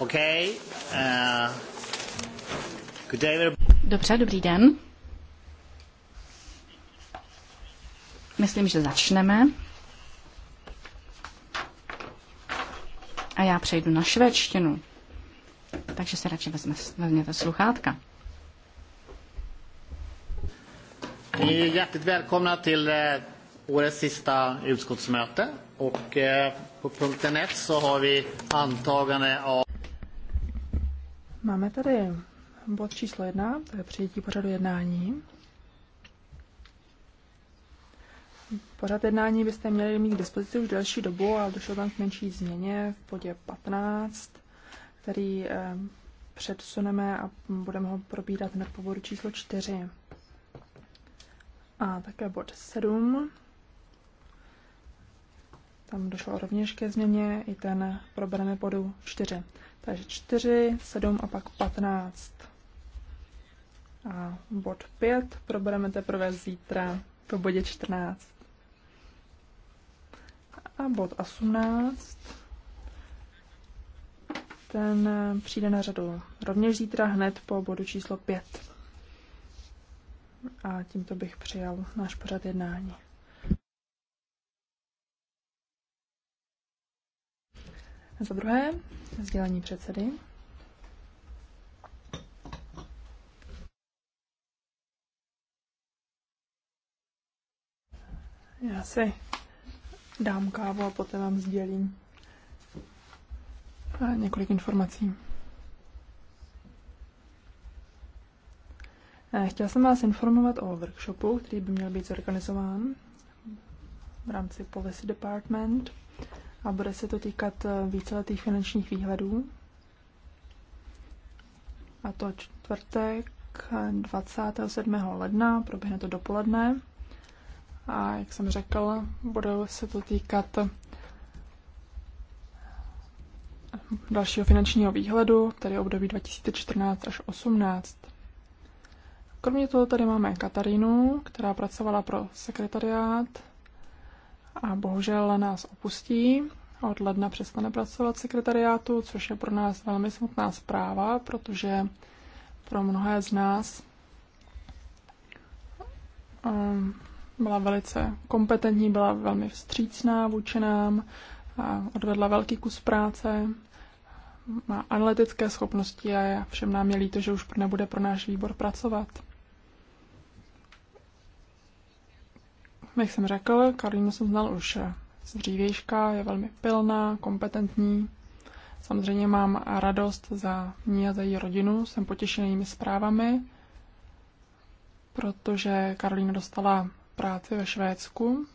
Okay. Uh, good day. Dobře, dobrý den. Myslím, že začneme. A já přejdu na švédštinu. Takže se radši vezme, vezměte sluchátka. Ni är hjärtligt välkomna till eh, årets sista utskottsmöte. Och eh, på punkten 1 så har vi antagande av Máme tady bod číslo jedna, to je přijetí pořadu jednání. Pořad jednání byste měli mít k dispozici už delší dobu, ale došlo tam k menší změně v bodě 15, který eh, předsuneme a budeme ho probírat hned po bodu číslo 4. A také bod 7. Tam došlo rovněž ke změně, i ten probereme bodu 4. Takže 4, 7 a pak 15. A bod 5 probereme teprve zítra po bodě 14. A bod 18. Ten přijde na řadu rovněž zítra hned po bodu číslo 5. A tímto bych přijal náš pořad jednání. Za druhé, sdělení předsedy. Já si dám kávu a poté vám sdělím eh, několik informací. Eh, chtěla jsem vás informovat o workshopu, který by měl být zorganizován v rámci Policy Department a bude se to týkat eh, víceletých finančních výhledů. A to čtvrtek 27. ledna, proběhne to dopoledne. A jak jsem řekl, bude se to týkat eh, dalšího finančního výhledu, tedy období 2014 až 2018. Kromě toho tady máme Katarínu, která pracovala pro sekretariát a bohužel nás opustí. Od ledna přestane pracovat sekretariátu, což je pro nás velmi smutná zpráva, protože pro mnohé z nás ehm, byla velice kompetentní, byla velmi vstřícná vůči nám, a odvedla velký kus práce, má analytické schopnosti a všem nám je líto, že už nebude pro náš výbor pracovat. jak jsem řekl, Karolínu jsem znal už eh, z dřívějška, je velmi pilná, kompetentní. Samozřejmě mám radost za ní a za její rodinu, jsem potěšen jejími zprávami, protože Karolína dostala práci ve Švédsku,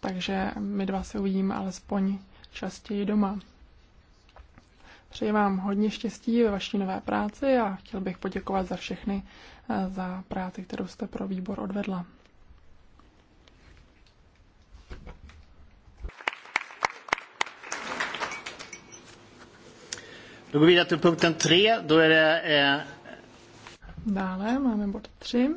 takže my dva se uvidíme alespoň častěji doma. Přeji vám hodně štěstí ve vaší nové práci a chtěl bych poděkovat za všechny eh, za práci, kterou jste pro výbor odvedla. Då går vi vidare till punkten Då är det, eh... Dále máme bod tři.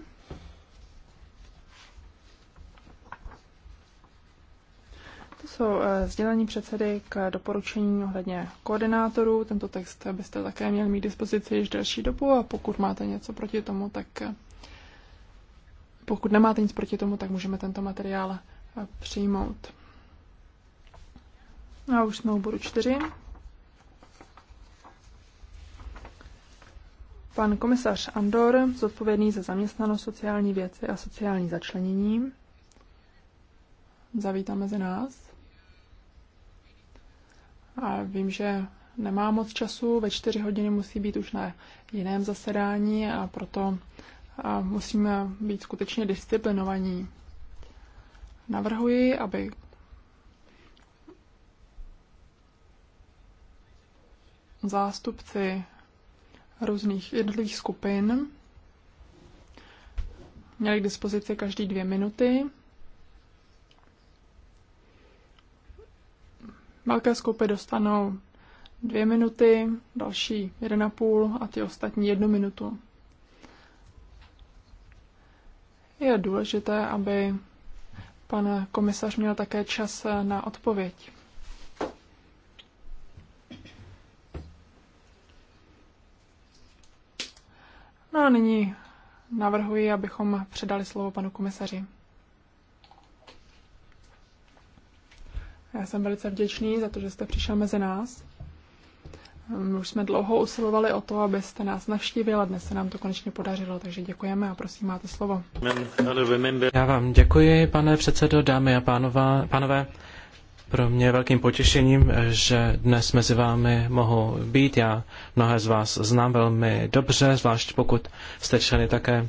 To jsou eh, sdělení předsedy k doporučení ohledně koordinátorů. Tento text byste také měli mít dispozici již delší dobu a pokud máte něco proti tomu, tak eh, pokud nemáte nic proti tomu, tak můžeme tento materiál eh, přijmout. A už jsme u bodu 4. Pan komisař Andor, zodpovědný za zaměstnanost, sociální věci a sociální začlenění, zavítá mezi nás. A vím, že nemá moc času, ve čtyři hodiny musí být už na jiném zasedání a proto musíme být skutečně disciplinovaní. Navrhuji, aby zástupci různých jednotlivých skupin. Měli k dispozici každý dvě minuty. Velké skupy dostanou dvě minuty, další jeden a půl a ty ostatní jednu minutu. Je důležité, aby pan komisař měl také čas na odpověď. No a nyní navrhuji, abychom předali slovo panu komisaři. Já jsem velice vděčný za to, že jste přišel mezi nás. Um, už jsme dlouho usilovali o to, abyste nás navštívil a dnes se nám to konečně podařilo, takže děkujeme a prosím, máte slovo. Já vám děkuji, pane předsedo, dámy a pánova, pánové. Pro mě je velkým potěšením, že dnes mezi vámi mohu být. Já mnohé z vás znám velmi dobře, zvlášť pokud jste členy také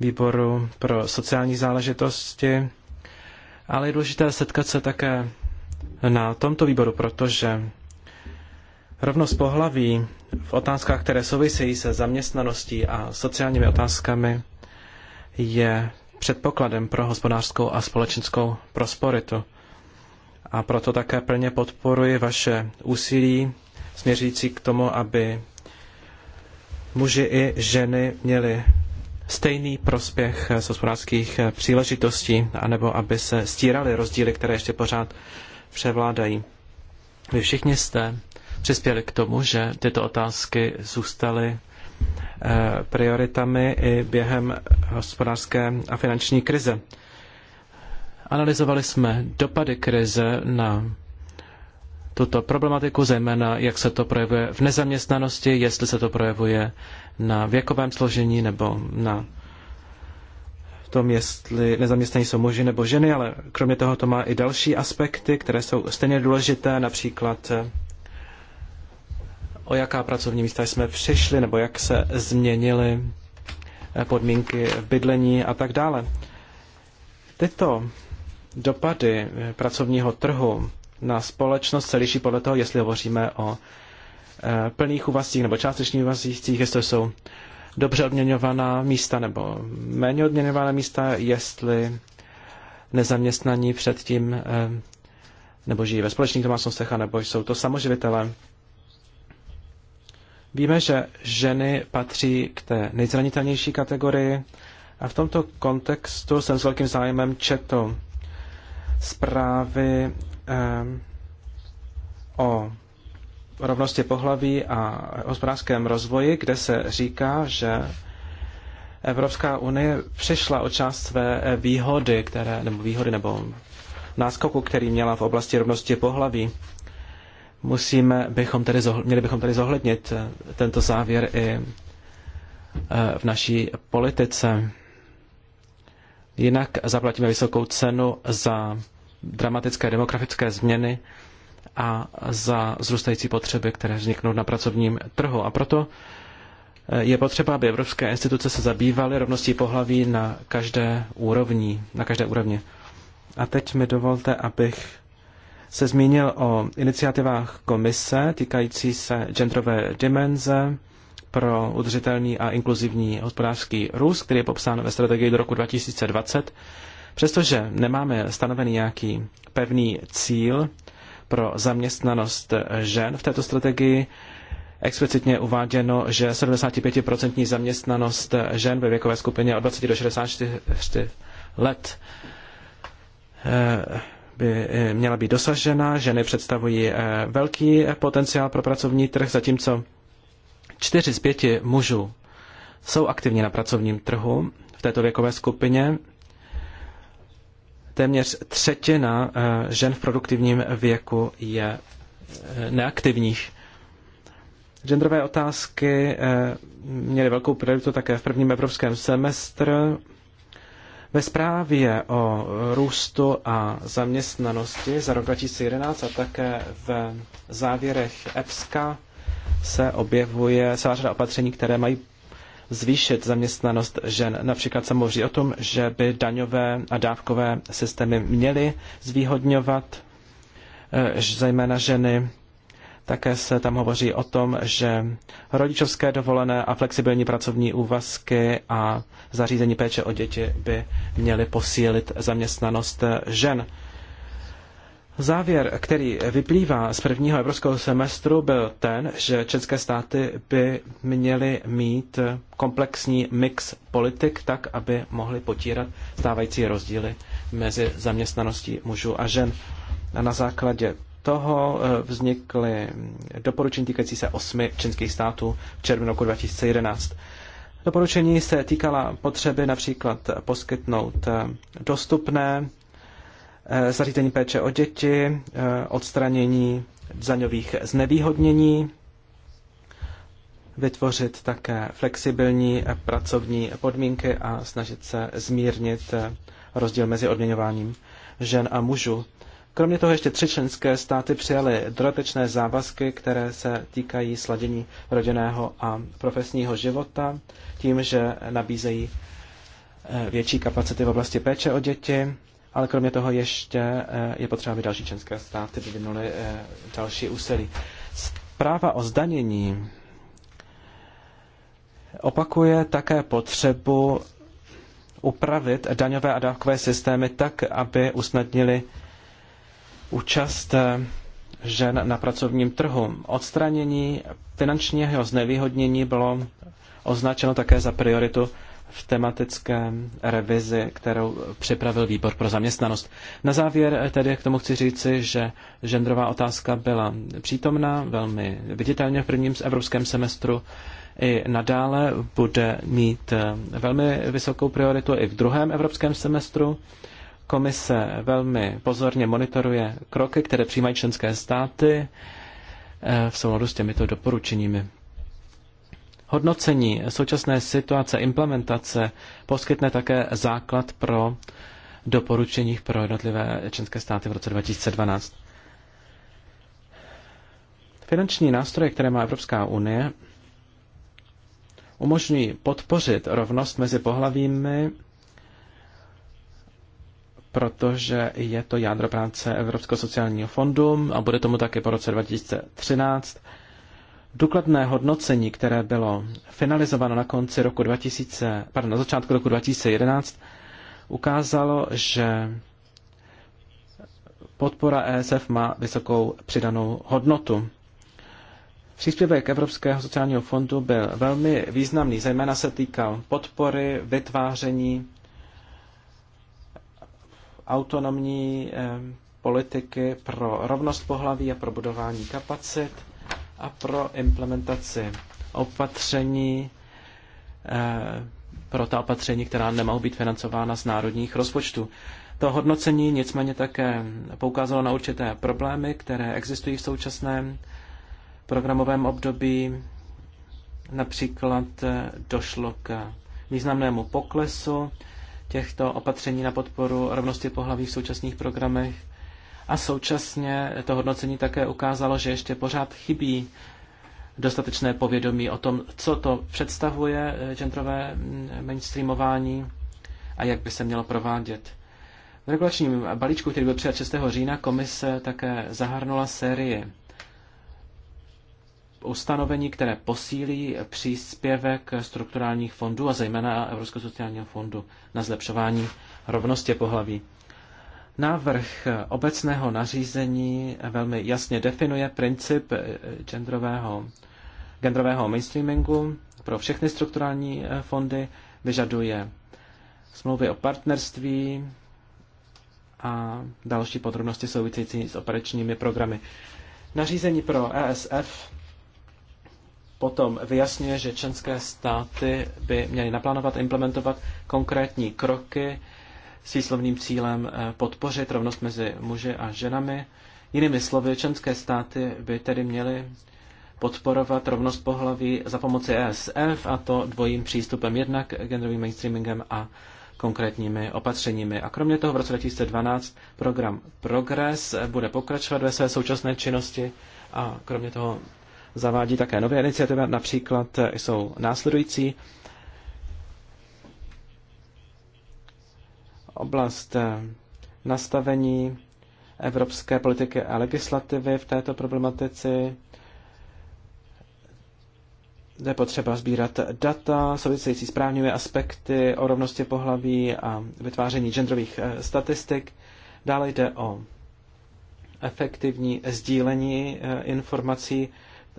výboru pro sociální záležitosti. Ale je důležité setkat se také na tomto výboru, protože rovnost pohlaví v otázkách, které souvisejí se zaměstnaností a sociálními otázkami, je předpokladem pro hospodářskou a společenskou prosperitu a proto také plně podporuji vaše úsilí směřící k tomu, aby muži i ženy měli stejný prospěch z hospodářských příležitostí, anebo aby se stíraly rozdíly, které ještě pořád převládají. Vy všichni jste přispěli k tomu, že tyto otázky zůstaly eh, prioritami i během hospodářské a finanční krize. Analyzovali jsme dopady krize na tuto problematiku, zejména jak se to projevuje v nezaměstnanosti, jestli se to projevuje na věkovém složení nebo na tom, jestli nezaměstnaní jsou muži nebo ženy, ale kromě toho to má i další aspekty, které jsou stejně důležité, například eh, o jaká pracovní místa jsme přišli nebo jak se změnily eh, podmínky v bydlení a tak dále. Tyto Dopady eh, pracovního trhu na společnost se liší podle toho, jestli hovoříme o eh, plných úvazcích nebo částečných úvazcích, jestli jsou dobře odměňovaná místa nebo méně odměňovaná místa, jestli nezaměstnaní předtím eh, nebo žijí ve společných domácnostech, nebo jsou to samoživitelé. Víme, že ženy patří k té nejzranitelnější kategorii a v tomto kontextu jsem s velkým zájmem četl zprávy o rovnosti pohlaví a hospodářském rozvoji, kde se říká, že Evropská unie přišla o část své výhody, které, nebo výhody nebo náskoku, který měla v oblasti rovnosti pohlaví. Musíme, bychom tedy, měli bychom tedy zohlednit eh, tento závěr i eh, v naší politice. Jinak zaplatíme vysokou cenu za dramatické demografické změny a za zrůstající potřeby, které vzniknou na pracovním trhu. A proto eh, je potřeba, aby evropské instituce se zabývaly rovností pohlaví na každé úrovni. Na každé úrovni. A teď mi dovolte, abych se zmínil o iniciativách komise týkající se genderové dimenze pro udržitelný a inkluzivní hospodářský růst, který je popsán ve strategii do roku 2020. Přestože nemáme stanovený nějaký pevný cíl pro zaměstnanost žen v této strategii, explicitně uváděno, že 75% zaměstnanost žen ve věkové skupině od 20 do 64 let eh, by eh, měla být dosažena. Ženy představují eh, velký potenciál pro pracovní trh, zatímco Čtyři z pěti mužů jsou aktivní na pracovním trhu v této věkové skupině. Téměř třetina eh, žen v produktivním věku je eh, neaktivních. Genderové otázky eh, měly velkou prioritu také v prvním evropském semestru. Ve zprávě o růstu a zaměstnanosti za rok 2011 a také v závěrech EPSCA se objevuje celá řada opatření, které mají zvýšit zaměstnanost žen. Například se mluví o tom, že by daňové a dávkové systémy měly zvýhodňovat eh, zejména ženy. Také se tam hovoří o tom, že rodičovské dovolené a flexibilní pracovní úvazky a zařízení péče o děti by měly posílit zaměstnanost eh, žen. Závěr, který vyplývá z prvního evropského semestru, byl ten, že české státy by měly mít komplexní mix politik tak, aby mohly potírat stávající rozdíly mezi zaměstnaností mužů a žen. A na základě toho eh, vznikly doporučení týkající se osmi členských států v červnu roku 2011. Doporučení se týkala potřeby například poskytnout eh, dostupné Eh, zařízení péče o děti, eh, odstranění daňových znevýhodnění, vytvořit také flexibilní pracovní podmínky a snažit se zmírnit eh, rozdíl mezi odměňováním žen a mužů. Kromě toho ještě tři členské státy přijaly dodatečné závazky, které se týkají sladění rodinného a profesního života, tím, že nabízejí větší kapacity v oblasti péče o děti, ale kromě toho ještě eh, je potřeba, aby další členské státy vyvinuly eh, další úsilí. Zpráva o zdanění opakuje také potřebu upravit daňové a dávkové systémy tak, aby usnadnili účast eh, žen na pracovním trhu. Odstranění finančního znevýhodnění bylo označeno také za prioritu v tematické revizi, kterou připravil výbor pro zaměstnanost. Na závěr tedy k tomu chci říci, že genderová otázka byla přítomná velmi viditelně v prvním evropském semestru i nadále bude mít velmi vysokou prioritu i v druhém evropském semestru. Komise velmi pozorně monitoruje kroky, které přijímají členské státy eh, v souladu s těmito doporučeními. Hodnocení současné situace implementace poskytne také základ pro doporučení pro jednotlivé členské státy v roce 2012. Finanční nástroje, které má Evropská unie, umožňují podpořit rovnost mezi pohlavími, protože je to jádro práce Evropského sociálního fondu a bude tomu také po roce 2013 Důkladné hodnocení, které bylo finalizováno na konci roku 2000, pardon, na začátku roku 2011, ukázalo, že podpora ESF má vysokou přidanou hodnotu. Příspěvek Evropského sociálního fondu byl velmi významný, zejména se týkal podpory, vytváření autonomní eh, politiky pro rovnost pohlaví a pro budování kapacit a pro implementaci opatření, eh, pro ta opatření, která nemohou být financována z národních rozpočtů. To hodnocení nicméně také poukázalo na určité problémy, které existují v současném programovém období. Například eh, došlo k významnému poklesu těchto opatření na podporu rovnosti pohlaví v současných programech a současně to hodnocení také ukázalo, že ještě pořád chybí dostatečné povědomí o tom, co to představuje eh, genderové mm, mainstreamování a jak by se mělo provádět. V regulačním balíčku, který byl přijat 6. října, komise také zahrnula sérii ustanovení, které posílí příspěvek strukturálních fondů a zejména Evropského sociálního fondu na zlepšování rovnosti pohlaví. Návrh obecného nařízení velmi jasně definuje princip eh, genderového, genderového mainstreamingu pro všechny strukturální eh, fondy, vyžaduje smlouvy o partnerství a další podrobnosti související s operačními programy. Nařízení pro ESF potom vyjasňuje, že členské státy by měly naplánovat a implementovat konkrétní kroky s výslovným cílem eh, podpořit rovnost mezi muži a ženami. Jinými slovy, členské státy by tedy měly podporovat rovnost pohlaví za pomoci ESF a to dvojím přístupem jednak genderovým mainstreamingem a konkrétními opatřeními. A kromě toho v roce 2012 program Progress eh, bude pokračovat ve své současné činnosti a kromě toho zavádí také nové iniciativy, například eh, jsou následující oblast eh, nastavení evropské politiky a legislativy v této problematice. Je potřeba sbírat data související s právními aspekty o rovnosti pohlaví a vytváření genderových eh, statistik. Dále jde o efektivní sdílení eh, informací.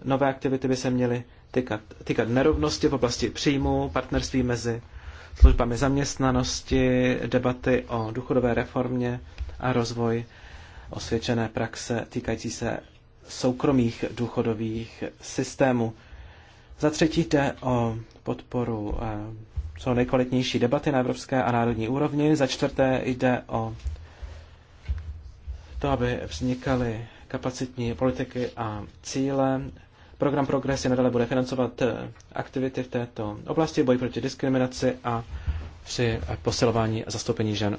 Nové aktivity by se měly týkat, týkat nerovnosti v oblasti příjmu, partnerství mezi službami zaměstnanosti, debaty o důchodové reformě a rozvoj osvědčené praxe týkající se soukromých důchodových systémů. Za třetí jde o podporu eh, co nejkvalitnější debaty na evropské a národní úrovni. Za čtvrté jde o to, aby vznikaly kapacitní politiky a cíle Program Progress je nadále bude financovat eh, aktivity v této oblasti, boj proti diskriminaci a při posilování a zastoupení žen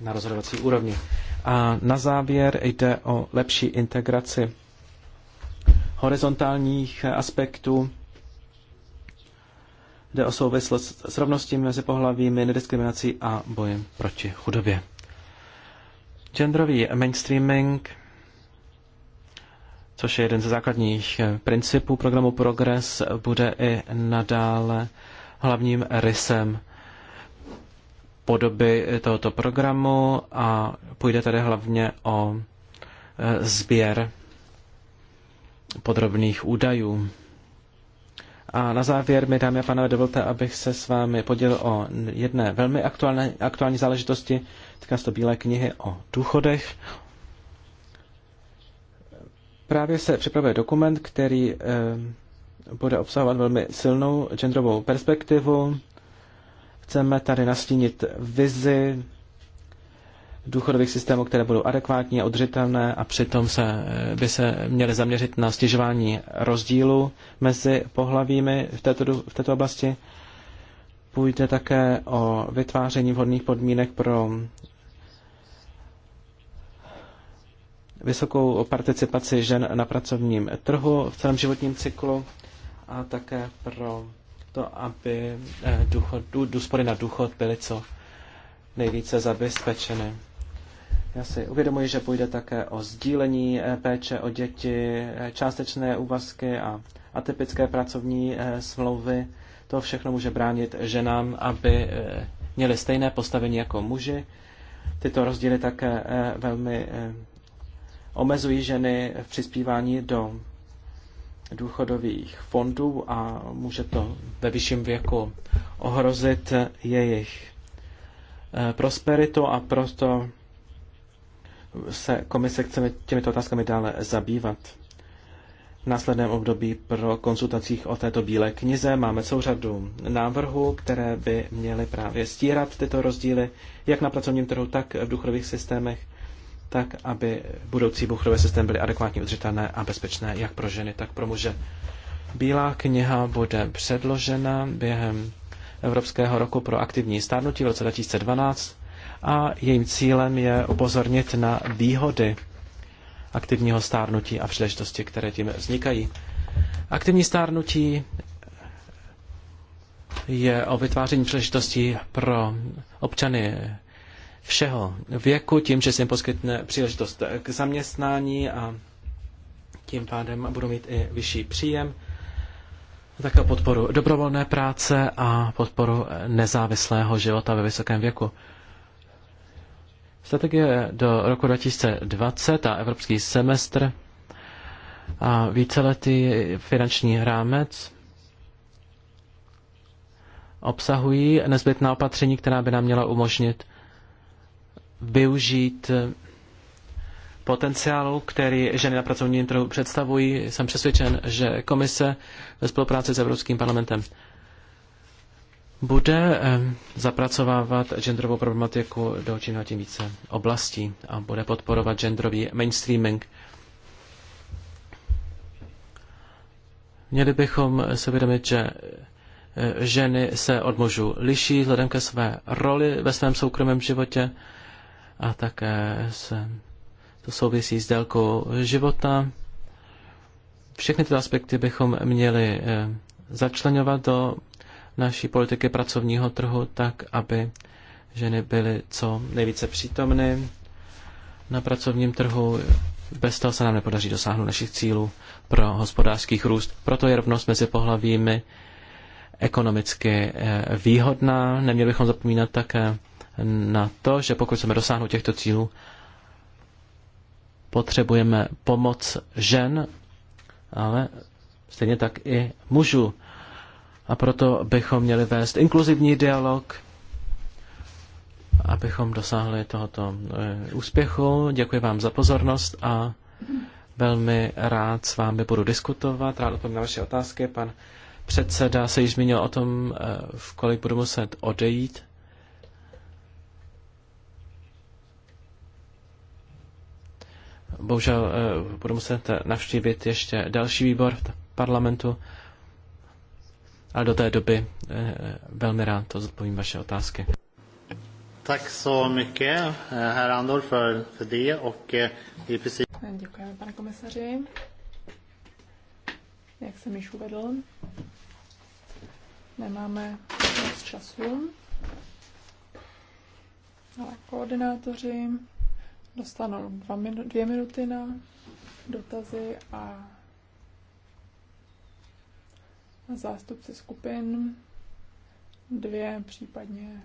na rozhodovací úrovni. A na závěr jde o lepší integraci horizontálních eh, aspektů. Jde o souvislost s rovností mezi pohlavími, nediskriminací a bojem proti chudobě. Genderový mainstreaming – což je jeden ze základních eh, principů programu Progress, bude i nadále hlavním rysem podoby tohoto programu a půjde tady hlavně o eh, sběr podrobných údajů. A na závěr mi, dámy a pánové, dovolte, abych se s vámi podělil o jedné velmi aktuální, aktuální záležitosti, týká se to Bílé knihy o důchodech. Právě se připravuje dokument, který eh, bude obsahovat velmi silnou genderovou perspektivu. Chceme tady nastínit vizi důchodových systémů, které budou adekvátní a udržitelné a přitom se, eh, by se měly zaměřit na stěžování rozdílu mezi pohlavími v této, v této oblasti. Půjde také o vytváření vhodných podmínek pro vysokou participaci žen na pracovním trhu v celém životním cyklu a také pro to, aby eh, důchod, důspory na důchod byly co nejvíce zabezpečeny. Já si uvědomuji, že půjde také o sdílení eh, péče o děti, eh, částečné úvazky a atypické pracovní smlouvy. To všechno může bránit ženám, aby měly stejné postavení jako muži. Tyto rozdíly také velmi omezují ženy v přispívání do důchodových fondů a může to ve vyšším věku ohrozit jejich eh, prosperitu a proto se komise chce těmito otázkami dále zabývat. V následném období pro konzultacích o této bílé knize máme souřadu návrhů, které by měly právě stírat tyto rozdíly, jak na pracovním trhu, tak v důchodových systémech tak aby budoucí buchrové systém byly adekvátně udržitelné a bezpečné jak pro ženy, tak pro muže. Bílá kniha bude předložena během Evropského roku pro aktivní stárnutí v roce 2012 a jejím cílem je upozornit na výhody aktivního stárnutí a příležitosti, které tím vznikají. Aktivní stárnutí je o vytváření příležitostí pro občany všeho věku, tím, že se jim poskytne příležitost k zaměstnání a tím pádem budou mít i vyšší příjem, také podporu dobrovolné práce a podporu nezávislého života ve vysokém věku. Strategie do roku 2020 a evropský semestr a víceletý finanční rámec obsahují nezbytná opatření, která by nám měla umožnit využít eh, potenciálu, který ženy na pracovním trhu představují. Jsem přesvědčen, že komise ve spolupráci s Evropským parlamentem bude eh, zapracovávat genderovou problematiku do čím tím více oblastí a bude podporovat genderový mainstreaming. Měli bychom se vědomit, že eh, ženy se od mužů liší vzhledem ke své roli ve svém soukromém životě a také se to souvisí s délkou života. Všechny tyto aspekty bychom měli eh, začlenovat do naší politiky pracovního trhu tak, aby ženy byly co nejvíce přítomny na pracovním trhu. Bez toho se nám nepodaří dosáhnout našich cílů pro hospodářský růst. Proto je rovnost mezi pohlavími ekonomicky eh, výhodná. Neměli bychom zapomínat také na to, že pokud chceme dosáhnout těchto cílů, potřebujeme pomoc žen, ale stejně tak i mužů. A proto bychom měli vést inkluzivní dialog, abychom dosáhli tohoto eh, úspěchu. Děkuji vám za pozornost a velmi rád s vámi budu diskutovat. Rád odpovím na vaše otázky. Pan předseda se již zmínil o tom, eh, v kolik budu muset odejít. bohužel eh, budu muset navštívit ještě další výbor v parlamentu, ale do té doby eh, velmi rád to zodpovím vaše otázky. Tak so mycket, eh, herr Andor, för, för det. Och, det precis... Děkujeme, pane komisaři. Jak jsem již uvedl, nemáme moc času, ale koordinátoři dostanou dva minu- dvě minuty na dotazy a zástupci skupin dvě, případně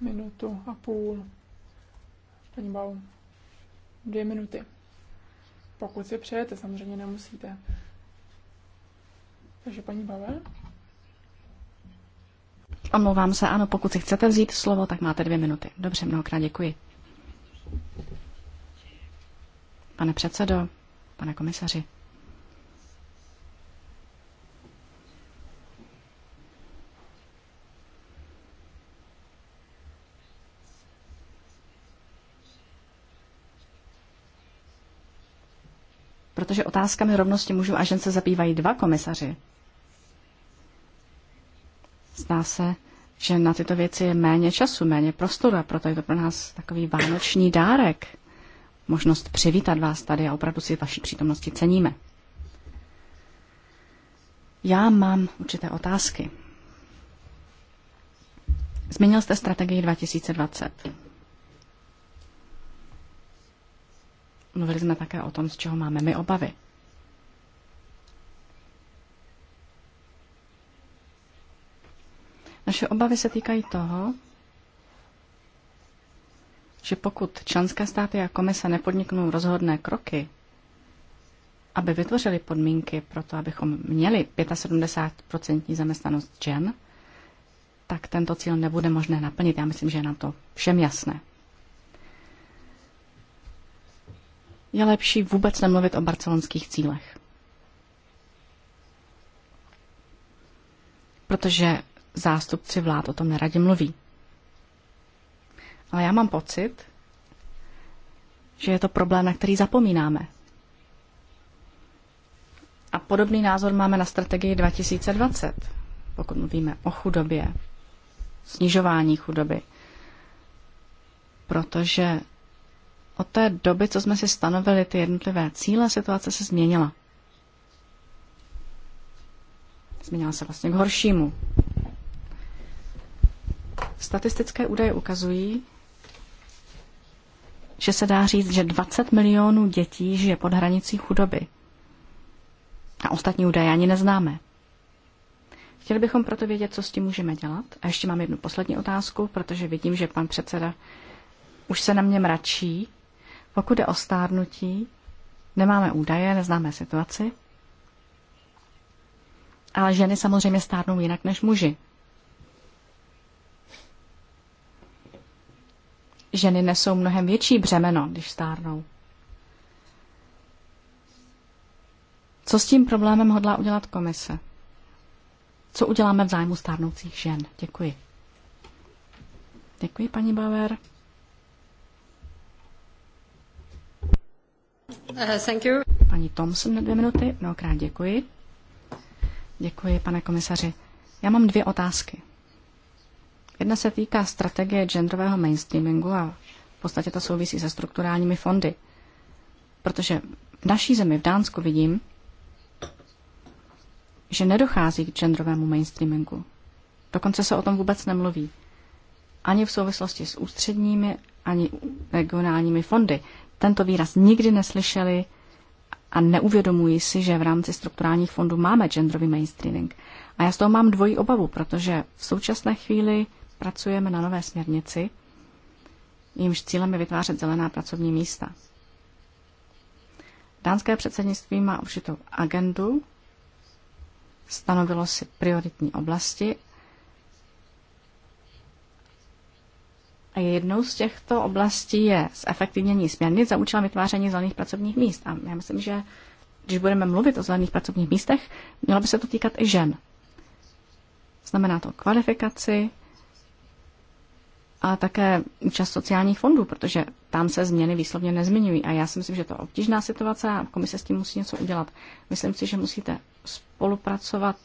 minutu a půl. Paní Bau, dvě minuty. Pokud si přejete, samozřejmě nemusíte. Takže paní Bauer. Omlouvám se, ano, pokud si chcete vzít slovo, tak máte dvě minuty. Dobře, mnohokrát děkuji. Pane předsedo, pane komisaři. protože otázkami rovnosti mužů a žen se zabývají dva komisaři. Zdá se, že na tyto věci je méně času, méně prostoru a proto je to pro nás takový vánoční dárek možnost přivítat vás tady a opravdu si vaší přítomnosti ceníme. Já mám určité otázky. Zmínil jste strategii 2020. Mluvili jsme také o tom, z čeho máme my obavy. Naše obavy se týkají toho, že pokud členské státy a komise nepodniknou rozhodné kroky, aby vytvořili podmínky pro to, abychom měli 75% zaměstnanost žen, tak tento cíl nebude možné naplnit. Já myslím, že je nám to všem jasné. Je lepší vůbec nemluvit o barcelonských cílech. Protože zástupci vlád o tom neradě mluví. Ale já mám pocit, že je to problém, na který zapomínáme. A podobný názor máme na strategii 2020, pokud mluvíme o chudobě, snižování chudoby. Protože od té doby, co jsme si stanovili ty jednotlivé cíle, situace se změnila. Změnila se vlastně k horšímu. Statistické údaje ukazují, že se dá říct, že 20 milionů dětí žije pod hranicí chudoby. A ostatní údaje ani neznáme. Chtěli bychom proto vědět, co s tím můžeme dělat. A ještě mám jednu poslední otázku, protože vidím, že pan předseda už se na mě mračí. Pokud je o stárnutí, nemáme údaje, neznáme situaci. Ale ženy samozřejmě stárnou jinak než muži. ženy nesou mnohem větší břemeno, když stárnou. Co s tím problémem hodlá udělat komise? Co uděláme v zájmu stárnoucích žen? Děkuji. Děkuji, paní Bauer. Uh, thank you. Paní Thompson na dvě minuty. Mnohokrát děkuji. Děkuji, pane komisaři. Já mám dvě otázky. Jedna se týká strategie genderového mainstreamingu a v podstatě to souvisí se strukturálními fondy. Protože v naší zemi, v Dánsku, vidím, že nedochází k genderovému mainstreamingu. Dokonce se o tom vůbec nemluví. Ani v souvislosti s ústředními, ani regionálními fondy. Tento výraz nikdy neslyšeli a neuvědomují si, že v rámci strukturálních fondů máme genderový mainstreaming. A já z toho mám dvojí obavu, protože v současné chvíli pracujeme na nové směrnici, jímž cílem je vytvářet zelená pracovní místa. Dánské předsednictví má určitou agendu, stanovilo si prioritní oblasti a jednou z těchto oblastí je zefektivnění směrnic za účelem vytváření zelených pracovních míst. A já myslím, že když budeme mluvit o zelených pracovních místech, mělo by se to týkat i žen. Znamená to kvalifikaci, a také účast sociálních fondů, protože tam se změny výslovně nezmiňují. A já si myslím, že to je obtížná situace a komise s tím musí něco udělat. Myslím si, že musíte spolupracovat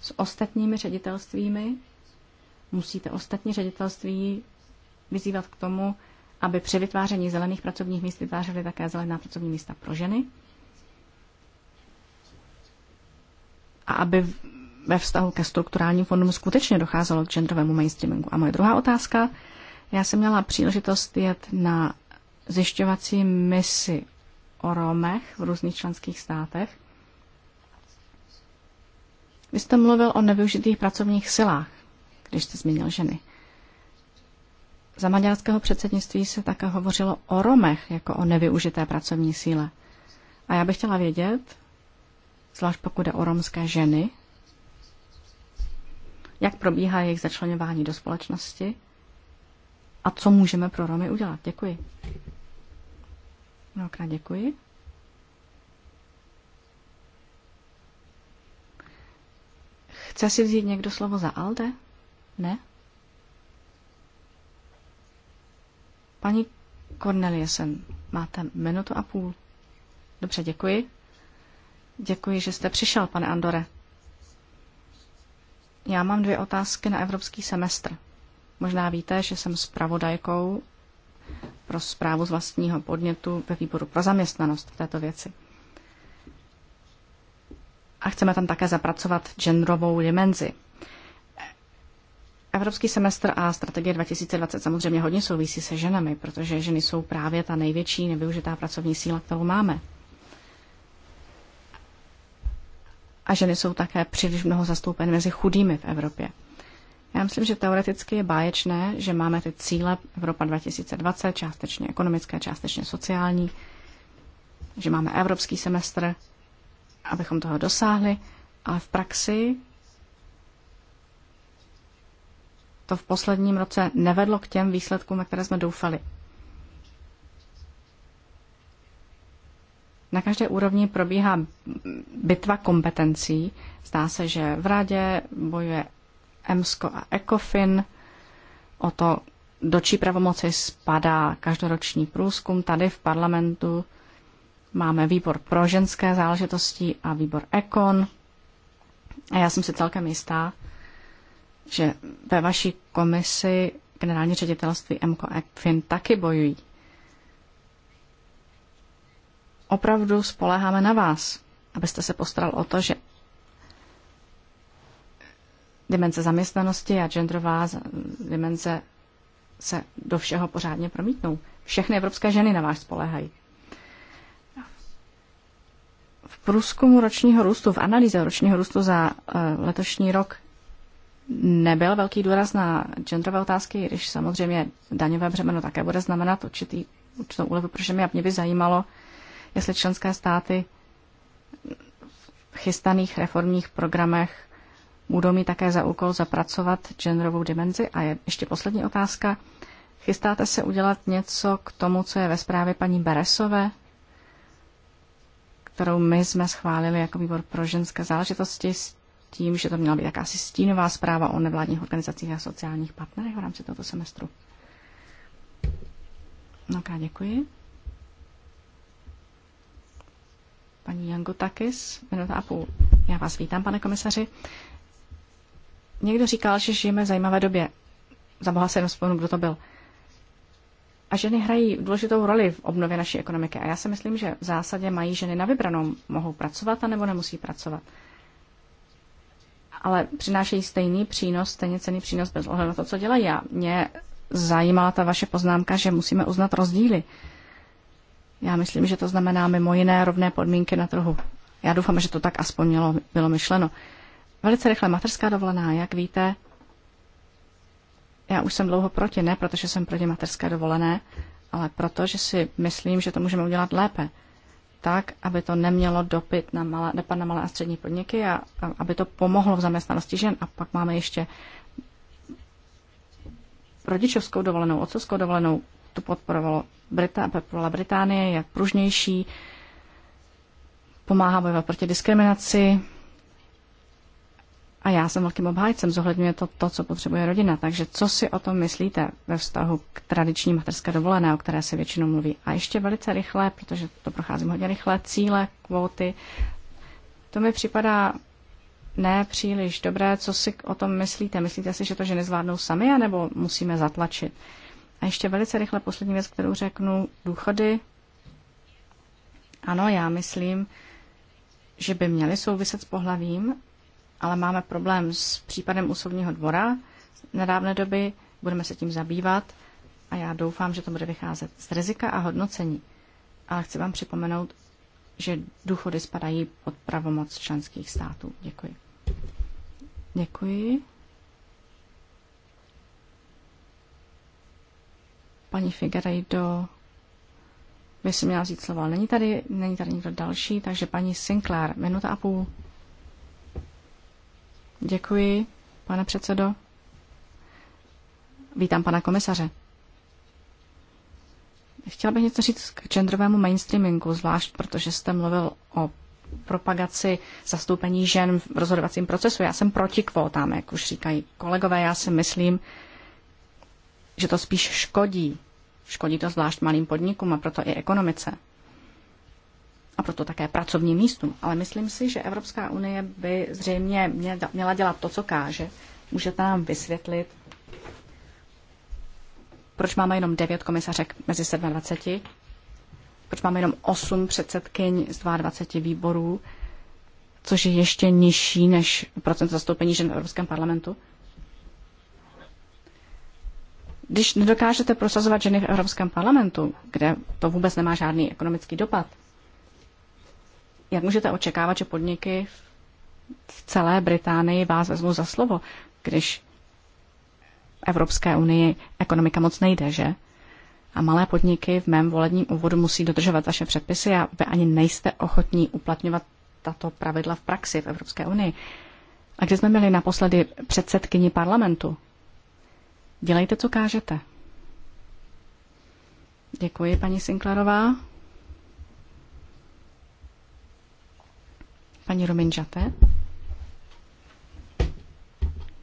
s ostatními ředitelstvími, musíte ostatní ředitelství vyzývat k tomu, aby při vytváření zelených pracovních míst vytvářely také zelená pracovní místa pro ženy a aby ve vztahu ke strukturálním fondům skutečně docházelo k genderovému mainstreamingu. A moje druhá otázka, já jsem měla příležitost jet na zjišťovací misi o Romech v různých členských státech. Vy jste mluvil o nevyužitých pracovních silách, když jste zmínil ženy. Za maďarského předsednictví se také hovořilo o Romech jako o nevyužité pracovní síle. A já bych chtěla vědět, zvlášť pokud jde o romské ženy, jak probíhá jejich začlenování do společnosti a co můžeme pro Romy udělat. Děkuji. Mnohokrát děkuji. Chce si vzít někdo slovo za Alde? Ne? Paní Corneliesen, máte minutu a půl. Dobře, děkuji. Děkuji, že jste přišel, pane Andore. Já mám dvě otázky na evropský semestr. Možná víte, že jsem zpravodajkou pro zprávu z vlastního podnětu ve výboru pro zaměstnanost v této věci. A chceme tam také zapracovat genderovou dimenzi. Evropský semestr a strategie 2020 samozřejmě hodně souvisí se ženami, protože ženy jsou právě ta největší nevyužitá pracovní síla, kterou máme. A ženy jsou také příliš mnoho zastoupeny mezi chudými v Evropě. Já myslím, že teoreticky je báječné, že máme ty cíle Evropa 2020, částečně ekonomické, částečně sociální, že máme evropský semestr, abychom toho dosáhli, ale v praxi to v posledním roce nevedlo k těm výsledkům, na které jsme doufali. Na každé úrovni probíhá bitva kompetencí. Zdá se, že v radě bojuje EMSCO a ECOFIN o to, do čí pravomoci spadá každoroční průzkum. Tady v parlamentu máme výbor pro ženské záležitosti a výbor ECON. A já jsem si celkem jistá, že ve vaší komisi generální ředitelství MKO ECFIN taky bojují. Opravdu spoléháme na vás, abyste se postaral o to, že dimenze zaměstnanosti a genderová dimenze se do všeho pořádně promítnou. Všechny evropské ženy na vás spolehají. V průzkumu ročního růstu, v analýze ročního růstu za eh, letošní rok nebyl velký důraz na genderové otázky, když samozřejmě daňové břemeno také bude znamenat určitý, určitou úlevu pro ženy. A mě by zajímalo, jestli členské státy v chystaných reformních programech budou mít také za úkol zapracovat genderovou dimenzi. A je ještě poslední otázka. Chystáte se udělat něco k tomu, co je ve zprávě paní Beresové, kterou my jsme schválili jako výbor pro ženské záležitosti s tím, že to měla být jakási stínová zpráva o nevládních organizacích a sociálních partnerech v rámci tohoto semestru. No, ká, děkuji. Paní Jango Takis, minuta a půl. Já vás vítám, pane komisaři. Někdo říkal, že žijeme v zajímavé době. Za boha se jenom kdo to byl. A ženy hrají důležitou roli v obnově naší ekonomiky. A já si myslím, že v zásadě mají ženy na vybranou. Mohou pracovat, anebo nemusí pracovat. Ale přinášejí stejný přínos, stejně cený přínos bez ohledu na to, co dělají. A mě zajímala ta vaše poznámka, že musíme uznat rozdíly. Já myslím, že to znamená mimo jiné rovné podmínky na trhu. Já doufám, že to tak aspoň mělo, bylo myšleno. Velice rychle materská dovolená, jak víte, já už jsem dlouho proti, ne protože jsem proti materské dovolené, ale protože si myslím, že to můžeme udělat lépe. Tak, aby to nemělo dopad na malé, dopad na malé a střední podniky a, a aby to pomohlo v zaměstnanosti žen. A pak máme ještě rodičovskou dovolenou, otcovskou dovolenou. tu podporovalo Brita, podporovala Británie, jak pružnější, pomáhá bojovat proti diskriminaci, a já jsem velkým obhájcem, zohledňuje to to, co potřebuje rodina. Takže co si o tom myslíte ve vztahu k tradiční materské dovolené, o které se většinou mluví? A ještě velice rychle, protože to procházím hodně rychle, cíle, kvóty. To mi připadá ne příliš dobré. Co si o tom myslíte? Myslíte si, že to ženy zvládnou sami, anebo musíme zatlačit? A ještě velice rychle poslední věc, kterou řeknu, důchody. Ano, já myslím, že by měly souviset s pohlavím, ale máme problém s případem u soudního dvora nedávné doby, budeme se tím zabývat a já doufám, že to bude vycházet z rizika a hodnocení. Ale chci vám připomenout, že důchody spadají pod pravomoc členských států. Děkuji. Děkuji. Paní do. by si měla říct slovo, ale není tady, není tady nikdo další, takže paní Sinclair, minuta a půl. Děkuji, pane předsedo. Vítám pana komisaře. Chtěla bych něco říct k genderovému mainstreamingu, zvlášť protože jste mluvil o propagaci zastoupení žen v rozhodovacím procesu. Já jsem proti kvótám, jak už říkají kolegové. Já si myslím, že to spíš škodí. Škodí to zvlášť malým podnikům a proto i ekonomice a proto také pracovním místům. Ale myslím si, že Evropská unie by zřejmě měla dělat to, co káže. Můžete nám vysvětlit, proč máme jenom 9 komisařek mezi 27, proč máme jenom 8 předsedkyň z 22 výborů, což je ještě nižší než procent zastoupení žen v Evropském parlamentu. Když nedokážete prosazovat ženy v Evropském parlamentu, kde to vůbec nemá žádný ekonomický dopad, jak můžete očekávat, že podniky v celé Británii vás vezmu za slovo, když Evropské unii ekonomika moc nejde, že? A malé podniky v mém volebním úvodu musí dodržovat vaše předpisy a vy ani nejste ochotní uplatňovat tato pravidla v praxi v Evropské unii. A když jsme byli naposledy předsedkyni parlamentu, dělejte, co kážete. Děkuji, paní Sinclairová. Paní Romin Žaté.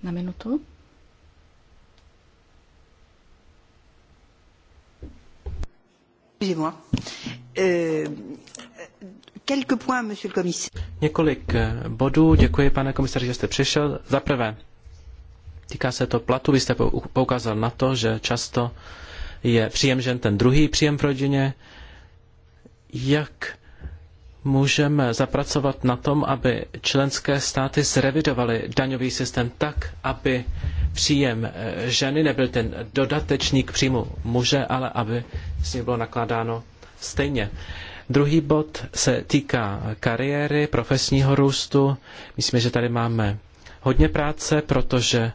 Na minutu. Euh, Několik eh, bodů. Děkuji, pane komisaři, že jste přišel. Za prvé, týká se to platu. Vy jste poukázal na to, že často je příjem žen ten druhý příjem v rodině. Jak můžeme zapracovat na tom, aby členské státy zrevidovaly daňový systém tak, aby příjem eh, ženy nebyl ten dodatečný k příjmu muže, ale aby s ním bylo nakládáno stejně. Druhý bod se týká kariéry, profesního růstu. Myslím, že tady máme hodně práce, protože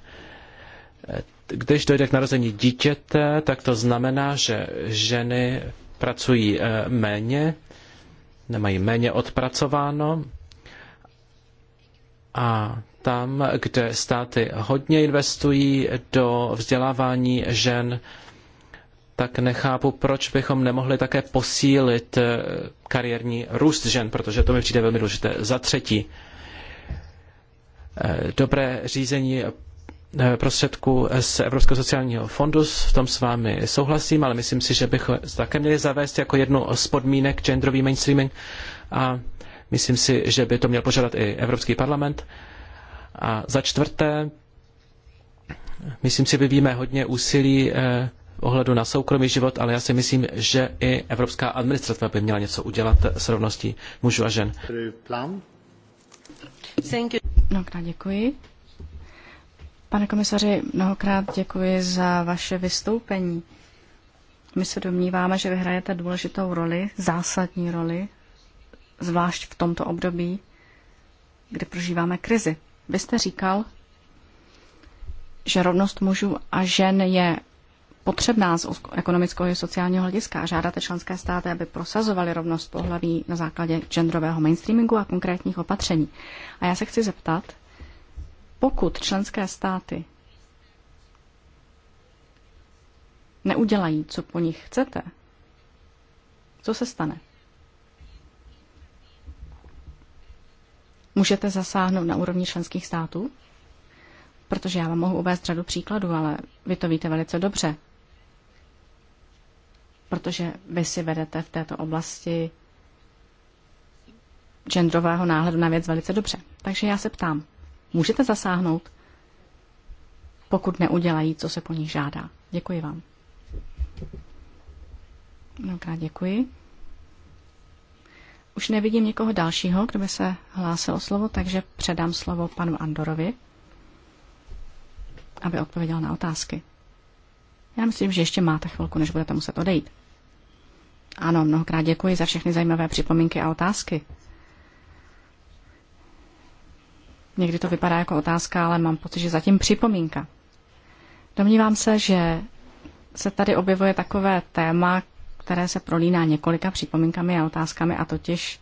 eh, když dojde k narození dítěte, tak to znamená, že ženy pracují eh, méně nemají méně odpracováno. A tam, kde státy hodně investují do vzdělávání žen, tak nechápu, proč bychom nemohli také posílit eh, kariérní růst žen, protože to mi přijde velmi důležité. Za třetí, eh, dobré řízení Eh, prostředků z Evropského sociálního fondu, v tom s vámi souhlasím, ale myslím si, že bychom také měli zavést jako jednu z podmínek genderový mainstreaming a myslím si, že by to měl požádat i Evropský parlament. A za čtvrté, myslím si, že vyvíjíme hodně úsilí eh, ohledu na soukromý život, ale já si myslím, že i evropská administrativa by měla něco udělat s rovností mužů a žen. děkuji. Pane komisaři, mnohokrát děkuji za vaše vystoupení. My se domníváme, že vyhrajete důležitou roli, zásadní roli, zvlášť v tomto období, kdy prožíváme krizi. Vy jste říkal, že rovnost mužů a žen je potřebná z ekonomického i sociálního hlediska a žádáte členské státy, aby prosazovali rovnost pohlaví na základě genderového mainstreamingu a konkrétních opatření. A já se chci zeptat, pokud členské státy neudělají, co po nich chcete, co se stane? Můžete zasáhnout na úrovni členských států? Protože já vám mohu uvést řadu příkladů, ale vy to víte velice dobře. Protože vy si vedete v této oblasti genderového náhledu na věc velice dobře. Takže já se ptám, můžete zasáhnout, pokud neudělají, co se po nich žádá. Děkuji vám. Mnohokrát děkuji. Už nevidím někoho dalšího, kdo by se hlásil o slovo, takže předám slovo panu Andorovi, aby odpověděl na otázky. Já myslím, že ještě máte chvilku, než budete muset odejít. Ano, mnohokrát děkuji za všechny zajímavé připomínky a otázky. Někdy to vypadá jako otázka, ale mám pocit, že zatím připomínka. Domnívám se, že se tady objevuje takové téma, které se prolíná několika připomínkami a otázkami, a totiž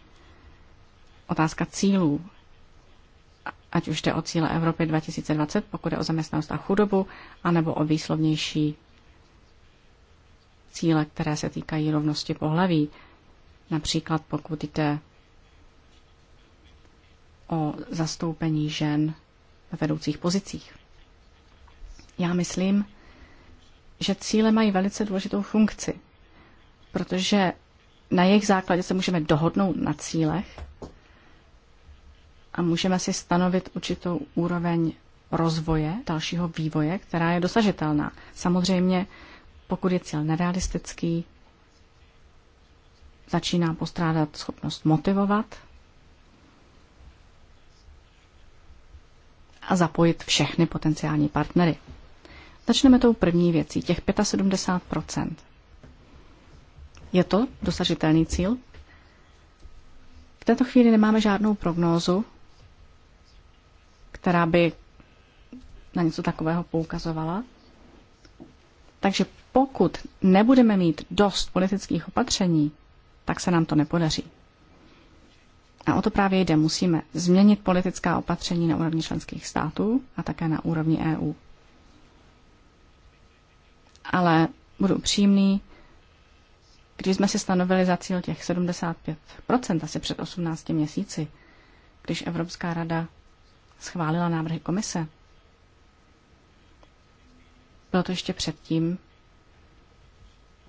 otázka cílů. Ať už jde o cíle Evropy 2020, pokud jde o zaměstnanost a chudobu, anebo o výslovnější cíle, které se týkají rovnosti pohlaví. Například pokud jde o zastoupení žen ve vedoucích pozicích. Já myslím, že cíle mají velice důležitou funkci, protože na jejich základě se můžeme dohodnout na cílech a můžeme si stanovit určitou úroveň rozvoje, dalšího vývoje, která je dosažitelná. Samozřejmě, pokud je cíl nerealistický, začíná postrádat schopnost motivovat a zapojit všechny potenciální partnery. Začneme tou první věcí, těch 75 Je to dosažitelný cíl? V této chvíli nemáme žádnou prognózu, která by na něco takového poukazovala. Takže pokud nebudeme mít dost politických opatření, tak se nám to nepodaří. A o to právě jde. Musíme změnit politická opatření na úrovni členských států a také na úrovni EU. Ale budu upřímný, když jsme si stanovili za cíl těch 75% asi před 18 měsíci, když Evropská rada schválila návrhy komise, bylo to ještě předtím,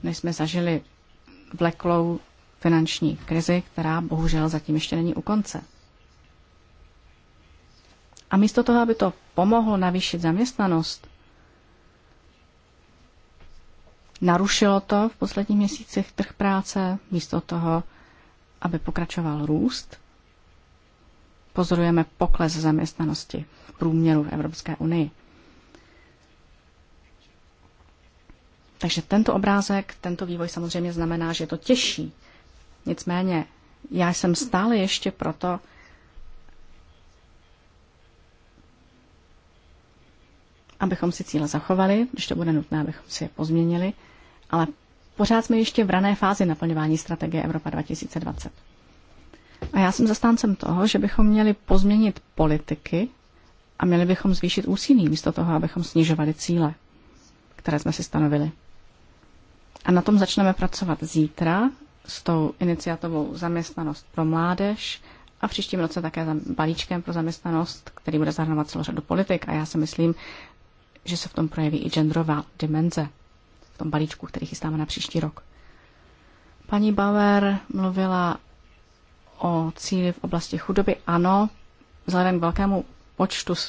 než jsme zažili vleklou finanční krizi, která bohužel zatím ještě není u konce. A místo toho, aby to pomohlo navýšit zaměstnanost, narušilo to v posledních měsících trh práce, místo toho, aby pokračoval růst, pozorujeme pokles zaměstnanosti v průměru v Evropské unii. Takže tento obrázek, tento vývoj samozřejmě znamená, že je to těžší Nicméně já jsem stále ještě proto, abychom si cíle zachovali, když to bude nutné, abychom si je pozměnili, ale pořád jsme ještě v rané fázi naplňování strategie Evropa 2020. A já jsem zastáncem toho, že bychom měli pozměnit politiky a měli bychom zvýšit úsilí místo toho, abychom snižovali cíle, které jsme si stanovili. A na tom začneme pracovat zítra s tou iniciativou Zaměstnanost pro mládež a v příštím roce také balíčkem pro zaměstnanost, který bude zahrnovat celou řadu politik. A já si myslím, že se v tom projeví i genderová dimenze v tom balíčku, který chystáme na příští rok. Paní Bauer mluvila o cíli v oblasti chudoby. Ano, vzhledem k velkému počtu e,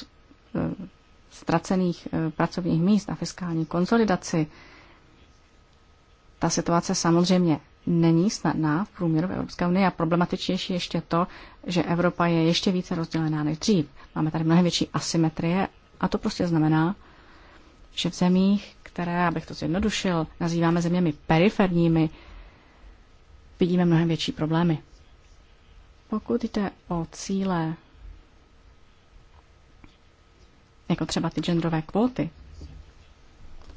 ztracených e, pracovních míst a fiskální konsolidaci, ta situace samozřejmě není snadná v průměru v Evropské unii a problematičnější ještě to, že Evropa je ještě více rozdělená než dřív. Máme tady mnohem větší asymetrie a to prostě znamená, že v zemích, které, abych to zjednodušil, nazýváme zeměmi periferními, vidíme mnohem větší problémy. Pokud jde o cíle, jako třeba ty genderové kvóty,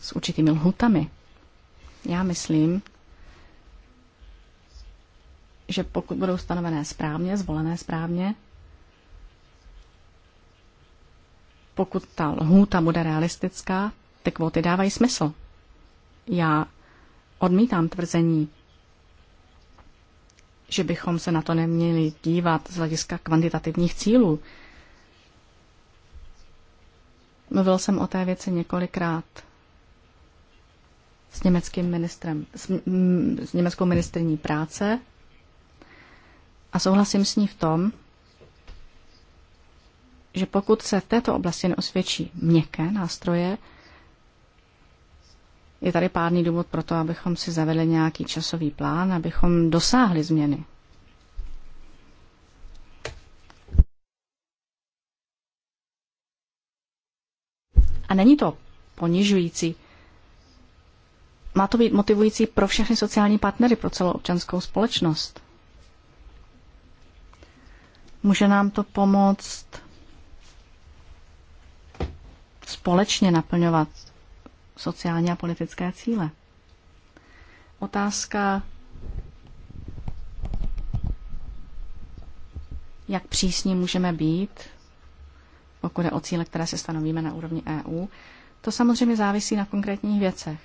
s určitými lhutami, já myslím, že pokud budou stanovené správně, zvolené správně, pokud ta lhůta bude realistická, ty kvóty dávají smysl. Já odmítám tvrzení, že bychom se na to neměli dívat z hlediska kvantitativních cílů. Mluvil jsem o té věci několikrát s německým ministrem, s, mm, s německou ministrní práce a souhlasím s ní v tom, že pokud se v této oblasti neosvědčí měkké nástroje, je tady pádný důvod pro to, abychom si zavedli nějaký časový plán, abychom dosáhli změny. A není to ponižující. Má to být motivující pro všechny sociální partnery, pro celou občanskou společnost. Může nám to pomoct společně naplňovat sociální a politické cíle. Otázka, jak přísní můžeme být, pokud je o cíle, které se stanovíme na úrovni EU, to samozřejmě závisí na konkrétních věcech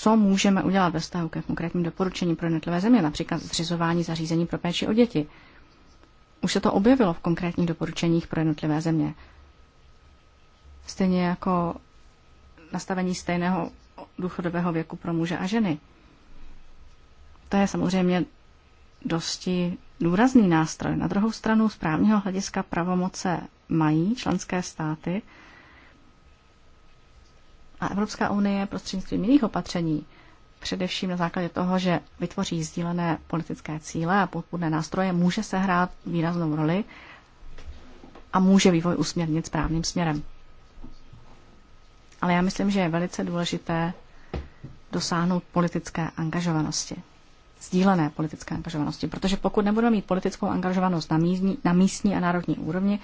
co můžeme udělat ve vztahu ke konkrétním doporučení pro jednotlivé země, například zřizování zařízení pro péči o děti. Už se to objevilo v konkrétních doporučeních pro jednotlivé země. Stejně jako nastavení stejného důchodového věku pro muže a ženy. To je samozřejmě dosti důrazný nástroj. Na druhou stranu z právního hlediska pravomoce mají členské státy, a Evropská unie prostřednictvím jiných opatření, především na základě toho, že vytvoří sdílené politické cíle a podpůrné nástroje, může sehrát výraznou roli a může vývoj usměrnit správným směrem. Ale já myslím, že je velice důležité dosáhnout politické angažovanosti. Sdílené politické angažovanosti, protože pokud nebudeme mít politickou angažovanost na místní, na místní a národní úrovni,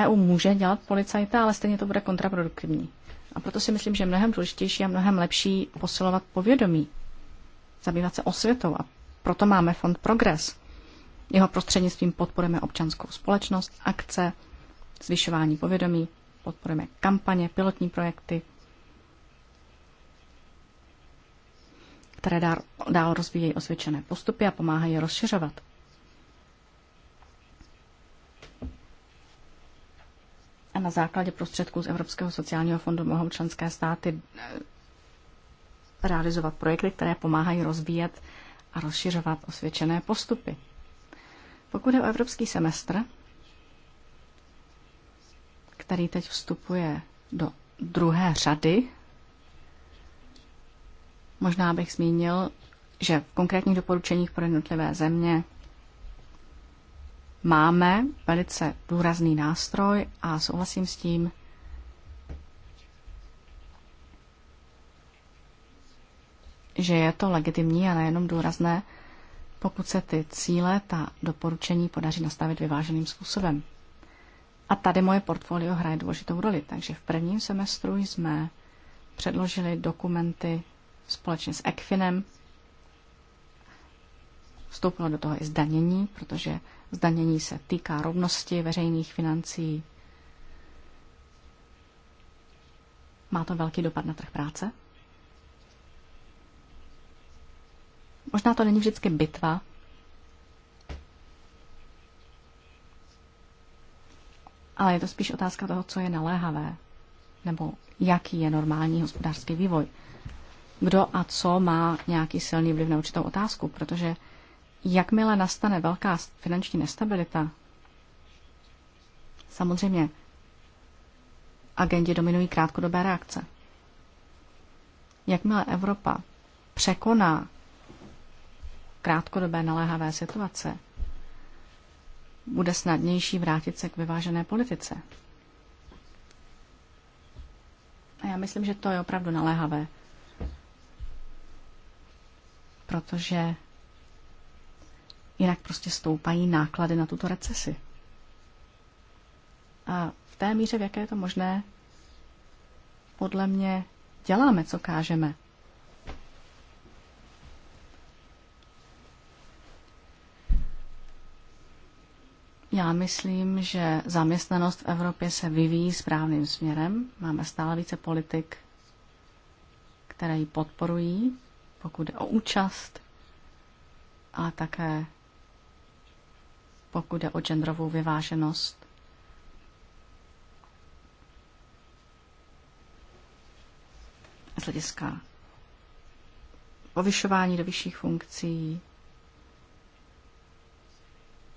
EU může dělat policajta, ale stejně to bude kontraproduktivní. A proto si myslím, že je mnohem důležitější a mnohem lepší posilovat povědomí, zabývat se osvětou. A proto máme fond Progres. Jeho prostřednictvím podporujeme občanskou společnost, akce, zvyšování povědomí, podporujeme kampaně, pilotní projekty, které dál rozvíjejí osvědčené postupy a pomáhají rozšiřovat. A na základě prostředků z Evropského sociálního fondu mohou členské státy eh, realizovat projekty, které pomáhají rozvíjet a rozšiřovat osvědčené postupy. Pokud je o evropský semestr, který teď vstupuje do druhé řady, možná bych zmínil, že v konkrétních doporučeních pro jednotlivé země máme velice důrazný nástroj a souhlasím s tím, že je to legitimní a nejenom důrazné, pokud se ty cíle, ta doporučení podaří nastavit vyváženým způsobem. A tady moje portfolio hraje důležitou roli, takže v prvním semestru jsme předložili dokumenty společně s ECFINem. Vstoupilo do toho i zdanění, protože Zdanění se týká rovnosti veřejných financí. Má to velký dopad na trh práce? Možná to není vždycky bitva. Ale je to spíš otázka toho, co je naléhavé, nebo jaký je normální hospodářský vývoj. Kdo a co má nějaký silný vliv na určitou otázku, protože jakmile nastane velká finanční nestabilita, samozřejmě agendě dominují krátkodobé reakce. Jakmile Evropa překoná krátkodobé naléhavé situace, bude snadnější vrátit se k vyvážené politice. A já myslím, že to je opravdu naléhavé, protože Jinak prostě stoupají náklady na tuto recesi. A v té míře, v jaké je to možné, podle mě děláme, co kážeme. Já myslím, že zaměstnanost v Evropě se vyvíjí správným směrem. Máme stále více politik, které ji podporují, pokud jde o účast, a také pokud jde o genderovou vyváženost. Z hlediska povyšování do vyšších funkcí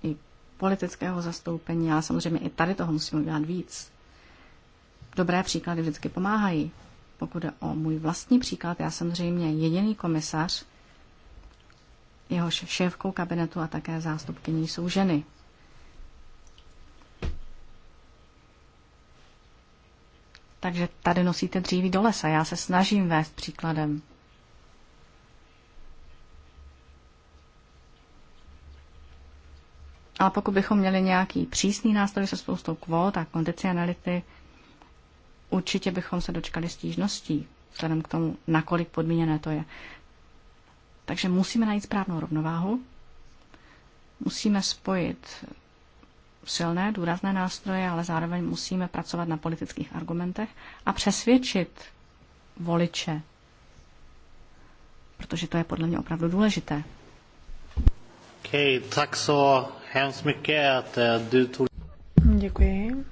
i politického zastoupení, ale samozřejmě i tady toho musíme udělat víc. Dobré příklady vždycky pomáhají. Pokud jde o můj vlastní příklad, já samozřejmě jediný komisař, jehož šéfkou kabinetu a také zástupkyní jsou ženy. Takže tady nosíte dříví do lesa. Já se snažím vést příkladem. Ale pokud bychom měli nějaký přísný nástroj se spoustou kvót a kondicionality, určitě bychom se dočkali stížností, vzhledem k tomu, nakolik podmíněné to je. Takže musíme najít správnou rovnováhu, musíme spojit silné, důrazné nástroje, ale zároveň musíme pracovat na politických argumentech a přesvědčit voliče, protože to je podle mě opravdu důležité. Okay, tak så hemskt mycket eh, Děkuji.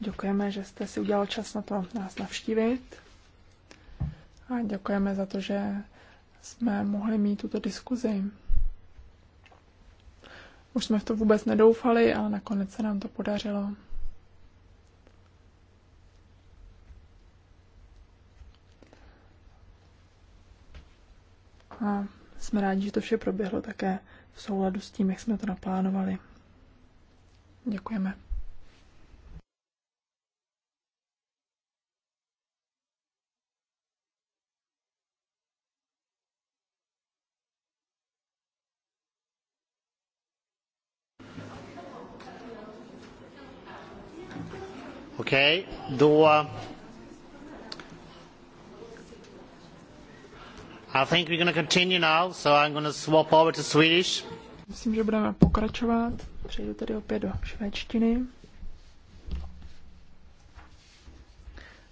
Děkujeme, že jste si udělal čas na to nás navštívit. A děkujeme za to, že jsme mohli mít tuto diskuzi. Už jsme v to vůbec nedoufali, ale nakonec se nám to podařilo. A jsme rádi, že to vše proběhlo také v souladu s tím, jak jsme to naplánovali. Děkujeme. Okej, okay, då... I think we're going to continue now, so I'm going to swap over to Swedish. Myslím, že budeme pokračovat. Přejdu tedy opět do švédštiny.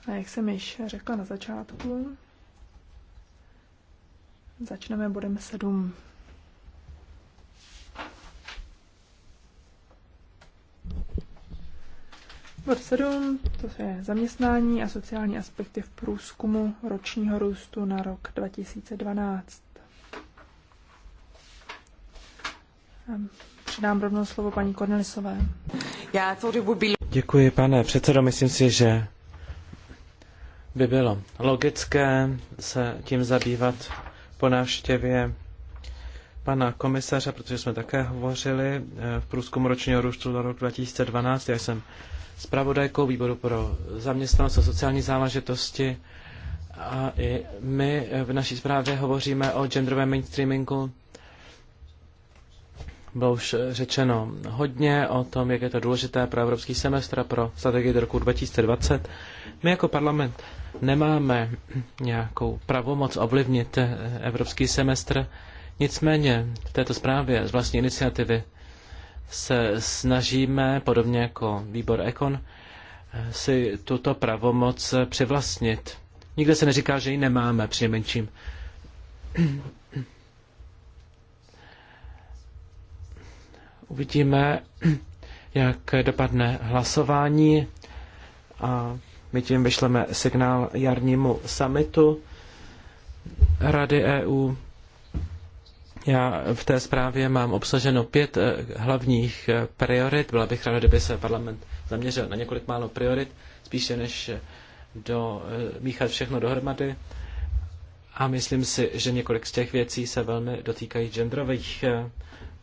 A jak jsem již řekla na začátku, začneme bodem 7. Bod 7, to je zaměstnání a sociální aspekty v průzkumu ročního růstu na rok 2012. Ehm, předám rovnou slovo paní Kornelisové. Děkuji, pane předsedo. Myslím si, že by bylo logické se tím zabývat po návštěvě pana komisaře, protože jsme také hovořili eh, v průzkumu ročního růstu do roku 2012. Já jsem zpravodajkou výboru pro zaměstnanost a sociální záležitosti a i my eh, v naší zprávě hovoříme o genderovém mainstreamingu. Bylo už eh, řečeno hodně o tom, jak je to důležité pro evropský semestr a pro strategii do roku 2020. My jako parlament nemáme nějakou pravomoc ovlivnit evropský semestr, Nicméně v této zprávě z vlastní iniciativy se snažíme, podobně jako výbor Ekon, si tuto pravomoc přivlastnit. Nikde se neříká, že ji nemáme, přinejmenším. Uvidíme, jak dopadne hlasování a my tím vyšleme signál jarnímu summitu Rady EU já v té zprávě mám obsaženo pět eh, hlavních eh, priorit. Byla bych ráda, kdyby se parlament zaměřil na několik málo priorit, spíše než eh, do, míchat všechno dohromady. A myslím si, že několik z těch věcí se velmi dotýkají genderových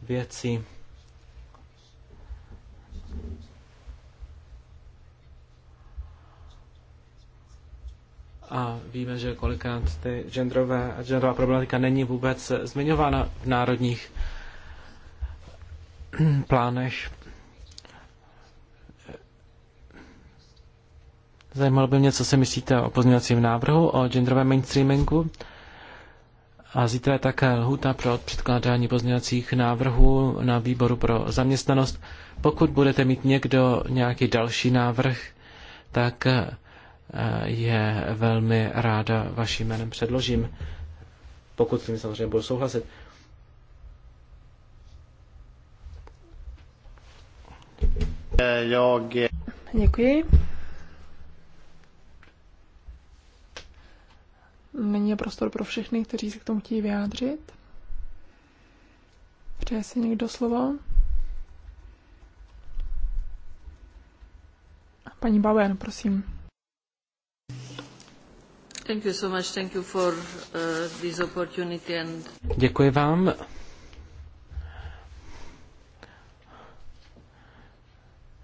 věcí. a víme, že kolikrát ty genderové, genderová problematika není vůbec zmiňována v národních plánech. Zajímalo by mě, co si myslíte o pozměňovacím návrhu, o genderovém mainstreamingu. A zítra je také lhuta pro předkládání pozměňovacích návrhů na výboru pro zaměstnanost. Pokud budete mít někdo nějaký další návrh, tak je velmi ráda vaším jménem předložím, pokud s tím samozřejmě budu souhlasit. Děkuji. Není je prostor pro všechny, kteří se k tomu chtějí vyjádřit. Přeje si někdo slovo? Paní Bauer, prosím. Děkuji vám.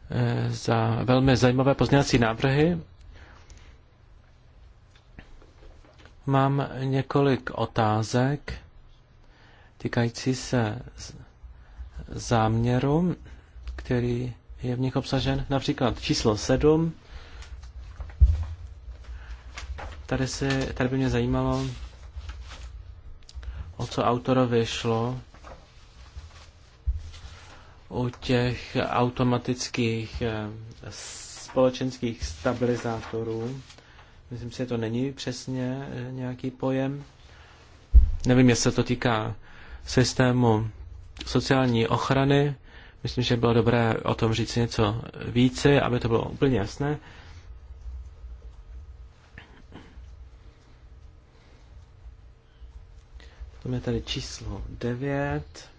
Eh, za velmi zajímavé pozměňovací návrhy. Mám několik otázek týkající se záměru, který je v nich obsažen, například číslo 7. Tady, se tady by mě zajímalo, o co autorovi šlo u těch automatických eh, společenských stabilizátorů. Myslím si, že to není přesně eh, nějaký pojem. Nevím, jestli se to týká systému sociální ochrany. Myslím, že bylo dobré o tom říct něco více, aby to bylo úplně jasné. Potom je tady číslo 9.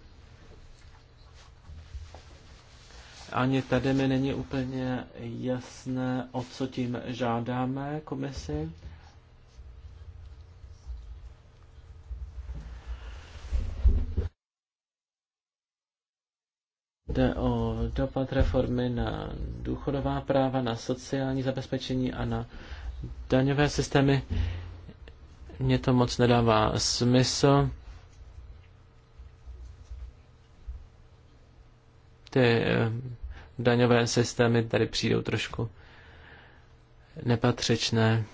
Ani tady mi není úplně jasné, o co tím žádáme komisi. Jde o dopad reformy na důchodová práva, na sociální zabezpečení a na daňové systémy. Mně to moc nedává smysl. ty eh, daňové systémy tady přijdou trošku nepatřičné.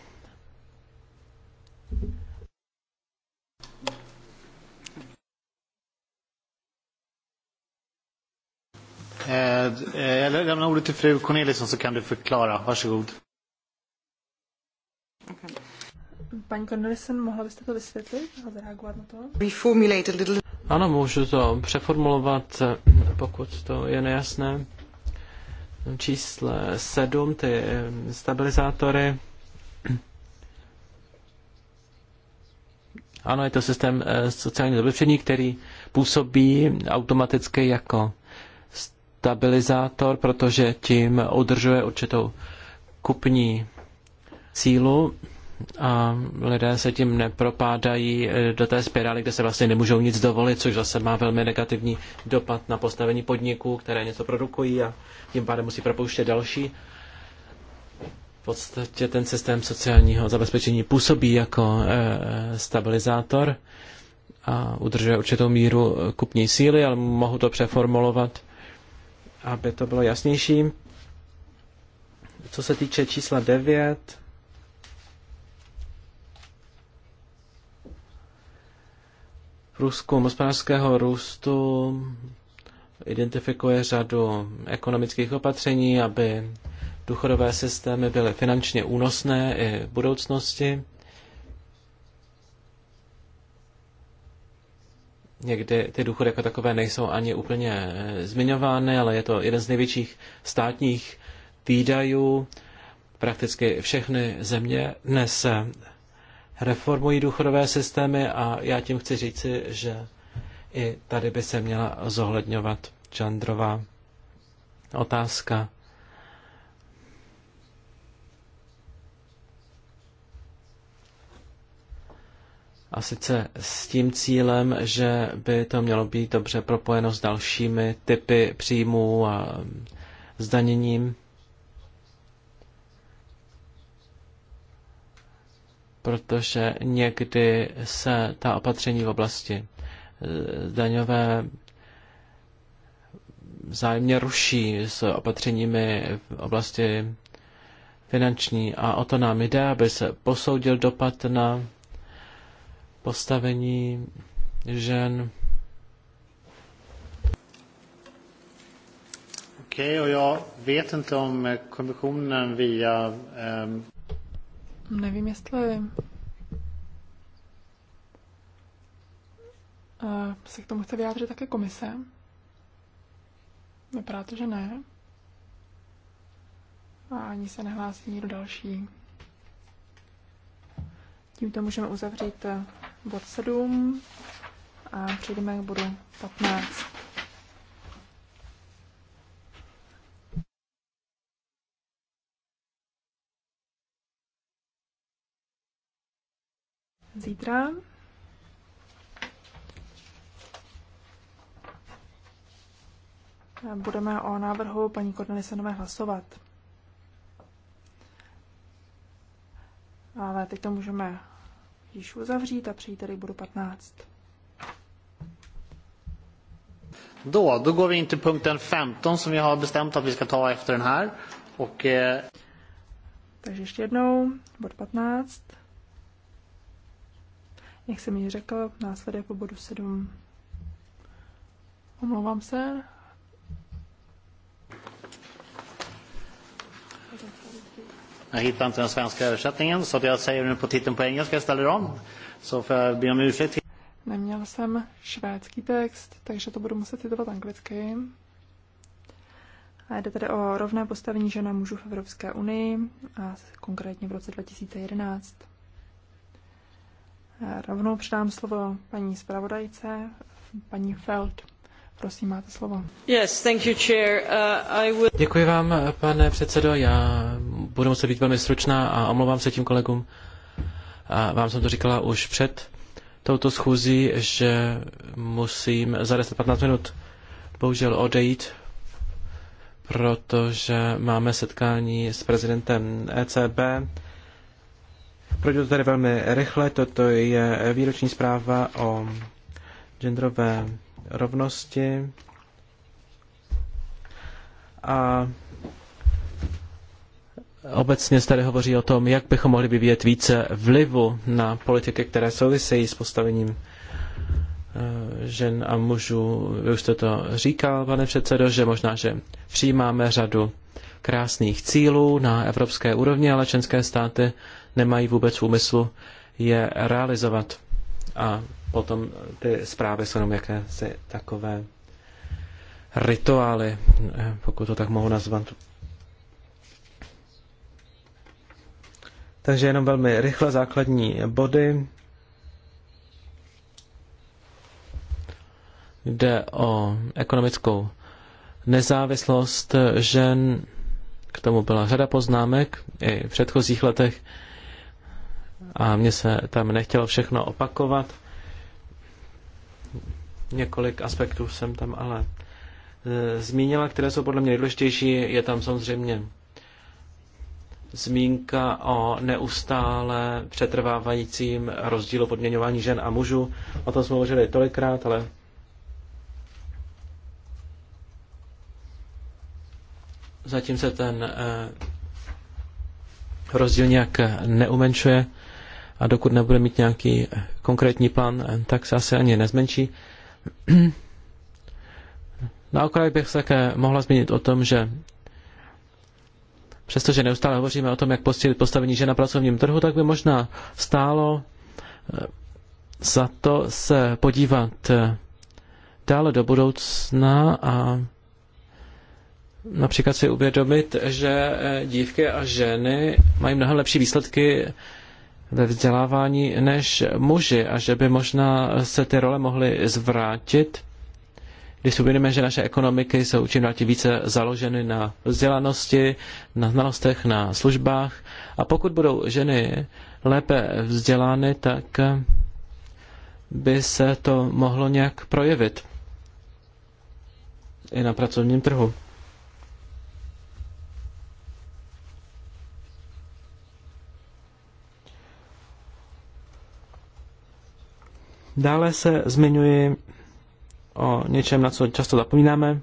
Eh, eh, jag lämnar ordet till fru Corneliusson så kan du förklara. Varsågod. Okay. Paní Cornelissen, mohla byste to vysvětlit a zareagovat na to? Ano, můžu to přeformulovat, pokud to je nejasné. Čísle 7, ty stabilizátory. Ano, je to systém eh, sociálního zabezpečení, který působí automaticky jako stabilizátor, protože tím udržuje určitou kupní sílu a lidé se tím nepropádají eh, do té spirály, kde se vlastně nemůžou nic dovolit, což zase má velmi negativní dopad na postavení podniků, které něco produkují a tím pádem musí propouštět další. V podstatě ten systém sociálního zabezpečení působí jako eh, stabilizátor a udržuje určitou míru kupní síly, ale mohu to přeformulovat, aby to bylo jasnější. Co se týče čísla 9, Průzkum hospodářského růstu identifikuje řadu ekonomických opatření, aby důchodové systémy byly finančně únosné i v budoucnosti. Někdy ty důchody jako takové nejsou ani úplně eh, zmiňovány, ale je to jeden z největších státních výdajů. Prakticky všechny země dnes eh, reformují důchodové systémy a já tím chci říci, že i tady by se měla zohledňovat Čandrová otázka. A sice s tím cílem, že by to mělo být dobře propojeno s dalšími typy příjmů a zdaněním. protože někdy se ta opatření v oblasti e, daňové vzájemně ruší s opatřeními v oblasti finanční a o to nám jde, aby se posoudil dopad na postavení žen. Okej, okay, och jag vet inte om kommissionen via... Um... Nevím, jestli uh, se k tomu chce vyjádřit také komise. Vypadá to, že ne. A ani se nehlásí nikdo další. Tímto můžeme uzavřít eh, bod 7 a přejdeme k bodu 15. zítra. Budeme o návrhu paní Kornelisenové hlasovat. Ale teď to můžeme již uzavřít a přijít tady budu 15. Do, då går vi in till punkten 15 som vi har bestämt att vi ska ta efter den här. Och, eh... Takže ještě jednou, bod 15. Jak jsem již řekl, následuje po bodu 7. Omlouvám se. Jag hittar inte den svenska översättningen så jag säger nu på titeln på engelska istället om. Så får jag be om ursäkt. Neměl jsem švédský text, takže to budu muset citovat anglicky. A jde tedy o rovné postavení žen a mužů v Evropské unii a konkrétně v roce 2011. Rovnou předám slovo paní zpravodajce, paní Feld. Prosím, máte slovo. Yes, thank you, chair. Uh, I will... Děkuji vám, pane předsedo. Já budu muset být velmi stručná a omlouvám se tím kolegům. A vám jsem to říkala už před touto schůzí, že musím za 10-15 minut bohužel odejít, protože máme setkání s prezidentem ECB Projdu to tady velmi rychle. Toto je výroční zpráva o genderové rovnosti. A obecně se tady hovoří o tom, jak bychom mohli vyvíjet více vlivu na politiky, které souvisejí s postavením eh, žen a mužů. Vy už jste to říkal, pane předsedo, že možná, že přijímáme řadu krásných cílů na evropské úrovni, ale členské státy nemají vůbec v úmyslu je realizovat. A potom ty zprávy jsou jenom jakési takové rituály, eh, pokud to tak mohu nazvat. Takže jenom velmi rychle základní body. Jde o ekonomickou nezávislost žen. K tomu byla řada poznámek i v předchozích letech a mně se tam nechtělo všechno opakovat. Několik aspektů jsem tam ale e, zmínila, které jsou podle mě nejdůležitější. Je tam samozřejmě zmínka o neustále přetrvávajícím rozdílu podměňování žen a mužů. O tom jsme hovořili tolikrát, ale zatím se ten e, rozdíl nějak neumenšuje a dokud nebude mít nějaký eh, konkrétní plán, eh, tak se asi ani nezmenší. Na okraji bych se také mohla zmínit o tom, že přestože neustále hovoříme o tom, jak posílit postavení žen na pracovním trhu, tak by možná stálo eh, za to se podívat dále do budoucna a například si uvědomit, že dívky a ženy mají mnohem lepší výsledky ve vzdělávání než muži a že by možná se ty role mohly zvrátit, když si uvědomíme, že naše ekonomiky jsou čím dál tím více založeny na vzdělanosti, na znalostech, na službách a pokud budou ženy lépe vzdělány, tak by se to mohlo nějak projevit i na pracovním trhu. Dále se zmiňuji o něčem, na co často zapomínáme.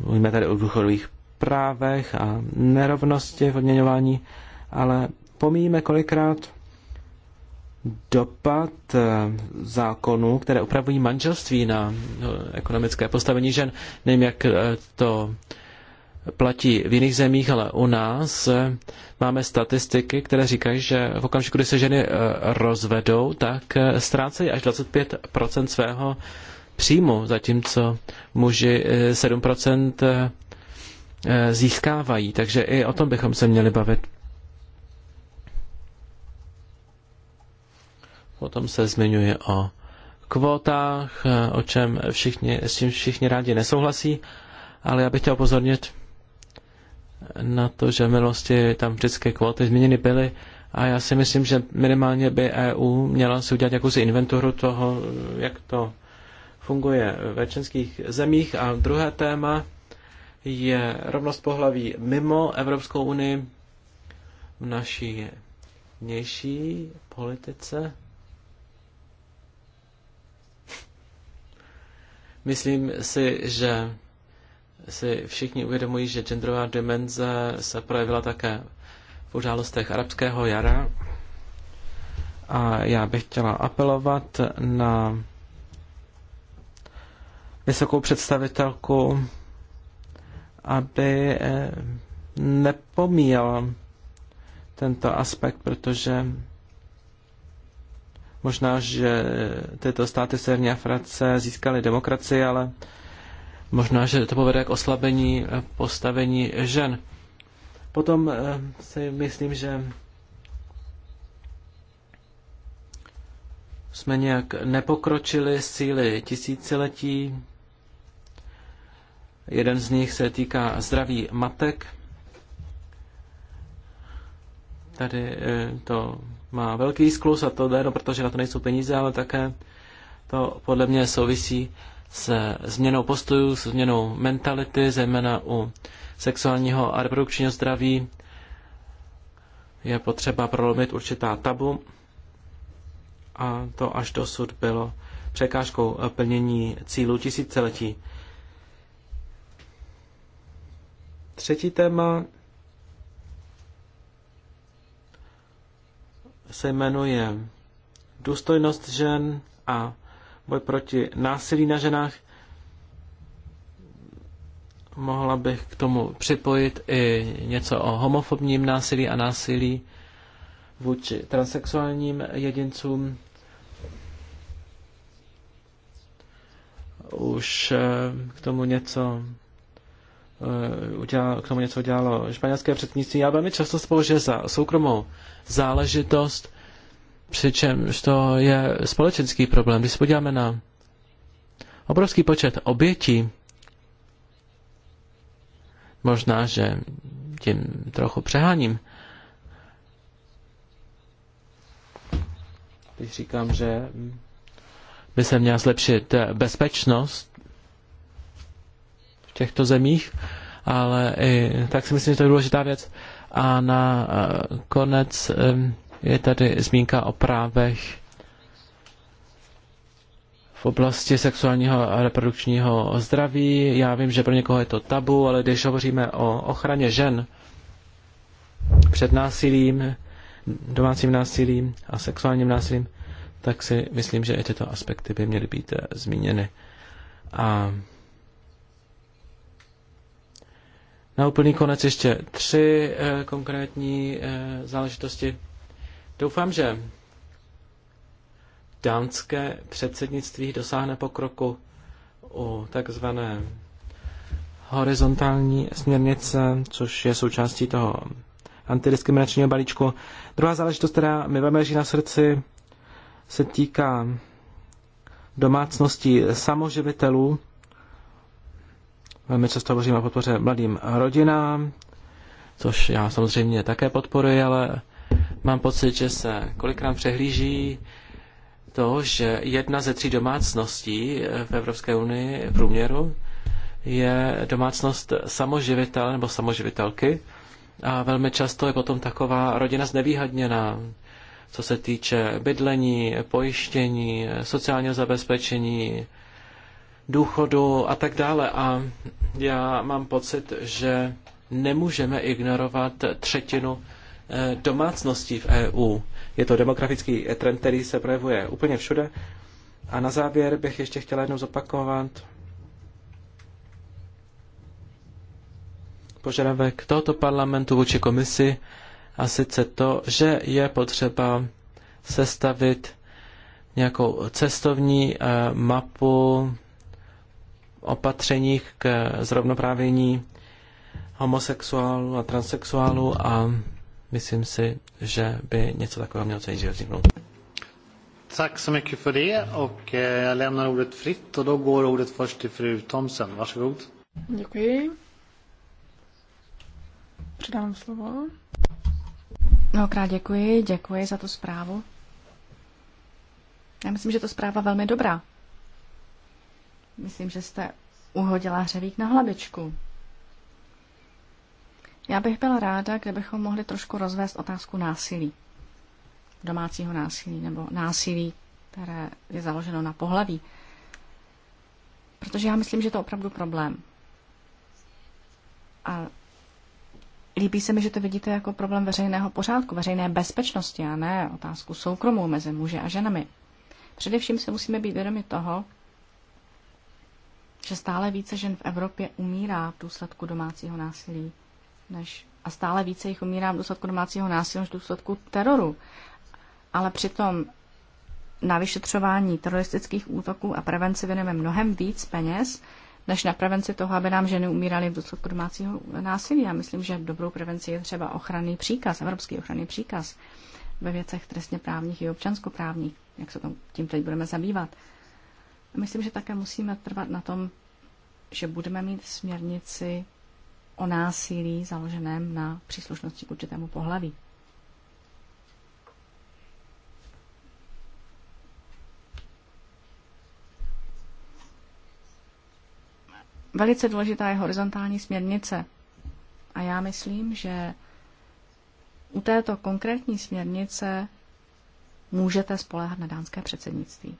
Mluvíme tady o důchodových právech a nerovnosti v odměňování, ale pomíjíme kolikrát dopad eh, zákonů, které upravují manželství na eh, ekonomické postavení žen. Nevím, jak eh, to platí v jiných zemích, ale u nás eh, máme statistiky, které říkají, že v okamžiku, kdy se ženy eh, rozvedou, tak eh, ztrácejí až 25% svého příjmu, zatímco muži 7% získávají. Takže i o tom bychom se měli bavit. Potom se zmiňuje o kvotách, o čem všichni, s čím všichni rádi nesouhlasí, ale já bych chtěl pozornit, na to, že v minulosti tam vždycky kvóty změněny byly a já si myslím, že minimálně by EU měla si udělat jakousi inventuru toho, jak to funguje ve členských zemích. A druhé téma je rovnost pohlaví mimo Evropskou unii v naší vnější politice. Myslím si, že si všichni uvědomují, že genderová dimenze se projevila také v událostech arabského jara. A já bych chtěla apelovat na vysokou představitelku, aby eh, nepomíjela tento aspekt, protože možná, že eh, tyto státy v Severní Africe získaly demokracii, ale Možná, že to povede k oslabení eh, postavení žen. Potom eh, si myslím, že jsme nějak nepokročili z cíly tisíciletí. Jeden z nich se týká zdraví matek. Tady eh, to má velký sklus a to jde, no, protože na to nejsou peníze, ale také to podle mě souvisí se změnou postojů, se změnou mentality, zejména u sexuálního a reprodukčního zdraví, je potřeba prolomit určitá tabu a to až dosud bylo překážkou plnění cílů tisíciletí. Třetí téma se jmenuje důstojnost žen a boj proti násilí na ženách. Mohla bych k tomu připojit i něco o homofobním násilí a násilí vůči transexuálním jedincům. Už eh, k tomu něco eh, k tomu něco udělalo španělské předsednictví. Já velmi často spoužil za soukromou záležitost Přičemž to je společenský problém. Když se podíváme na obrovský počet obětí, možná, že tím trochu přeháním, když říkám, že by se měla zlepšit bezpečnost v těchto zemích, ale i, tak si myslím, že to je důležitá věc. A na konec um, je tady zmínka o právech v oblasti sexuálního a reprodukčního zdraví. Já vím, že pro někoho je to tabu, ale když hovoříme o ochraně žen před násilím, domácím násilím a sexuálním násilím, tak si myslím, že i tyto aspekty by měly být eh, zmíněny. A na úplný konec ještě tři eh, konkrétní eh, záležitosti. Doufám, že dánské předsednictví dosáhne pokroku u takzvané horizontální směrnice, což je součástí toho antidiskriminačního balíčku. Druhá záležitost, která mi velmi leží na srdci, se týká domácností samoživitelů. Velmi často hovoříme o podpoře mladým rodinám, což já samozřejmě také podporuji, ale Mám pocit, že se kolikrát přehlíží to, že jedna ze tří domácností v Evropské unii v průměru je domácnost samoživitel nebo samoživitelky a velmi často je potom taková rodina znevýhodněná, co se týče bydlení, pojištění, sociálního zabezpečení, důchodu a tak dále. A já mám pocit, že nemůžeme ignorovat třetinu Eh, domácností v EU. Je to demografický trend, který se projevuje úplně všude. A na závěr bych ještě chtěla jednou zopakovat požadavek tohoto parlamentu vůči komisi a sice to, že je potřeba sestavit nějakou cestovní eh, mapu opatřeních k zrovnoprávění homosexuálů a transexuálů a Myslím si, že by něco takového mělo celý život vzniknout. Tak så mycket för det och eh, jag lämnar ordet fritt och då går ordet först till fru Thomsen. Varsågod. Děkuji. Předám slovo. Mnohokrát děkuji, děkuji za tu zprávu. Já myslím, že to zpráva velmi dobrá. Myslím, že jste uhodila hřevík na hlavičku. Já bych byla ráda, kdybychom mohli trošku rozvést otázku násilí. Domácího násilí nebo násilí, které je založeno na pohlaví. Protože já myslím, že to je opravdu problém. A líbí se mi, že to vidíte jako problém veřejného pořádku, veřejné bezpečnosti a ne otázku soukromou mezi muže a ženami. Především se musíme být vědomi toho, že stále více žen v Evropě umírá v důsledku domácího násilí než, a stále více jich umírá v důsledku domácího násilí než v důsledku teroru. Ale přitom na vyšetřování teroristických útoků a prevenci věneme mnohem víc peněz, než na prevenci toho, aby nám ženy umíraly v důsledku domácího násilí. Já myslím, že dobrou prevenci je třeba ochranný příkaz, evropský ochranný příkaz ve věcech trestně právních i občanskoprávních, jak se tím teď budeme zabývat. myslím, že také musíme trvat na tom, že budeme mít směrnici o násilí založeném na příslušnosti k určitému pohlaví. Velice důležitá je horizontální směrnice. A já myslím, že u této konkrétní směrnice můžete spolehat na dánské předsednictví.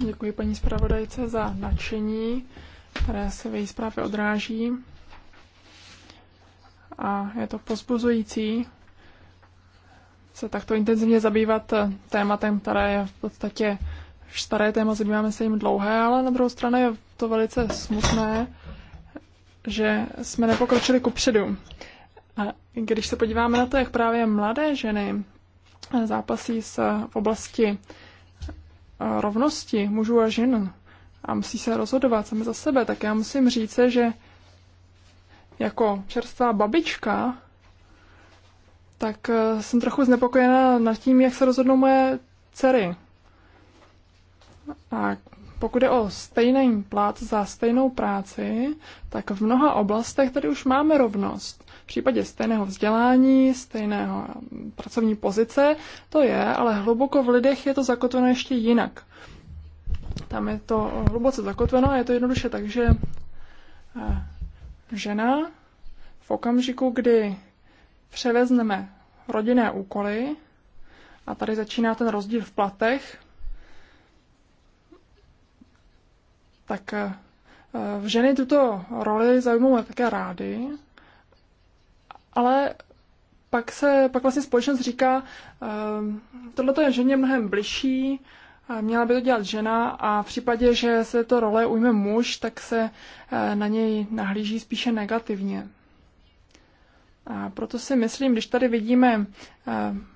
Děkuji paní zpravodajce za nadšení, které se v její zprávě odráží. A je to pozbuzující se takto intenzivně zabývat eh, tématem, které je v podstatě staré téma, zabýváme se jim dlouhé, ale na druhou stranu je to velice smutné, že jsme nepokročili kupředu. A když se podíváme na to, jak právě mladé ženy zápasí s, v oblasti rovnosti mužů a žen a musí se rozhodovat sami za sebe, tak já musím říct, že jako čerstvá babička, tak eh, jsem trochu znepokojená nad tím, jak se rozhodnou moje dcery. A pokud je o stejný plat za stejnou práci, tak v mnoha oblastech tady už máme rovnost případě stejného vzdělání, stejného eh, pracovní pozice, to je, ale hluboko v lidech je to zakotveno ještě jinak. Tam je to eh, hluboce zakotveno a je to jednoduše tak, že eh, žena v okamžiku, kdy převezneme rodinné úkoly, a tady začíná ten rozdíl v platech, tak v ženy tuto roli zaujmou také rády, ale pak, se, pak vlastně společnost říká, ehm, tohle je ženě mnohem bližší, měla by to dělat žena a v případě, že se to role ujme muž, tak se eh, na něj nahlíží spíše negativně. A proto si myslím, když tady vidíme ehm,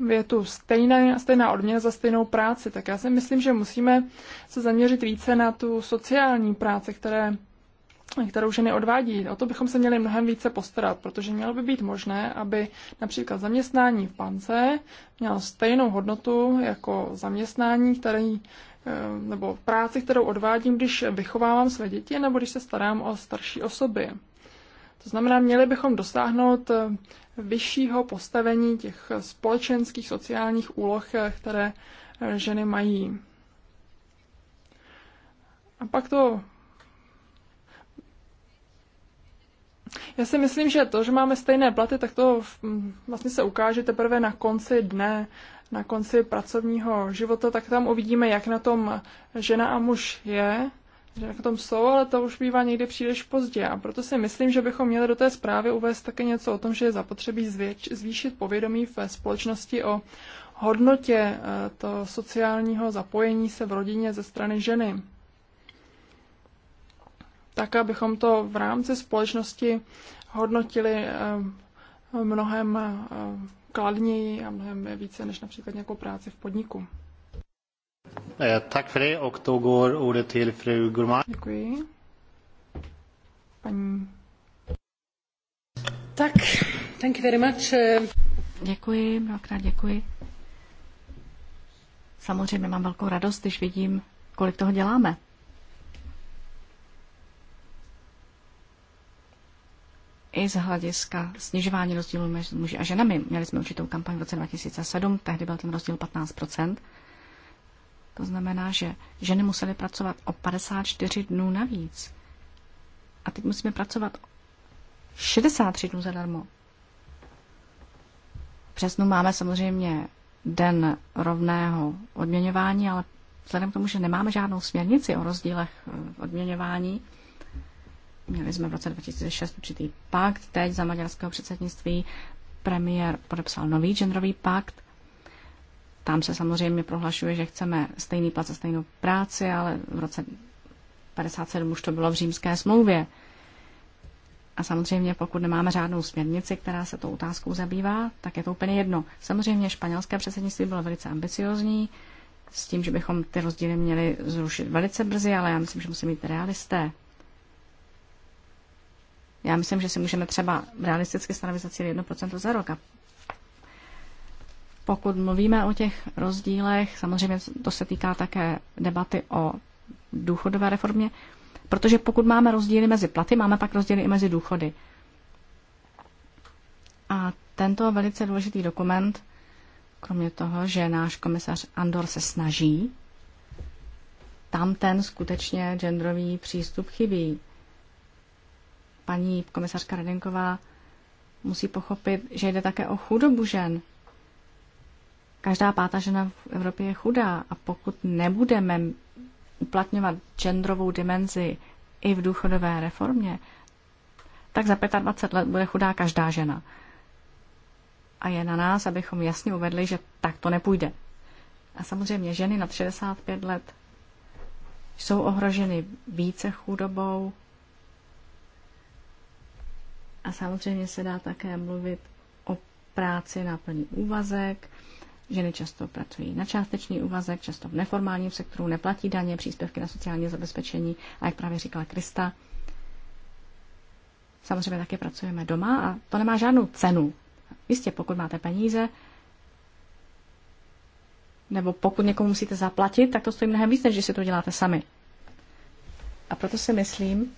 větu stejná, stejná odměna za stejnou práci, tak já si myslím, že musíme se zaměřit více na tu sociální práci, které kterou ženy odvádí. O to bychom se měli mnohem více postarat, protože mělo by být možné, aby například zaměstnání v pance mělo stejnou hodnotu jako zaměstnání, které eh, nebo práci, kterou odvádím, když vychovávám své děti nebo když se starám o starší osoby. To znamená, měli bychom dosáhnout eh, vyššího postavení těch společenských, sociálních úloh, eh, které ženy mají. A pak to Já si myslím, že to, že máme stejné platy, tak to vlastně se ukáže teprve na konci dne, na konci pracovního života, tak tam uvidíme, jak na tom žena a muž je, že na tom jsou, ale to už bývá někdy příliš pozdě. A proto si myslím, že bychom měli do té zprávy uvést také něco o tom, že je zapotřebí zvěč, zvýšit povědomí ve společnosti o hodnotě e, toho sociálního zapojení se v rodině ze strany ženy tak abychom to v rámci společnosti hodnotili eh, mnohem eh, kladněji a mnohem více než například nějakou práci v podniku. Eh, tak för det och då fru Děkuji. Paní. Tak, thank you very much. Děkuji, mnohokrát děkuji. Samozřejmě mám velkou radost, když vidím, kolik toho děláme. i z hlediska snižování rozdílu mezi muži a ženami. Měli jsme určitou kampaň v roce 2007, tehdy byl ten rozdíl 15 To znamená, že ženy musely pracovat o 54 dnů navíc. A teď musíme pracovat 63 dnů zadarmo. Přesnou máme samozřejmě den rovného odměňování, ale vzhledem k tomu, že nemáme žádnou směrnici o rozdílech eh, odměňování, Měli jsme v roce 2006 určitý pakt, teď za maďarského předsednictví premiér podepsal nový genderový pakt. Tam se samozřejmě prohlašuje, že chceme stejný plat za stejnou práci, ale v roce 1957 už to bylo v římské smlouvě. A samozřejmě, pokud nemáme řádnou směrnici, která se tou otázkou zabývá, tak je to úplně jedno. Samozřejmě španělské předsednictví bylo velice ambiciozní, s tím, že bychom ty rozdíly měli zrušit velice brzy, ale já myslím, že musíme být realisté. Já myslím, že si můžeme třeba realisticky stanovit za cíl 1% za rok. A pokud mluvíme o těch rozdílech, samozřejmě to se týká také debaty o důchodové reformě, protože pokud máme rozdíly mezi platy, máme pak rozdíly i mezi důchody. A tento velice důležitý dokument, kromě toho, že náš komisař Andor se snaží, tam ten skutečně genderový přístup chybí paní komisařka Redenková musí pochopit, že jde také o chudobu žen. Každá pátá žena v Evropě je chudá a pokud nebudeme uplatňovat genderovou dimenzi i v důchodové reformě, tak za 25 let bude chudá každá žena. A je na nás, abychom jasně uvedli, že tak to nepůjde. A samozřejmě ženy nad 65 let jsou ohroženy více chudobou, a samozřejmě se dá také mluvit o práci na plný úvazek. Ženy často pracují na částečný úvazek, často v neformálním sektoru, neplatí daně, příspěvky na sociální zabezpečení. A jak právě říkala Krista, samozřejmě také pracujeme doma a to nemá žádnou cenu. Jistě, pokud máte peníze, nebo pokud někomu musíte zaplatit, tak to stojí mnohem víc, než že si to děláte sami. A proto si myslím,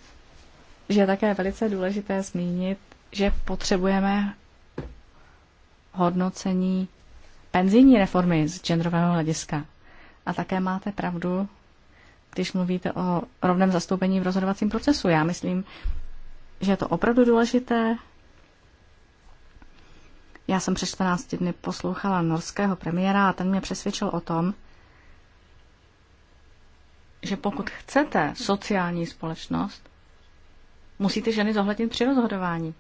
že je také velice důležité zmínit, že potřebujeme hodnocení penzijní reformy z genderového hlediska. A také máte pravdu, když mluvíte o rovném zastoupení v rozhodovacím procesu. Já myslím, že je to opravdu důležité. Já jsem před 14 dny poslouchala norského premiéra a ten mě přesvědčil o tom, že pokud chcete sociální společnost, musíte ženy zohlednit při rozhodování.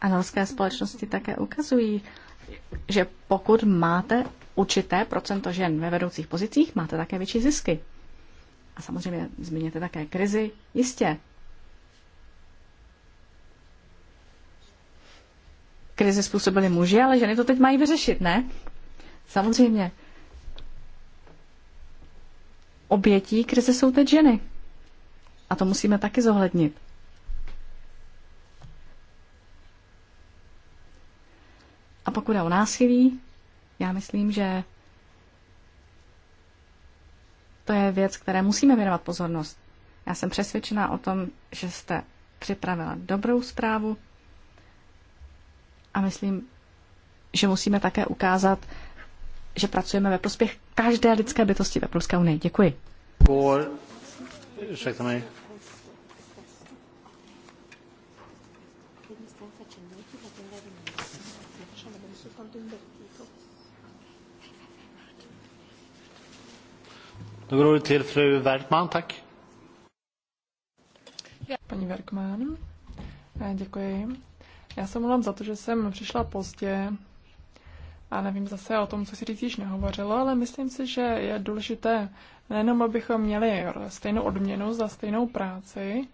A společnosti také ukazují, že pokud máte určité procento žen ve vedoucích pozicích, máte také větší zisky. A samozřejmě zmíněte také krizi, jistě. Krizi způsobili muži, ale ženy to teď mají vyřešit, ne? Samozřejmě obětí krize jsou teď ženy. A to musíme taky zohlednit. A pokud je o násilí, já myslím, že to je věc, které musíme věnovat pozornost. Já jsem přesvědčená o tom, že jste připravila dobrou zprávu a myslím, že musíme také ukázat, že pracujeme ve prospěch každé lidské bytosti v Evropské unii. Děkuji. Paní Werkman, eh, děkuji. Já se mluvám za to, že jsem přišla pozdě, a nevím zase o tom, co si říct již nehovořilo, ale myslím si, že je důležité nejenom, abychom měli stejnou odměnu za stejnou práci,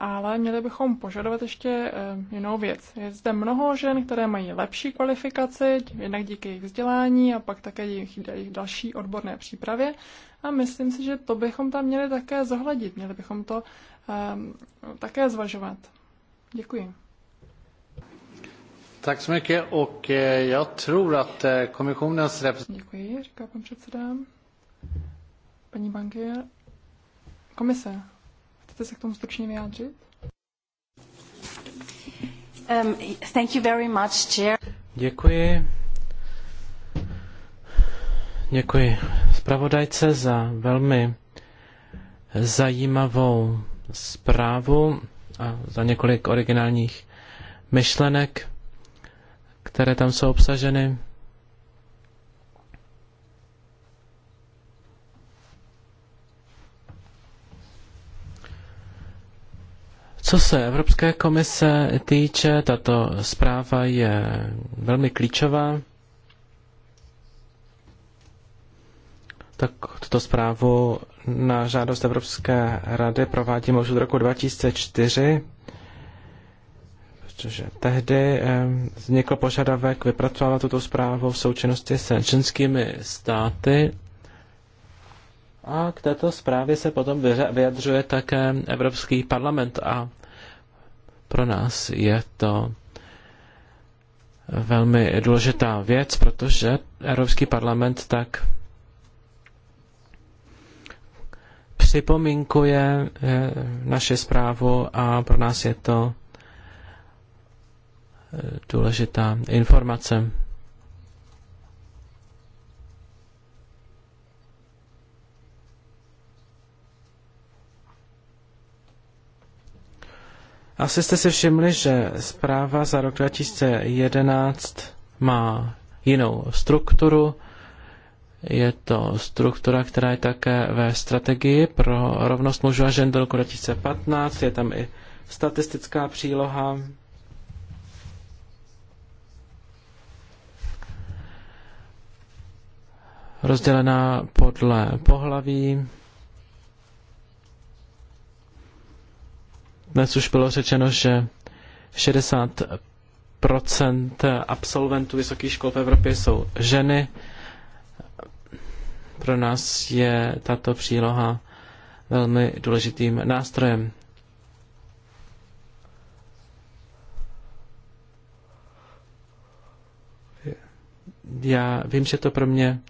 ale měli bychom požadovat ještě eh, jinou věc. Je zde mnoho žen, které mají lepší kvalifikaci, jednak díky jejich vzdělání a pak také jejich, jejich další odborné přípravě. A myslím si, že to bychom tam měli také zohlednit, měli bychom to um, také zvažovat. Děkuji så mycket och eh, jag tror att eh, kommissionens representant... Děkuji, říká pan předseda. Paní banky, komise, chcete se k tomu stručně vyjádřit? Um, thank you very much, chair. Děkuji. Děkuji zpravodajce za velmi zajímavou zprávu a za několik originálních myšlenek které tam jsou obsaženy. Co se Evropské komise týče, tato zpráva je velmi klíčová. Tak tuto zprávu na žádost Evropské rady provádíme už od roku 2004 protože tehdy vznikl požadavek vypracovat tuto zprávu v součinnosti s členskými státy a k této zprávě se potom vyjadřuje také Evropský parlament a pro nás je to velmi důležitá věc, protože Evropský parlament tak připomínkuje eh, naše zprávu a pro nás je to důležitá informace. Asi jste si všimli, že zpráva za rok 2011 má jinou strukturu. Je to struktura, která je také ve strategii pro rovnost mužů a žen do roku 2015. Je tam i statistická příloha. rozdělená podle pohlaví. Dnes už bylo řečeno, že 60 absolventů vysokých škol v Evropě jsou ženy. Pro nás je tato příloha velmi důležitým nástrojem. Já vím, že to pro mě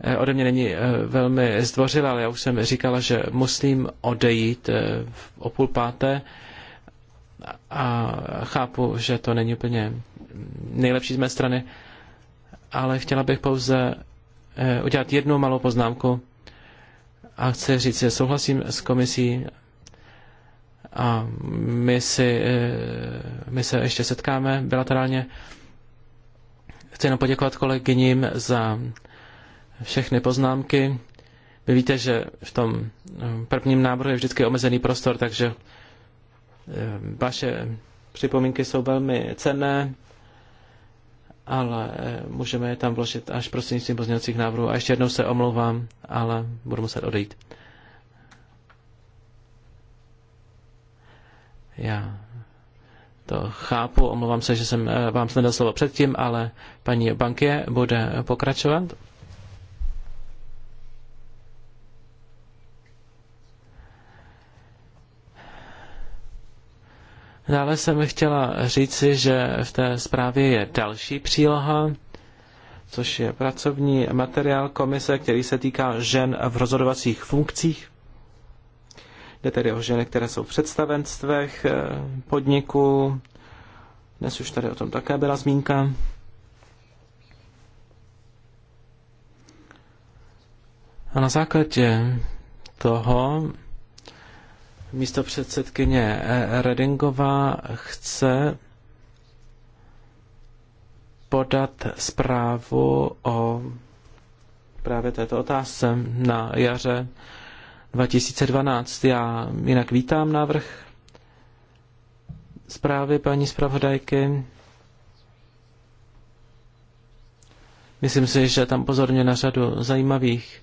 Eh, ode mě není eh, velmi zdvořil, ale já už jsem říkala, že musím odejít eh, o půl páté a chápu, že to není úplně nejlepší z mé strany, ale chtěla bych pouze udělat jednu malou poznámku a chci říct, že souhlasím s komisí a my, si, my se ještě setkáme bilaterálně. Chci jenom poděkovat kolegyním za všechny poznámky. Vy víte, že v tom eh, prvním návrhu je vždycky omezený prostor, takže eh, vaše připomínky jsou velmi cenné, ale eh, můžeme je tam vložit až prostřednictvím pozměňovacích návrhů. A ještě jednou se omlouvám, ale budu muset odejít. Já to chápu, omlouvám se, že jsem vám snedal slovo předtím, ale paní Bankě bude pokračovat. Dále jsem chtěla říci, že v té zprávě je další příloha, což je pracovní materiál komise, který se týká žen v rozhodovacích funkcích. Jde tedy o ženy, které jsou v představenstvech eh, podniků. Dnes už tady o tom také byla zmínka. A na základě toho místo předsedkyně Redingová chce podat zprávu o právě této otázce na jaře 2012. Já jinak vítám návrh zprávy paní zpravodajky. Myslím si, že tam pozorně na řadu zajímavých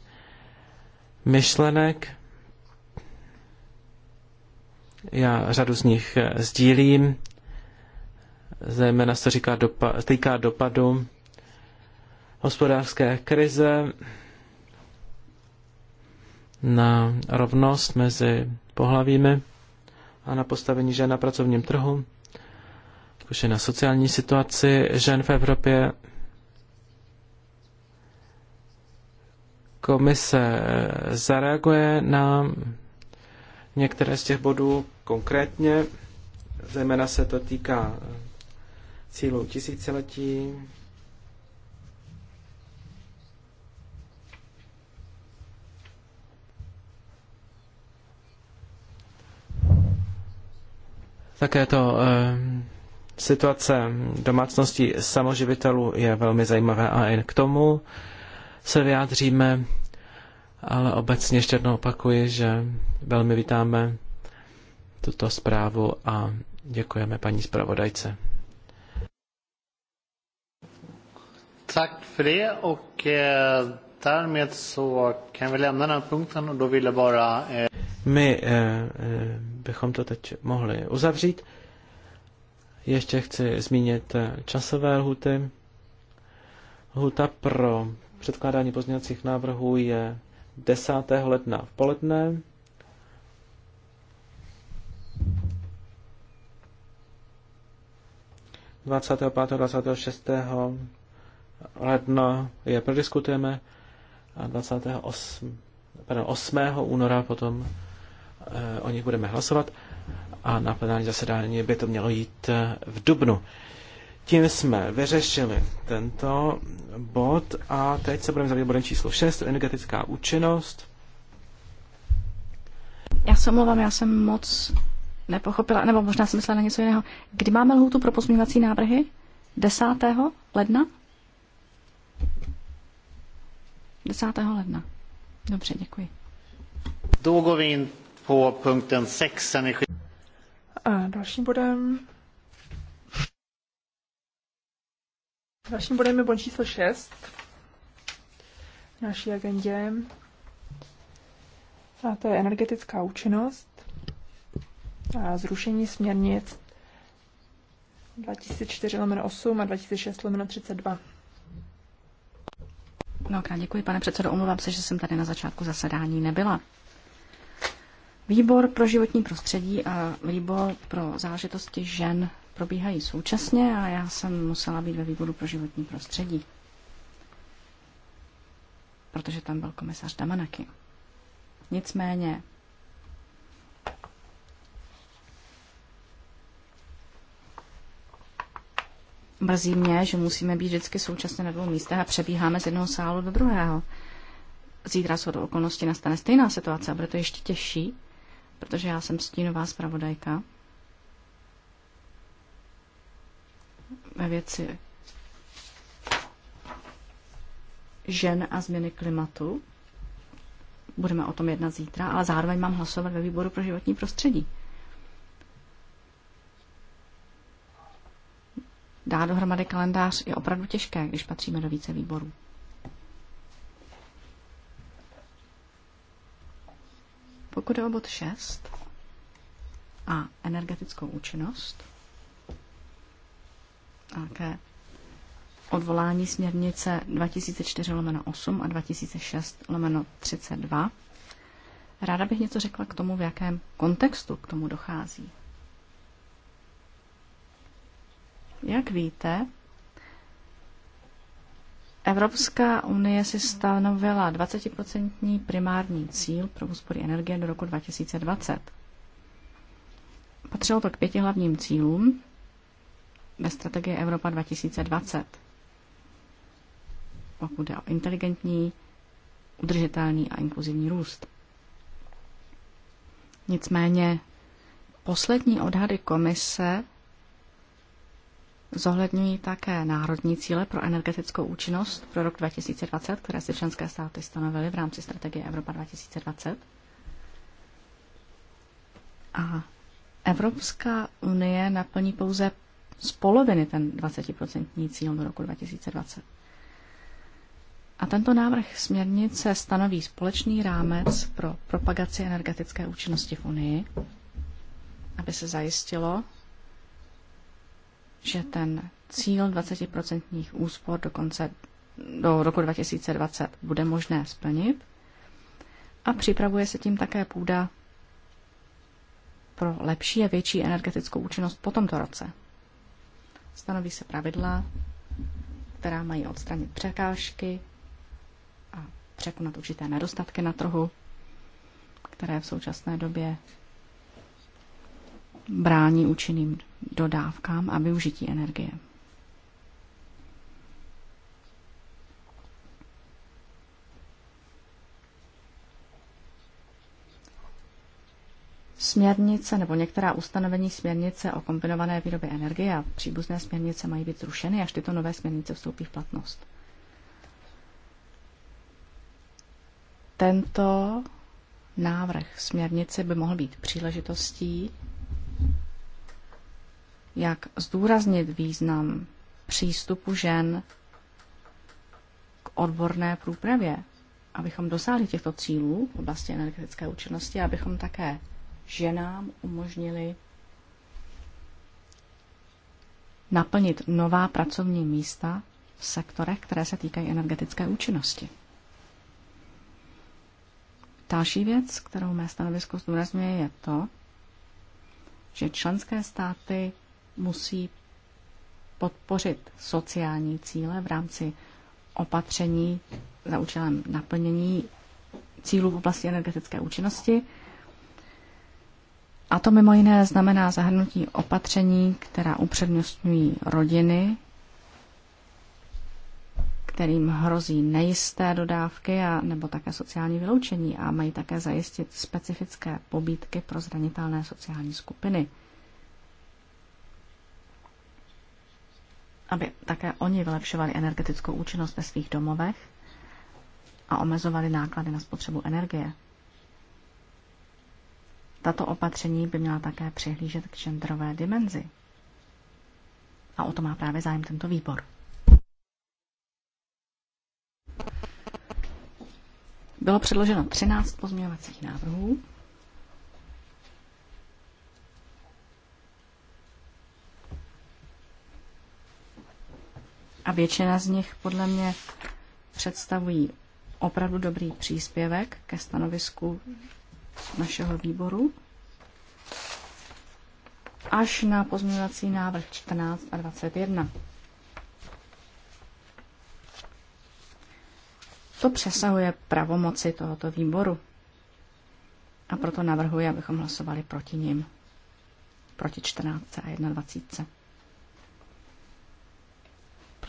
myšlenek. Já řadu z nich eh, sdílím, zejména se říká dopa, týká dopadu hospodářské krize na rovnost mezi pohlavími a na postavení žen na pracovním trhu, jakož na sociální situaci žen v Evropě. Komise eh, zareaguje na některé z těch bodů konkrétně. Zejména se to týká eh, cílů tisíciletí, Také to e, situace domácností samoživitelů je velmi zajímavé a i k tomu se vyjádříme, ale obecně ještě jednou opakuji, že velmi vítáme tuto zprávu a děkujeme paní zpravodajce. Tack för det och eh, därmed så kan vi lämna den här punkten och då vill jag bara... Eh... My eh, eh bychom to teď mohli uzavřít. Ještě chci zmínit eh, časové lhuty. Lhuta pro předkládání pozměňovacích návrhů je 10. ledna v poledne. 25. 26. ledna je prodiskutujeme a 28. Pardon, 8. února potom eh, o nich budeme hlasovat a na plenární zasedání by to mělo jít eh, v dubnu. Tím jsme vyřešili tento bod a teď se budeme zabývat bodem číslo 6, energetická účinnost. Já se omlouvám, já jsem moc nepochopila, nebo možná jsem myslela na něco jiného. Kdy máme lhůtu pro pozměňovací návrhy? 10. ledna? 10. ledna. Dobře, děkuji. Dlougovin po punktem 6 A dalším bodem Dalším bodem je bod číslo 6 v naší agendě. A to je energetická účinnost zrušení směrnic 2004-8 a 2006-32. krát děkuji, pane předsedo. Omlouvám se, že jsem tady na začátku zasedání nebyla. Výbor pro životní prostředí a výbor pro záležitosti žen probíhají současně a já jsem musela být ve výboru pro životní prostředí, protože tam byl komisař Damanaky. Nicméně Mrzí mě, že musíme být vždycky současně na dvou místech a přebíháme z jednoho sálu do druhého. Zítra jsou do okolnosti nastane stejná situace a bude to ještě těžší, protože já jsem stínová zpravodajka ve věci žen a změny klimatu. Budeme o tom jednat zítra, ale zároveň mám hlasovat ve výboru pro životní prostředí. dá dohromady kalendář je opravdu těžké, když patříme do více výborů. Pokud je o bod 6 a energetickou účinnost, také odvolání směrnice 2004 lomeno 8 a 2006 lomeno 32, ráda bych něco řekla k tomu, v jakém kontextu k tomu dochází. Jak víte, Evropská unie si stanovila 20% primární cíl pro úspory energie do roku 2020. Patřilo to k pěti hlavním cílům ve strategii Evropa 2020. Pokud jde o inteligentní, udržitelný a inkluzivní růst. Nicméně poslední odhady komise zohledňují také národní cíle pro energetickou účinnost pro rok 2020, které si členské státy stanovily v rámci strategie Evropa 2020. A Evropská unie naplní pouze z poloviny ten 20% cíl do roku 2020. A tento návrh směrnice stanoví společný rámec pro propagaci energetické účinnosti v Unii, aby se zajistilo, že ten cíl 20% úspor do konce do roku 2020 bude možné splnit a připravuje se tím také půda pro lepší a větší energetickou účinnost po tomto roce. Stanoví se pravidla, která mají odstranit překážky a překonat určité nedostatky na trhu, které v současné době brání účinným dodávkám a využití energie. Směrnice nebo některá ustanovení směrnice o kombinované výrobě energie a příbuzné směrnice mají být zrušeny, až tyto nové směrnice vstoupí v platnost. Tento návrh směrnice by mohl být příležitostí jak zdůraznit význam přístupu žen k odborné průpravě, abychom dosáhli těchto cílů v oblasti energetické účinnosti, abychom také ženám umožnili naplnit nová pracovní místa v sektorech, které se týkají energetické účinnosti. Další věc, kterou mé stanovisko zdůrazňuje, je to, že členské státy musí podpořit sociální cíle v rámci opatření za účelem naplnění cílů v oblasti energetické účinnosti. A to mimo jiné znamená zahrnutí opatření, která upřednostňují rodiny, kterým hrozí nejisté dodávky a, nebo také sociální vyloučení a mají také zajistit specifické pobídky pro zranitelné sociální skupiny – aby také oni vylepšovali energetickou účinnost ve svých domovech a omezovali náklady na spotřebu energie. Tato opatření by měla také přihlížet k genderové dimenzi. A o to má právě zájem tento výbor. Bylo předloženo 13 pozměňovacích návrhů. A většina z nich podle mě představují opravdu dobrý příspěvek ke stanovisku našeho výboru. Až na pozměňovací návrh 14 a 21. To přesahuje pravomoci tohoto výboru. A proto navrhuji, abychom hlasovali proti ním. Proti 14 a 21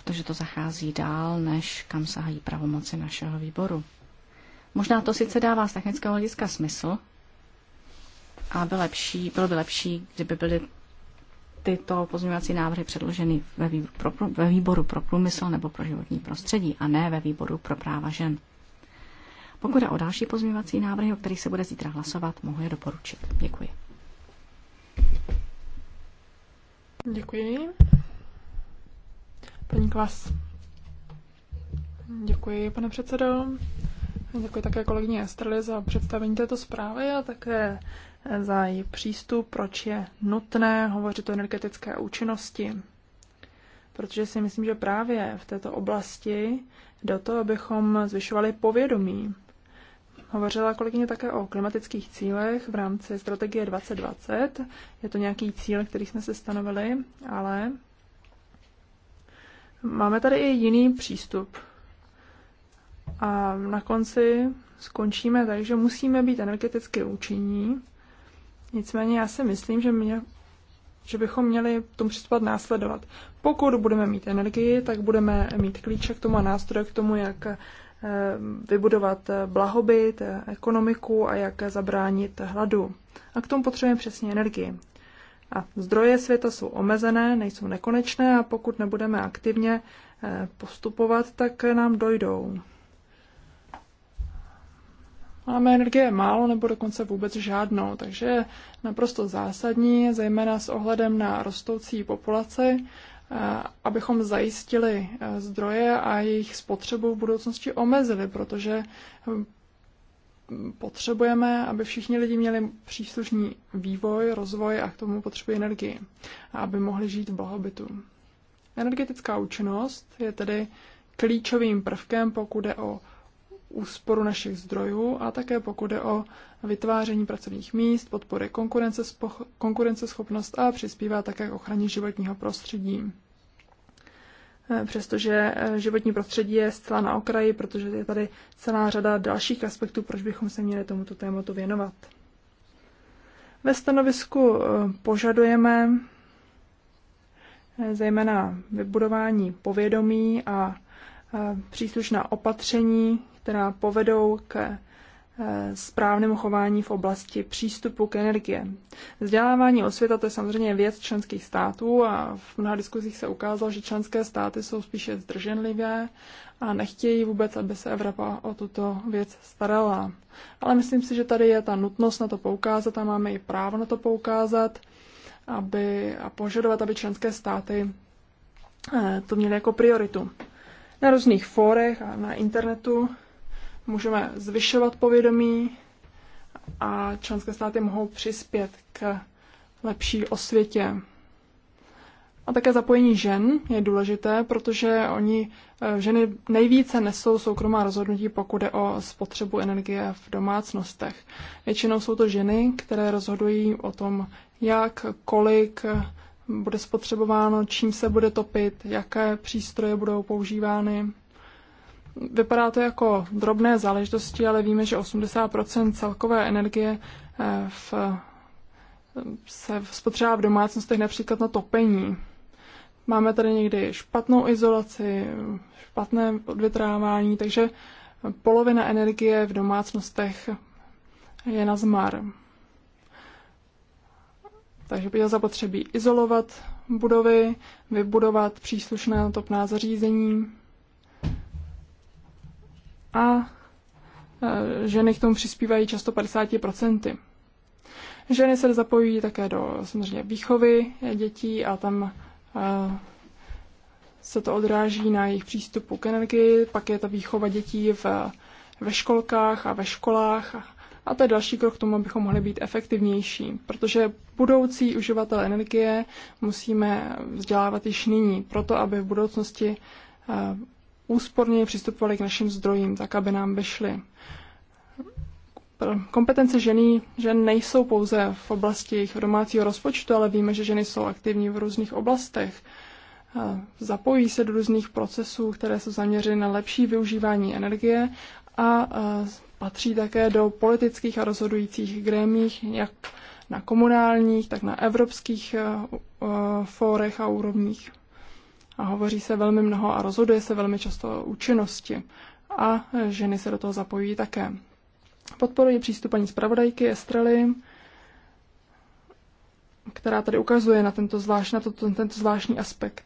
protože to zachází dál, než kam sahají pravomoci našeho výboru. Možná to sice dává z technického hlediska smysl, a by lepší, bylo by lepší, kdyby byly tyto pozměňovací návrhy předloženy ve výboru, pro, ve výboru pro průmysl nebo pro životní prostředí a ne ve výboru pro práva žen. Pokud je o další pozměňovací návrhy, o kterých se bude zítra hlasovat, mohu je doporučit. Děkuji. Děkuji. Paní Klas. Děkuji, pane předsedo. Děkuji také kolegyně Estrely za představení této zprávy a také za její přístup, proč je nutné hovořit o energetické účinnosti. Protože si myslím, že právě v této oblasti do toho, abychom zvyšovali povědomí. Hovořila kolegyně také o klimatických cílech v rámci strategie 2020. Je to nějaký cíl, který jsme se stanovili, ale Máme tady i jiný přístup. A na konci skončíme tak, že musíme být energeticky účinní. Nicméně já si myslím, že, mě, že bychom měli tomu přistupovat následovat. Pokud budeme mít energii, tak budeme mít klíče k tomu a nástroje k tomu, jak eh, vybudovat eh, blahobyt, eh, ekonomiku a jak zabránit hladu. A k tomu potřebujeme přesně energii. A zdroje světa jsou omezené, nejsou nekonečné a pokud nebudeme aktivně eh, postupovat, tak nám dojdou. Máme energie málo nebo dokonce vůbec žádnou, takže je naprosto zásadní, zejména s ohledem na rostoucí populaci, eh, abychom zajistili eh, zdroje a jejich spotřebu v budoucnosti omezili, protože potřebujeme, aby všichni lidi měli příslušný vývoj, rozvoj a k tomu potřebují energii aby mohli žít v blahobytu. Energetická účinnost je tedy klíčovým prvkem, pokud je o úsporu našich zdrojů a také pokud je o vytváření pracovních míst, podpory konkurenceschopnost a přispívá také k ochraně životního prostředí. Eh, přestože eh, životní prostředí je zcela na okraji, protože je tady celá řada dalších aspektů, proč bychom se měli tomuto tématu věnovat. Ve stanovisku eh, požadujeme zejména vybudování povědomí a příslušná opatření, která povedou k Eh, správnému chování v oblasti přístupu k energie. Vzdělávání osvěta to je samozřejmě věc členských států a v mnoha diskuzích se ukázalo, že členské státy jsou spíše zdrženlivé a nechtějí vůbec, aby se Evropa o tuto věc starala. Ale myslím si, že tady je ta nutnost na to poukázat a máme i právo na to poukázat aby, a požadovat, aby členské státy eh, to měly jako prioritu. Na různých fórech a na internetu můžeme zvyšovat povědomí a členské státy mohou přispět k lepší osvětě. A také zapojení žen je důležité, protože oni eh, ženy nejvíce nesou soukromá rozhodnutí, pokud je o spotřebu energie v domácnostech. Většinou jsou to ženy, které rozhodují o tom, jak, kolik eh, bude spotřebováno, čím se bude topit, jaké přístroje budou používány. Vypadá to jako drobné záležitosti, ale víme, že 80 celkové energie eh, v, se spotřebá v domácnostech například na topení. Máme tady někdy špatnou izolaci, špatné odvětrávání, takže polovina energie v domácnostech je na zmar. Takže by zapotřebí izolovat budovy, vybudovat příslušné topná zařízení a e, ženy k tomu přispívají často 50%. Ženy se zapojí také do samozřejmě výchovy dětí a tam e, se to odráží na jejich přístupu k energii, pak je ta výchova dětí v, ve školkách a ve školách a, a to je další krok k tomu, abychom mohli být efektivnější, protože budoucí uživatel energie musíme vzdělávat již nyní, proto aby v budoucnosti e, úsporně přistupovali k našim zdrojím, tak aby nám vyšly. Kompetence ženy, žen nejsou pouze v oblasti jejich domácího rozpočtu, ale víme, že ženy jsou aktivní v různých oblastech. Zapojí se do různých procesů, které jsou zaměřeny na lepší využívání energie a patří také do politických a rozhodujících grémích, jak na komunálních, tak na evropských fórech a úrovních a hovoří se velmi mnoho a rozhoduje se velmi často o účinnosti. A ženy se do toho zapojí také. Podporuji přístup paní zpravodajky Estrely, která tady ukazuje na tento, zvláš, na to, tento zvláštní aspekt.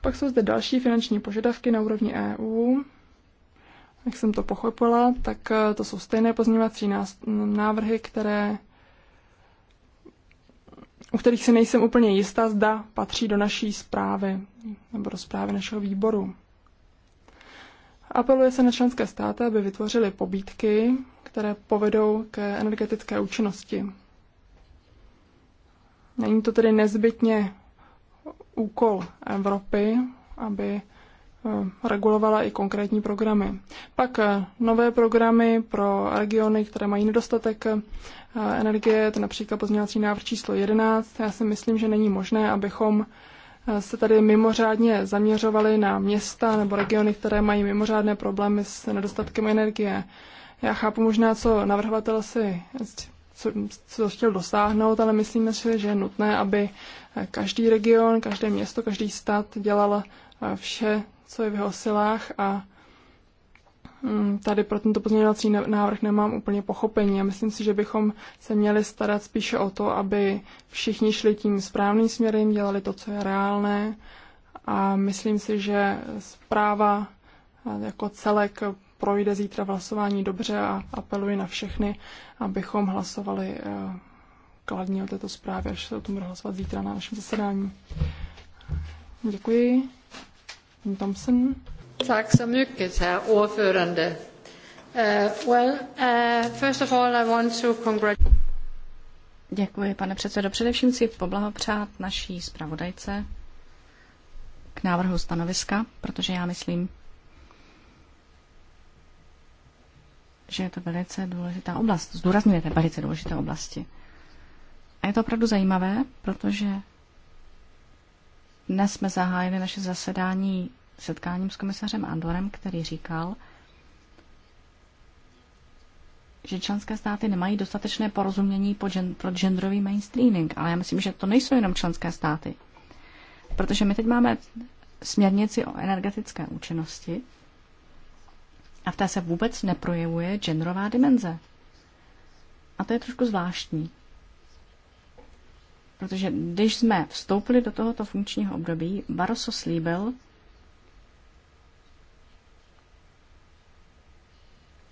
Pak jsou zde další finanční požadavky na úrovni EU. Jak jsem to pochopila, tak to jsou stejné pozměňovací návrhy, které u kterých si nejsem úplně jistá, zda patří do naší zprávy nebo do zprávy našeho výboru. Apeluje se na členské státy, aby vytvořili pobídky, které povedou k energetické účinnosti. Není to tedy nezbytně úkol Evropy, aby eh, regulovala i konkrétní programy. Pak eh, nové programy pro regiony, které mají nedostatek eh, energie, to například pozměňovací návrh číslo 11. Já si myslím, že není možné, abychom eh, se tady mimořádně zaměřovali na města nebo regiony, které mají mimořádné problémy s nedostatkem energie. Já chápu možná, co navrhovatel si co, co chtěl dosáhnout, ale myslíme si, že je nutné, aby eh, každý region, každé město, každý stát dělal eh, vše, co je v jeho silách a Mm, tady pro tento pozměňovací návrh nemám úplně pochopení a myslím si, že bychom se měli starat spíše o to, aby všichni šli tím správným směrem, dělali to, co je reálné a myslím si, že zpráva jako celek projde zítra v hlasování dobře a apeluji na všechny, abychom hlasovali eh, kladně o této zprávě, až se o tom bude hlasovat zítra na našem zasedání. Děkuji. Thompson. Tack så mycket, herr ordförande. Uh, well, uh, first of all, I want to congratulate... Děkuji, pane předsedo. Především si poblahopřát naší zpravodajce k návrhu stanoviska, protože já myslím, že je to velice důležitá oblast. Zdůrazňujete velice důležité oblasti. A je to opravdu zajímavé, protože dnes jsme zahájili naše zasedání setkáním s komisařem Andorem, který říkal, že členské státy nemají dostatečné porozumění pro genderový mainstreaming, ale já myslím, že to nejsou jenom členské státy. Protože my teď máme směrnici o energetické účinnosti a v té se vůbec neprojevuje genderová dimenze. A to je trošku zvláštní. Protože když jsme vstoupili do tohoto funkčního období, Barroso slíbil,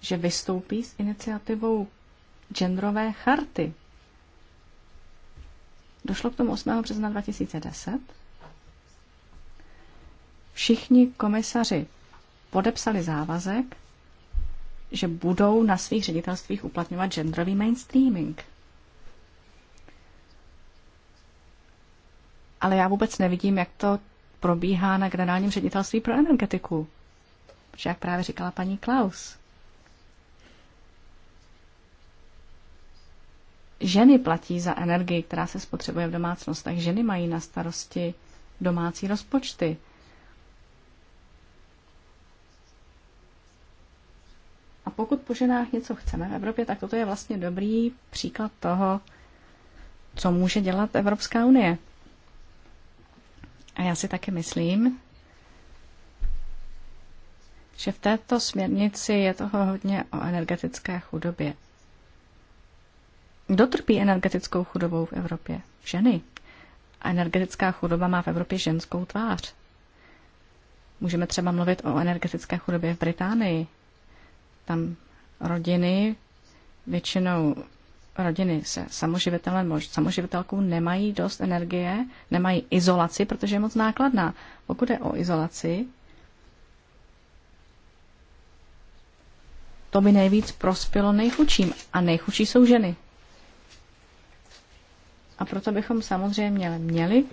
že vystoupí s iniciativou genderové charty. Došlo k tomu 8. března 2010. Všichni komisaři podepsali závazek, že budou na svých ředitelstvích uplatňovat genderový mainstreaming. Ale já vůbec nevidím, jak to probíhá na generálním ředitelství pro energetiku. Protože, jak právě říkala paní Klaus, ženy platí za energii, která se spotřebuje v domácnostech. Ženy mají na starosti domácí rozpočty. A pokud po ženách něco chceme v Evropě, tak toto je vlastně dobrý příklad toho, co může dělat Evropská unie. A já si taky myslím, že v této směrnici je toho hodně o energetické chudobě. Kdo trpí energetickou chudobou v Evropě? Ženy. A energetická chudoba má v Evropě ženskou tvář. Můžeme třeba mluvit o energetické chudobě v Británii. Tam rodiny, většinou rodiny se samoživitelem, samoživitelkou nemají dost energie, nemají izolaci, protože je moc nákladná. Pokud je o izolaci, to by nejvíc prospělo nejchučím. A nejchučí jsou ženy. A proto bychom samozřejmě měli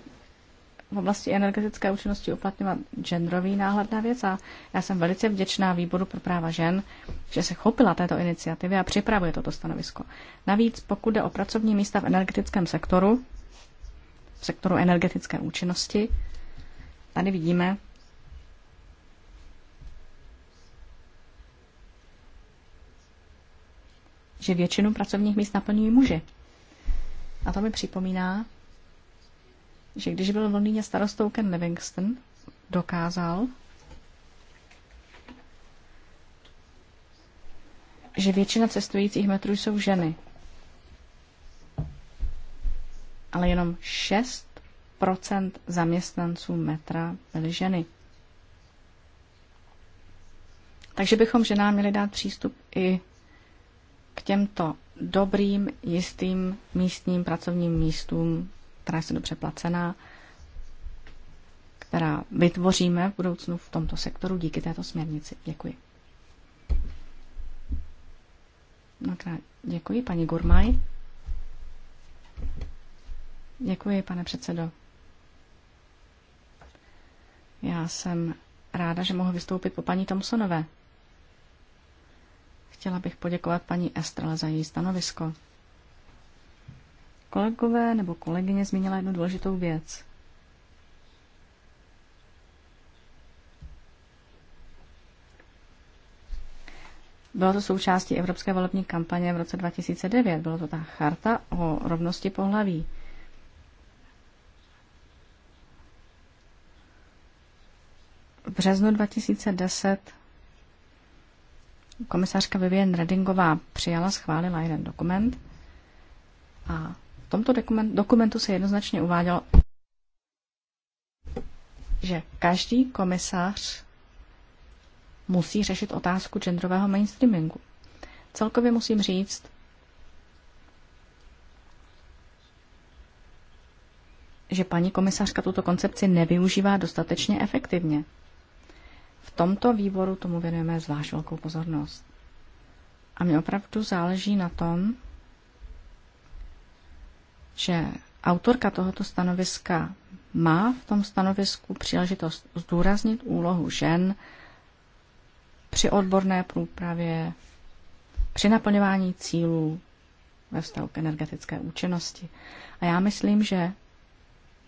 v oblasti energetické účinnosti uplatňovat genderový náhled na věc a já jsem velice vděčná výboru pro práva žen, že se chopila této iniciativy a připravuje toto stanovisko. Navíc, pokud jde o pracovní místa v energetickém sektoru, v sektoru energetické účinnosti, tady vidíme, že většinu pracovních míst naplňují muži. A to mi připomíná, že když byl v Londýně starostou Ken Livingston, dokázal, že většina cestujících metrů jsou ženy. Ale jenom 6% zaměstnanců metra byly ženy. Takže bychom ženám měli dát přístup i k těmto dobrým, jistým místním pracovním místům, která jsou dobře placená, která vytvoříme v budoucnu v tomto sektoru díky této směrnici. Děkuji. děkuji, paní Gurmaj. Děkuji, pane předsedo. Já jsem ráda, že mohu vystoupit po paní Tomsonové. Chtěla bych poděkovat paní Estrele za její stanovisko. Kolegové nebo kolegyně zmínila jednu důležitou věc. Bylo to součástí Evropské volební kampaně v roce 2009. Bylo to ta charta o rovnosti pohlaví. V březnu 2010 komisářka Vivian Redingová přijala, schválila jeden dokument a v tomto dokumentu se jednoznačně uvádělo, že každý komisař musí řešit otázku genderového mainstreamingu. Celkově musím říct, že paní komisařka tuto koncepci nevyužívá dostatečně efektivně tomto výboru tomu věnujeme zvlášť velkou pozornost. A mě opravdu záleží na tom, že autorka tohoto stanoviska má v tom stanovisku příležitost zdůraznit úlohu žen při odborné průpravě, při naplňování cílů ve vztahu k energetické účinnosti. A já myslím, že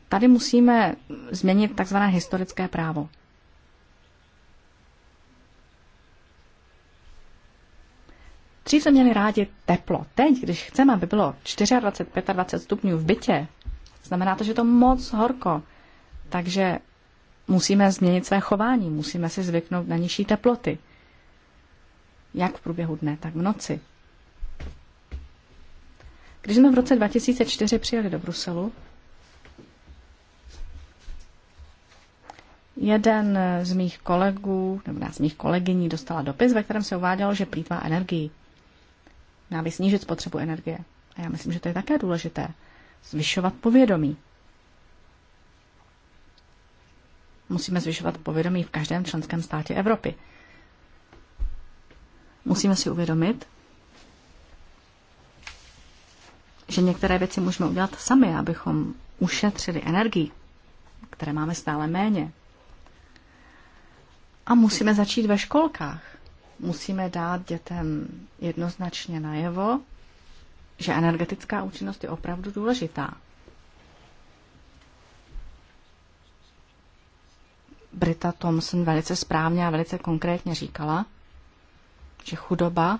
tady musíme změnit takzvané historické právo. Dřív jsme měli rádi teplo. Teď, když chceme, aby bylo 24, 25 stupňů v bytě, znamená to, že je to moc horko. Takže musíme změnit své chování, musíme si zvyknout na nižší teploty. Jak v průběhu dne, tak v noci. Když jsme v roce 2004 přijeli do Bruselu, jeden z mých kolegů, nebo z mých kolegyní dostala dopis, ve kterém se uvádělo, že plítvá energii. Měla by snížit spotřebu energie. A já myslím, že to je také důležité. Zvyšovat povědomí. Musíme zvyšovat povědomí v každém členském státě Evropy. Musíme si uvědomit, že některé věci můžeme udělat sami, abychom ušetřili energii, které máme stále méně. A musíme začít ve školkách musíme dát dětem jednoznačně najevo, že energetická účinnost je opravdu důležitá. Brita Thompson velice správně a velice konkrétně říkala, že chudoba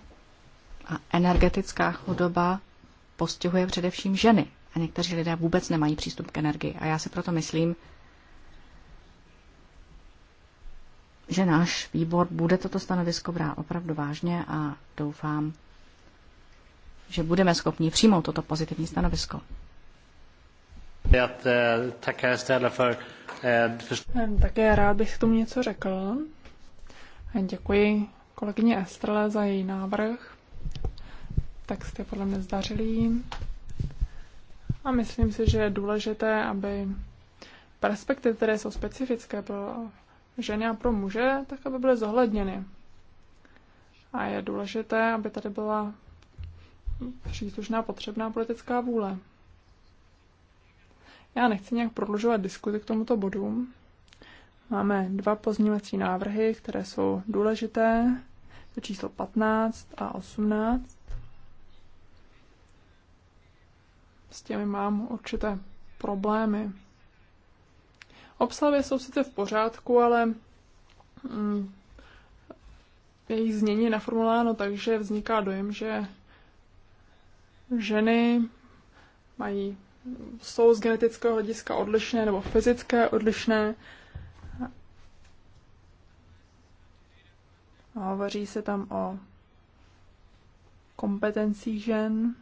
a energetická chudoba postihuje především ženy a někteří lidé vůbec nemají přístup k energii. A já si proto myslím, že náš výbor bude toto stanovisko brát opravdu vážně a doufám, že budeme schopni přijmout toto pozitivní stanovisko. Eh, eh, také rád bych k tomu něco řekl. Děkuji kolegyně Estrele za její návrh. Text je podle mě zdařilý. A myslím si, že je důležité, aby perspektivy, které jsou specifické pro ženy a pro muže, tak aby byly zohledněny. A je důležité, aby tady byla příslušná potřebná politická vůle. Já nechci nějak prodlužovat diskuzi k tomuto bodu. Máme dva pozměňovací návrhy, které jsou důležité. To číslo 15 a 18. S těmi mám určité problémy. Obsahy jsou sice v pořádku, ale mm, jejich znění je naformulováno tak, že vzniká dojem, že ženy mají, jsou z genetického hlediska odlišné nebo fyzické odlišné. A hovoří se tam o kompetencích žen.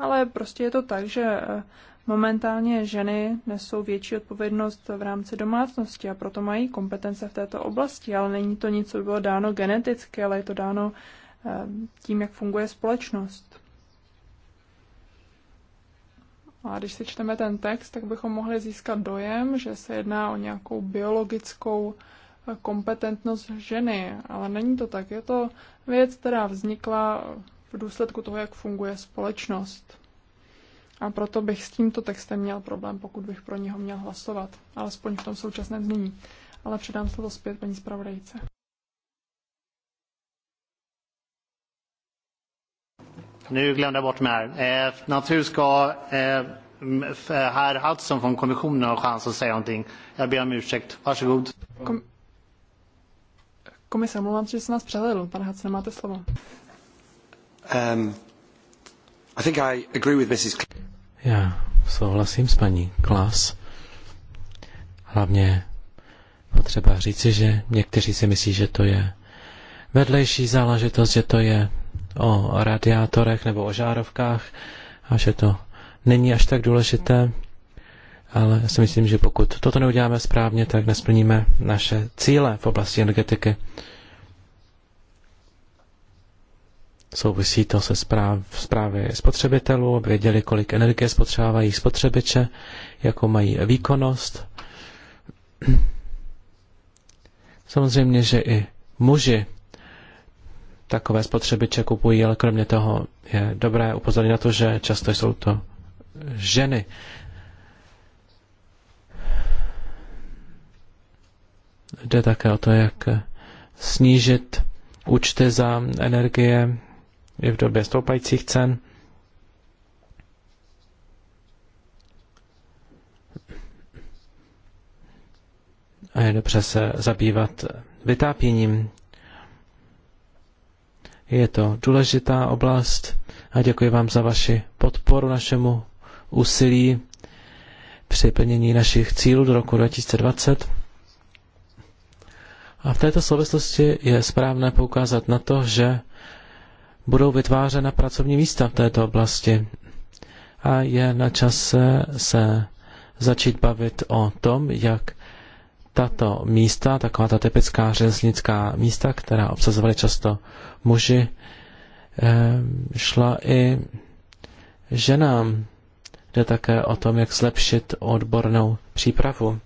Ale prostě je to tak, že eh, Momentálně ženy nesou větší odpovědnost v rámci domácnosti a proto mají kompetence v této oblasti, ale není to nic, co by bylo dáno geneticky, ale je to dáno eh, tím, jak funguje společnost. A když si čteme ten text, tak bychom mohli získat dojem, že se jedná o nějakou biologickou eh, kompetentnost ženy, ale není to tak. Je to věc, která vznikla v důsledku toho, jak funguje společnost a proto bych s tímto textem měl problém, pokud bych pro něho měl hlasovat, alespoň v tom současném znění. Ale předám slovo zpět paní zpravodajce. Nu glömde jag bort mig här. Eh, natur ska eh, herr Hudson från kommissionen ha chans att säga någonting. Jag ber om ursäkt. Varsågod. Kom Komise, omlouvám se, že jsem nás přehlédl. Pane Hudson, slovo. Um, I think I agree with Mrs. Clinton. Já souhlasím s paní Klas. Hlavně potřeba říci, že někteří si myslí, že to je vedlejší záležitost, že to je o radiátorech nebo o žárovkách a že to není až tak důležité. Ale já si myslím, že pokud toto neuděláme správně, tak nesplníme naše cíle v oblasti energetiky. Souvisí to se zpráv, zprávy spotřebitelů, aby věděli, kolik energie spotřebávají spotřebiče, jakou mají výkonnost. Samozřejmě, že i muži takové spotřebiče kupují, ale kromě toho je dobré upozornit na to, že často jsou to ženy. Jde také o to, jak snížit účty za energie i v době stoupajících cen. A je dobře se zabývat vytápěním. Je to důležitá oblast a děkuji vám za vaši podporu našemu úsilí při plnění našich cílů do roku 2020. A v této souvislosti je správné poukázat na to, že budou vytvářena pracovní místa v této oblasti. A je na čase se začít bavit o tom, jak tato místa, taková ta typická řeznická místa, která obsazovali často muži, eh, šla i ženám. Jde také o tom, jak zlepšit odbornou přípravu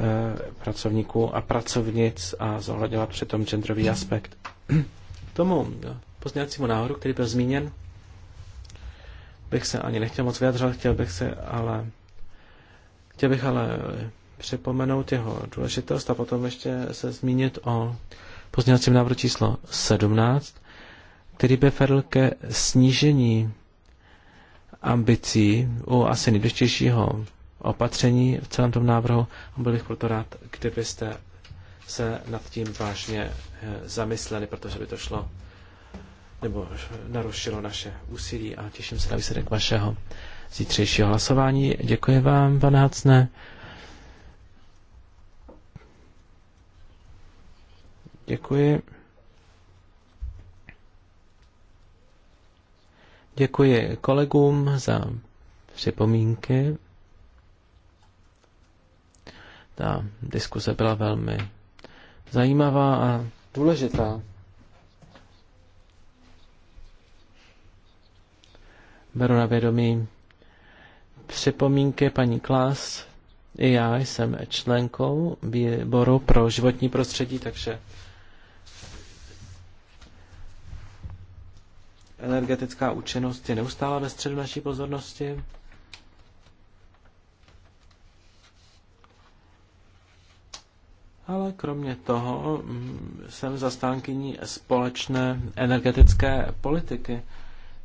eh, pracovníků a pracovnic a zohledňovat přitom genderový aspekt. K tomu pozměňovacímu návrhu, který byl zmíněn, bych se ani nechtěl moc vyjadřovat, chtěl bych se ale chtěl bych ale připomenout jeho důležitost a potom ještě se zmínit o pozměňovacím návrhu číslo 17, který by vedl ke snížení ambicí u asi nejdůležitějšího opatření v celém tom návrhu a byl bych proto rád, kdybyste se nad tím vážně eh, zamysleli, protože by to šlo nebo narušilo naše úsilí a těším se na výsledek vašeho zítřejšího hlasování. Děkuji vám, pane Hacne. Děkuji. Děkuji kolegům za připomínky. Ta diskuse byla velmi zajímavá a důležitá. Beru na vědomí připomínky paní Klas. I já jsem členkou výboru pro životní prostředí, takže energetická účinnost je neustále ve středu naší pozornosti. Ale kromě toho mm, jsem zastánkyní společné energetické politiky.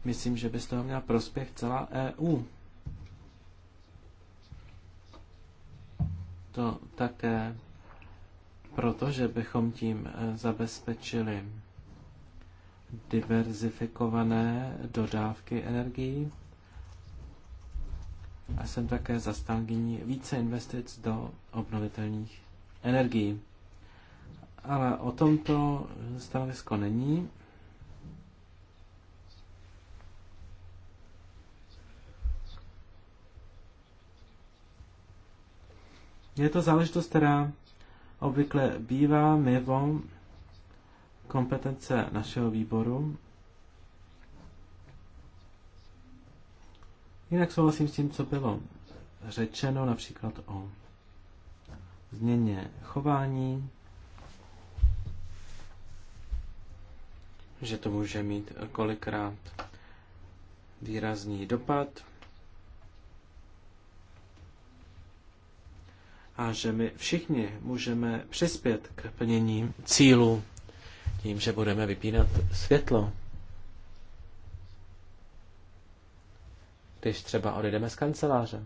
Myslím, že by z toho měla prospěch celá EU. To také proto, že bychom tím eh, zabezpečili diverzifikované dodávky energií. A jsem také zastánkyní více investic do obnovitelných energií. Ale o tomto stanovisko není. Je to záležitost, která obvykle bývá mimo kompetence našeho výboru. Jinak souhlasím s tím, co bylo řečeno například o změně chování, že to může mít kolikrát výrazný dopad a že my všichni můžeme přispět k plnění cílů tím, že budeme vypínat světlo. Když třeba odejdeme z kanceláře.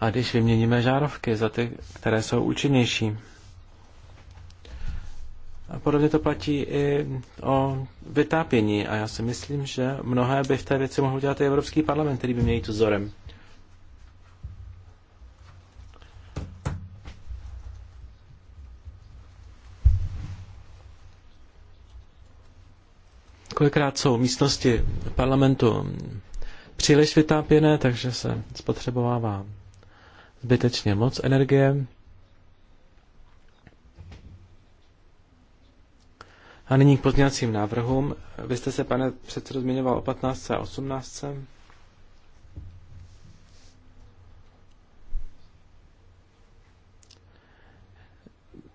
A když vyměníme žárovky za ty, které jsou účinnější. A podobně to platí i o vytápění a já si myslím, že mnohé by v té věci mohl dělat i Evropský parlament, který by měl jít vzorem. Kolikrát jsou místnosti parlamentu příliš vytápěné, takže se spotřebovává zbytečně moc energie. A nyní k pozměňovacím návrhům. Vy jste se, pane předsedo, zmiňoval o 15. a 18.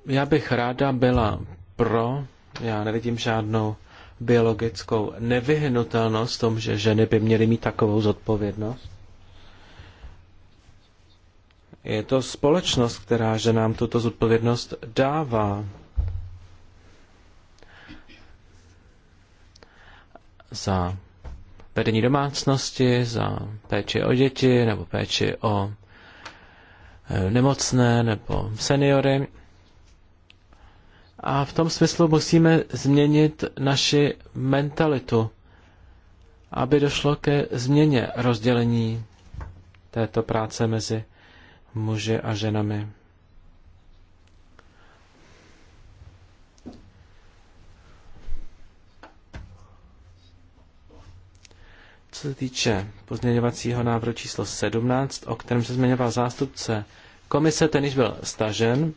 Já bych ráda byla pro, já nevidím žádnou biologickou nevyhnutelnost v tom, že ženy by měly mít takovou zodpovědnost. Je to společnost, která ženám tuto zodpovědnost dává. za vedení domácnosti, za péči o děti nebo péči o e, nemocné nebo seniory. A v tom smyslu musíme změnit naši mentalitu, aby došlo ke změně rozdělení této práce mezi muži a ženami. Co se týče pozměňovacího návrhu číslo 17, o kterém se zmiňoval zástupce komise, ten již byl stažen.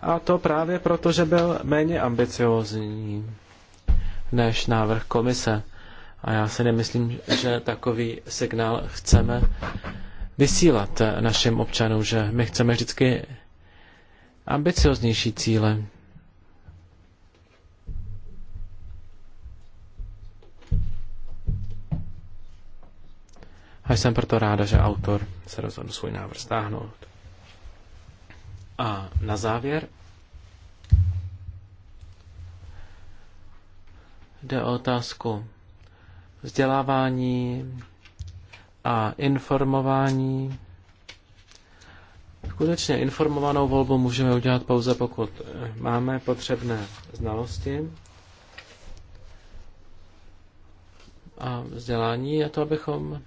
A to právě proto, že byl méně ambiciozní než návrh komise. A já si nemyslím, že takový signál chceme vysílat našim občanům, že my chceme vždycky ambicioznější cíle. A jsem proto ráda, že autor se rozhodl svůj návrh stáhnout. A na závěr jde o otázku vzdělávání a informování. Skutečně informovanou volbu můžeme udělat pouze, pokud máme potřebné znalosti a vzdělání, a to, abychom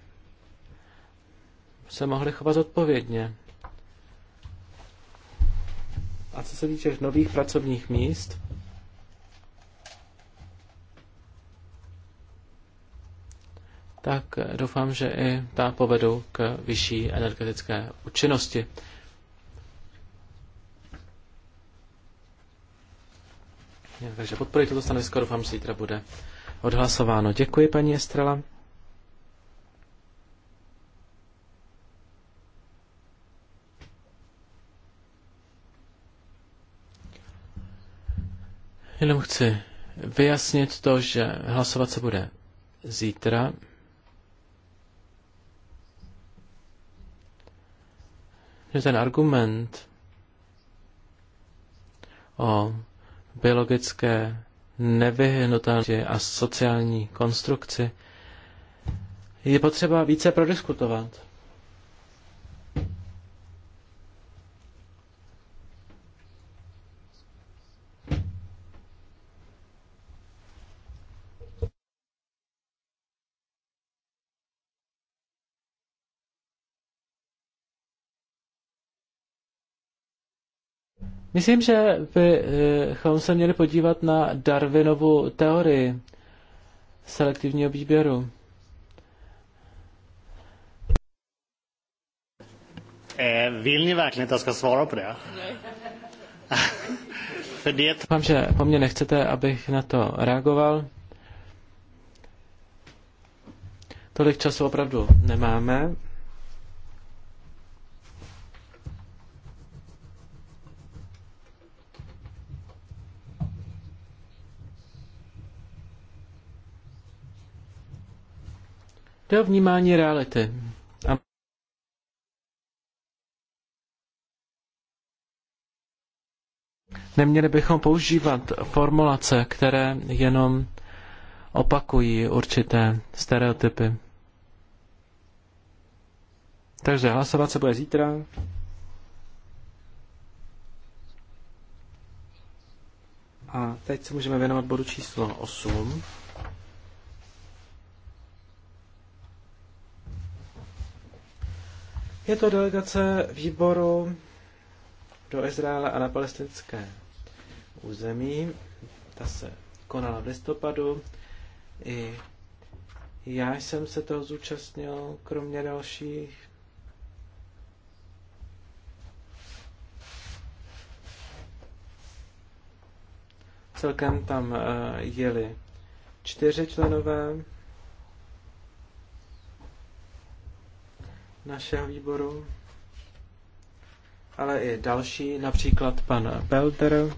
se mohli chovat odpovědně. A co se týče nových pracovních míst, tak doufám, že i ta povedou k vyšší energetické účinnosti. Takže podporujte to stanovisko, doufám, že zítra bude odhlasováno. Děkuji, paní Estrela. Jenom chci vyjasnit to, že hlasovat se bude zítra. Že ten argument o biologické nevyhnutelnosti a sociální konstrukci je potřeba více prodiskutovat. Myslím, že bychom se měli podívat na Darwinovu teorii selektivního výběru. Eh, vil ni verkligen att jag ska svara på det? För det... Doufám, že po mně nechcete, abych na to reagoval. Tolik času opravdu nemáme. To je vnímání reality. A neměli bychom používat formulace, které jenom opakují určité stereotypy. Takže hlasovat se bude zítra. A teď se můžeme věnovat bodu číslo 8. Je to delegace výboru do Izraele a na palestinské území. Ta se konala v listopadu. I já jsem se toho zúčastnil, kromě dalších. Celkem tam eh, jeli čtyři členové našeho výboru, ale i další, například pan Belter.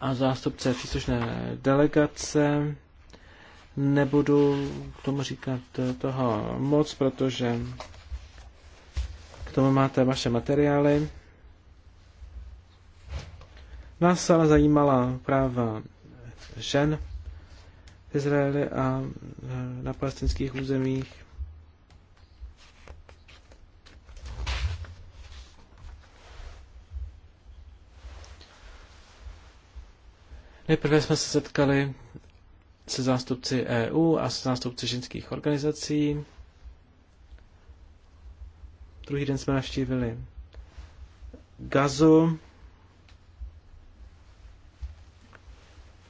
a zástupce příslušné delegace. Nebudu k tomu říkat toho moc, protože k tomu máte vaše materiály. Nás ale zajímala práva žen v Izraeli a e, na palestinských územích. Nejprve jsme se setkali se zástupci EU a se zástupci ženských organizací. Druhý den jsme navštívili Gazu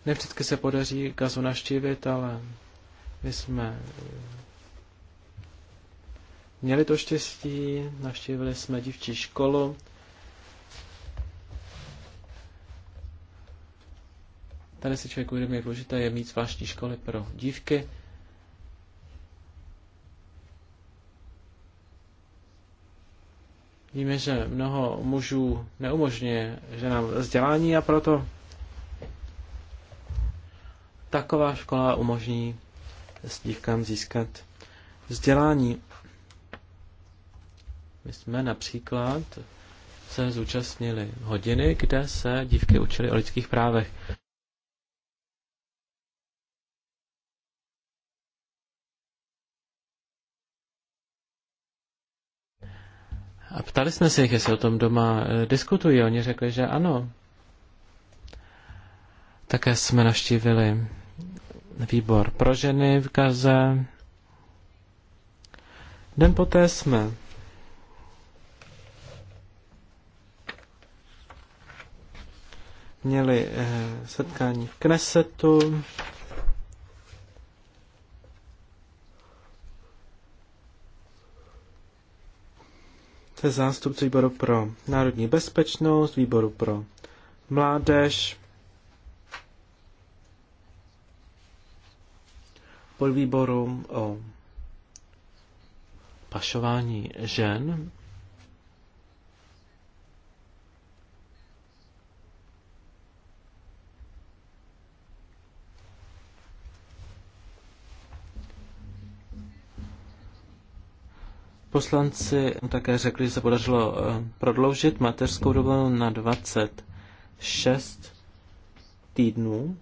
Ne vždycky se podaří Gazu naštívit, ale my jsme eh, měli to štěstí, naštívili jsme dívčí školu, Tady si člověk uvědomí, jak důležité je mít zvláštní školy pro dívky. Víme, že mnoho mužů neumožňuje ženám vzdělání a proto taková škola umožní dívkám získat vzdělání. My jsme například se zúčastnili hodiny, kde se dívky učily o lidských právech. A ptali jsme se jich, jestli o tom doma eh, diskutují. Oni řekli, že ano, také jsme naštívili výbor pro ženy v Gaze. Den poté jsme měli eh, setkání v Knesetu. se zástupci výboru pro národní bezpečnost, výboru pro mládež, podvýboru o pašování žen. Poslanci také řekli, že se podařilo eh, prodloužit mateřskou dobu na 26 týdnů.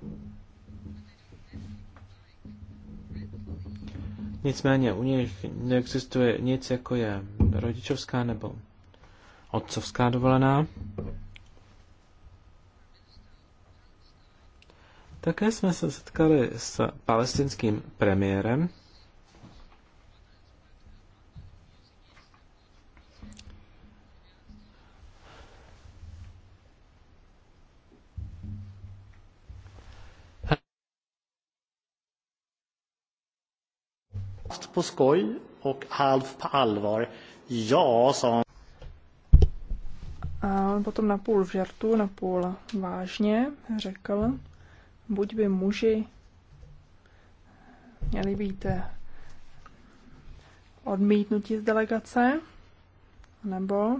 Nicméně u nich neexistuje nic, jako je rodičovská nebo otcovská dovolená. Také jsme se setkali s palestinským premiérem, halvt på skoj och halvt på allvar. Ja, sa hon. A on potom půl v žartu, půl vážně řekl, buď by muži měli být eh, odmítnutí z delegace, nebo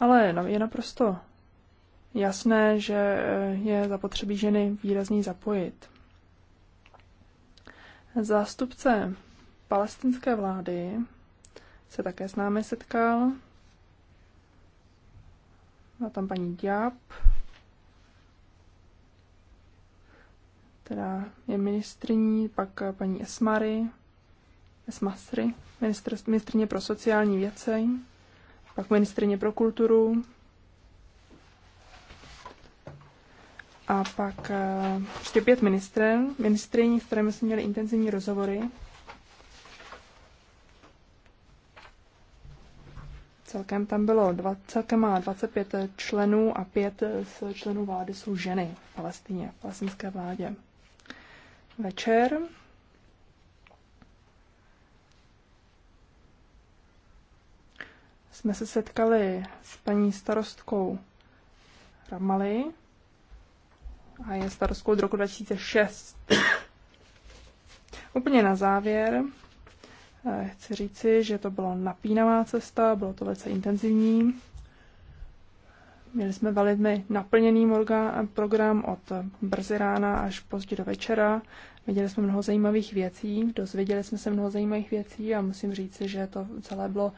Ale no, je naprosto jasné, že eh, je zapotřebí ženy výrazně zapojit. Zástupce palestinské vlády se také s námi setkal. Byla tam paní Diab, která je ministriní, pak paní Esmary, Esmasry, ministr, ministrině pro sociální věci pak ministrině pro kulturu a pak eh, ještě pět ministrem, ministrině, s kterými jsme měli intenzivní rozhovory. Celkem tam bylo dva, celkem má 25 členů a pět z členů vlády jsou ženy v Palestině, v palestinské vládě. Večer jsme se setkali s paní starostkou Ramaly a je starostkou od roku 2006. Úplně na závěr eh, chci říci, že to byla napínavá cesta, bylo to velice intenzivní. Měli jsme velmi naplněný program od brzy rána až pozdě do večera. Viděli jsme mnoho zajímavých věcí, dozvěděli jsme se mnoho zajímavých věcí a musím říci, že to celé bylo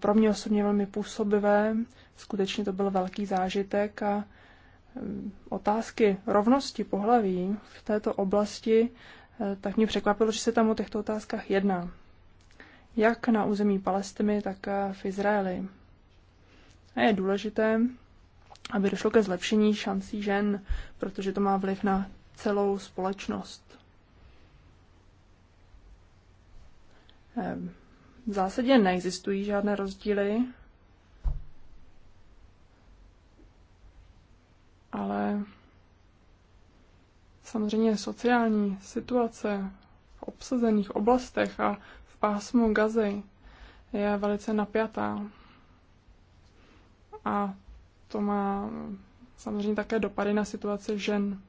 pro mě osobně velmi působivé. Skutečně to byl velký zážitek a eh, otázky rovnosti pohlaví v této oblasti, eh, tak mě překvapilo, že se tam o těchto otázkách jedná. Jak na území Palestiny, tak eh, v Izraeli. A je důležité, aby došlo ke zlepšení šancí žen, protože to má vliv na celou společnost. Ehm, v zásadě neexistují žádné rozdíly, ale samozřejmě sociální situace v obsazených oblastech a v pásmu Gazy je velice napjatá. A to má samozřejmě také dopady na situaci žen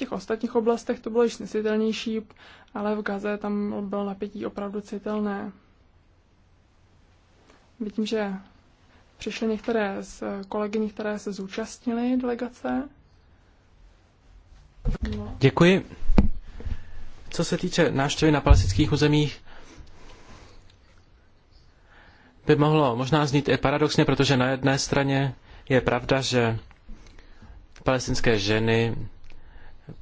těch ostatních oblastech to bylo již snesitelnější, ale v Gaze tam bylo napětí opravdu citelné. Vidím, že přišly některé z kolegyní, které se zúčastnily delegace. No. Děkuji. Co se týče návštěvy na palestinských územích, by mohlo možná znít i paradoxně, protože na jedné straně je pravda, že palestinské ženy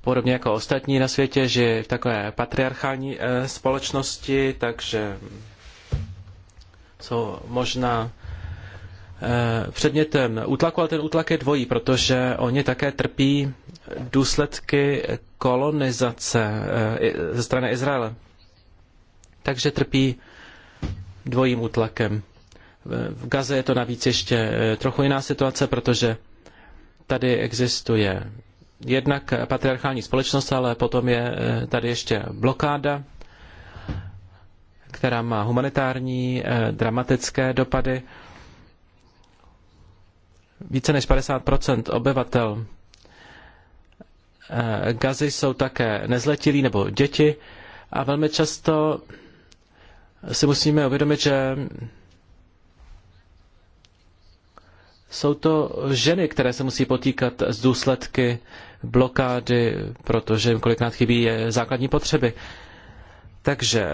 podobně jako ostatní na světě, že v takové patriarchální eh, společnosti, takže jsou možná eh, předmětem útlaku, ale ten útlak je dvojí, protože oni také trpí důsledky kolonizace eh, ze strany Izraele. Takže trpí dvojím útlakem. V Gaze je to navíc ještě trochu jiná situace, protože tady existuje jednak patriarchální společnost, ale potom je eh, tady ještě blokáda, která má humanitární, eh, dramatické dopady. Více než 50 obyvatel eh, Gazy jsou také nezletilí nebo děti a velmi často si musíme uvědomit, že jsou to ženy, které se musí potýkat s důsledky blokády, protože jim kolikrát chybí eh, základní potřeby. Takže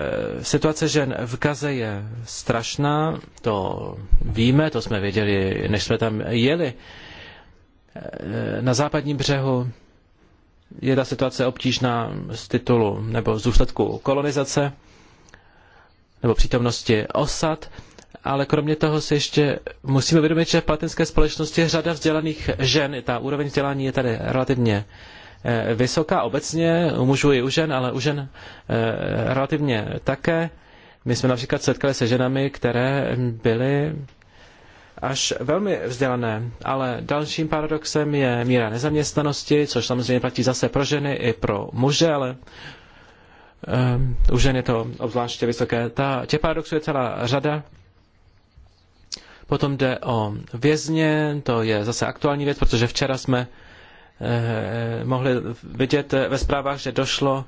situace žen v Gaze je strašná, to víme, to jsme věděli, než jsme tam jeli. Eh, na západním břehu je ta situace obtížná z titulu nebo z důsledku kolonizace nebo přítomnosti osad ale kromě toho si ještě musíme vědomit, že v palestinské společnosti je řada vzdělaných žen. Ta úroveň vzdělání je tady relativně eh, vysoká obecně, u mužů i u žen, ale u žen eh, relativně také. My jsme například setkali se ženami, které byly až velmi vzdělané, ale dalším paradoxem je míra nezaměstnanosti, což samozřejmě platí zase pro ženy i pro muže, ale um, u žen je to obzvláště vysoké. Ta, těch paradoxů je celá řada Potom jde o vězně, to je zase aktuální věc, protože včera jsme eh, eh, mohli vidět eh, ve zprávách, že došlo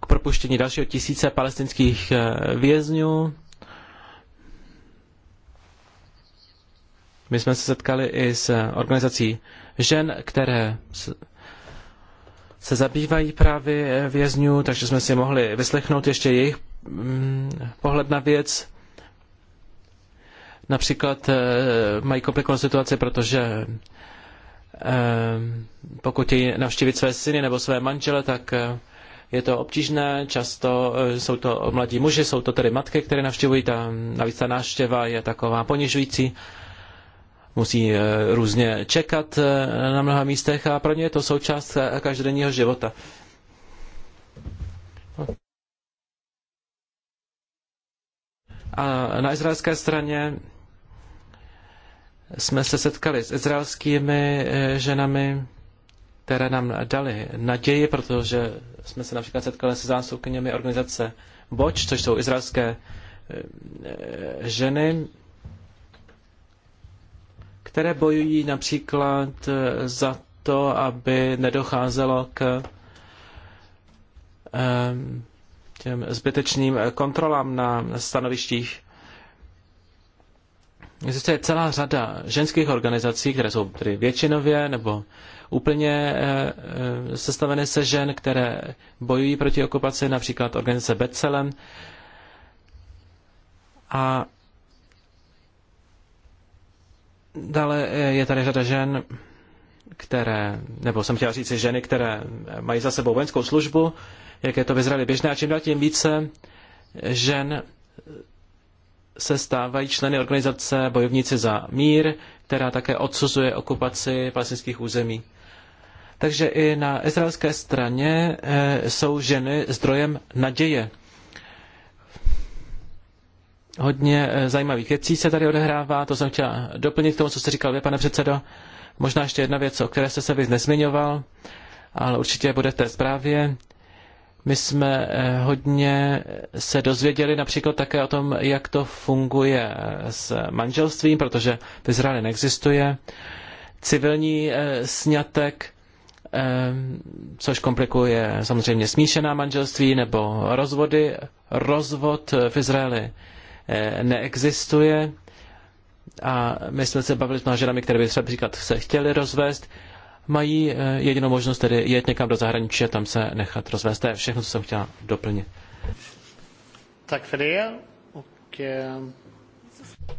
k propuštění dalšího tisíce palestinských vězňů. My jsme se setkali i s organizací žen, které se zabývají právě vězňů, takže jsme si mohli vyslechnout ještě jejich mm, pohled na věc například eh, mají komplikovanou situaci, protože eh, pokud chtějí navštívit své syny nebo své manžele, tak eh, je to obtížné, často jsou to mladí muži, jsou to tedy matky, které navštěvují, ta, navíc ta návštěva je taková ponižující, musí různě čekat na mnoha místech a pro ně je to součást každodenního života. A na izraelské straně jsme se setkali s izraelskými eh, ženami, které nám dali naději, protože jsme se například setkali se zástupkyněmi organizace BOČ, což jsou izraelské eh, eh, ženy, které bojují například za to, aby nedocházelo k těm zbytečným kontrolám na stanovištích Existuje celá řada ženských organizací, které jsou tedy většinově nebo úplně eh, eh, sestavené se žen, které bojují proti okupaci, například organizace Becelem. A dále eh, je tady řada žen, které, nebo jsem chtěl říct ženy, které mají za sebou vojenskou službu, jak je to v Izraeli běžné, a čím dál tím více žen se stávají členy organizace Bojovníci za mír, která také odsuzuje okupaci palestinských území. Takže i na izraelské straně eh, jsou ženy zdrojem naděje. Hodně eh, zajímavých věcí se tady odehrává, to jsem chtěla doplnit k tomu, co jste říkal vy, pane předsedo. Možná ještě jedna věc, o které jste se vy nezmiňoval, ale určitě bude v té zprávě. My jsme eh, hodně se dozvěděli například také o tom, jak to funguje s manželstvím, protože v Izraeli neexistuje civilní eh, sňatek, eh, což komplikuje samozřejmě smíšená manželství nebo rozvody. Rozvod v Izraeli neexistuje a my jsme se bavili s mnoha ženami, které by třeba se chtěli rozvést, mají eh, jedinou možnost tedy jet někam do zahraničí a tam se nechat rozvést. To je všechno, co jsem chtěla doplnit. Tak för je.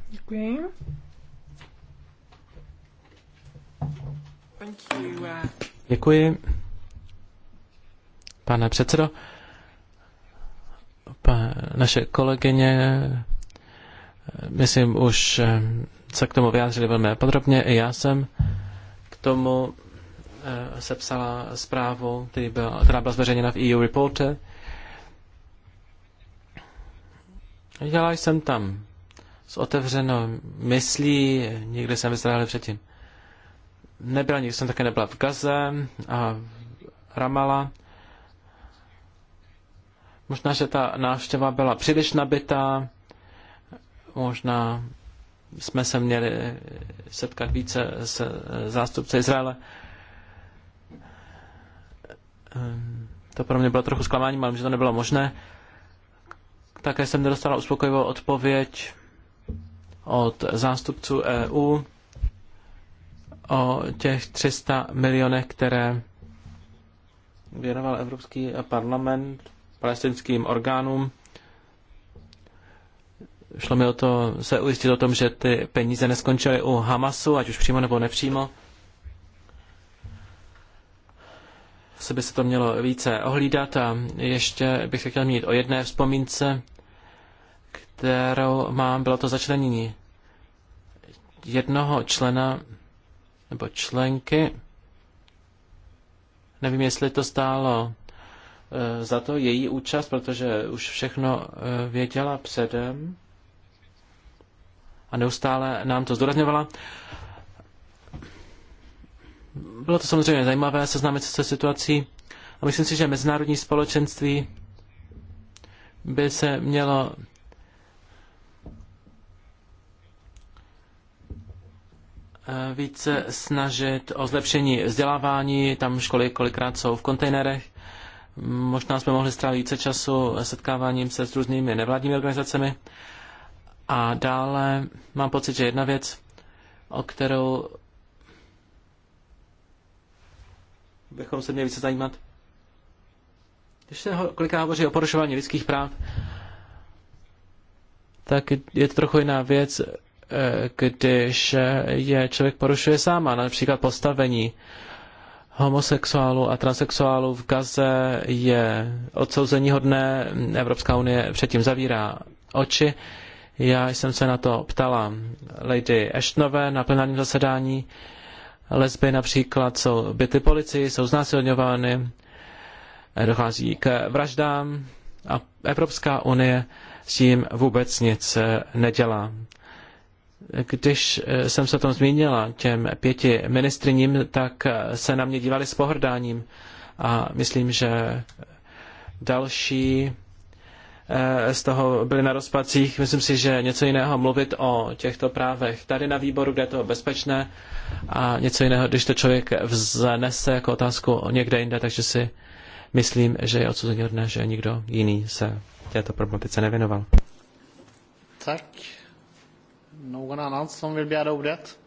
Děkuji. Uh, Děkuji. Pane předsedo, naše kolegyně, myslím, už eh, se k tomu vyjádřili velmi podrobně. I já jsem k tomu Eh, sepsala zprávu, byla, která byla zveřejněna v EU Reporter. Dělal jsem tam s otevřenou myslí, nikdy jsem Izraeli předtím nebyla, nikdy jsem také nebyla v Gaze a Ramala. Možná, že ta návštěva byla příliš nabitá, možná jsme se měli setkat více se zástupce Izraele. Ehm, to pro mě bylo trochu zklamáním, ale že to nebylo možné. Také jsem nedostala uspokojivou odpověď od zástupců EU o těch 300 milionech, které věnoval Evropský parlament palestinským orgánům. Šlo mi o to se ujistit o tom, že ty peníze neskončily u Hamasu, ať už přímo nebo nepřímo. se by se to mělo více ohlídat a ještě bych se chtěl mít o jedné vzpomínce, kterou mám, bylo to začlenění jednoho člena nebo členky. Nevím, jestli to stálo eh, za to její účast, protože už všechno eh, věděla předem a neustále nám to zdůrazňovala. Bylo to samozřejmě zajímavé seznámit se se situací a myslím si, že mezinárodní společenství by se mělo více snažit o zlepšení vzdělávání, tam školy kolikrát jsou v kontejnerech. Možná jsme mohli strávit více času setkáváním se s různými nevládními organizacemi. A dále mám pocit, že jedna věc, o kterou bychom se měli více zajímat. Když se kolikrát hovoří o porušování lidských práv, tak je to trochu jiná věc, eh, když eh, je člověk porušuje sám, například postavení homosexuálu a transexuálu v Gaze je odsouzení hodné. Evropská unie předtím zavírá oči. Já jsem se na to ptala Lady Ashtonové na plenárním zasedání lesby například jsou byty policii, jsou znásilňovány, dochází k vraždám a Evropská unie s tím vůbec nic eh, nedělá. Když eh, jsem se o tom zmínila těm pěti ministriním, tak eh, se na mě dívali s pohrdáním a myslím, že další Eh, z toho byli na rozpacích. Myslím si, že něco jiného mluvit o těchto právech tady na výboru, kde je to bezpečné a něco jiného, když to člověk vznese jako otázku někde jinde, takže si myslím, že je odsuzení hodné, že nikdo jiný se této problematice nevěnoval. Tak. Någon no annan som vill begära ordet?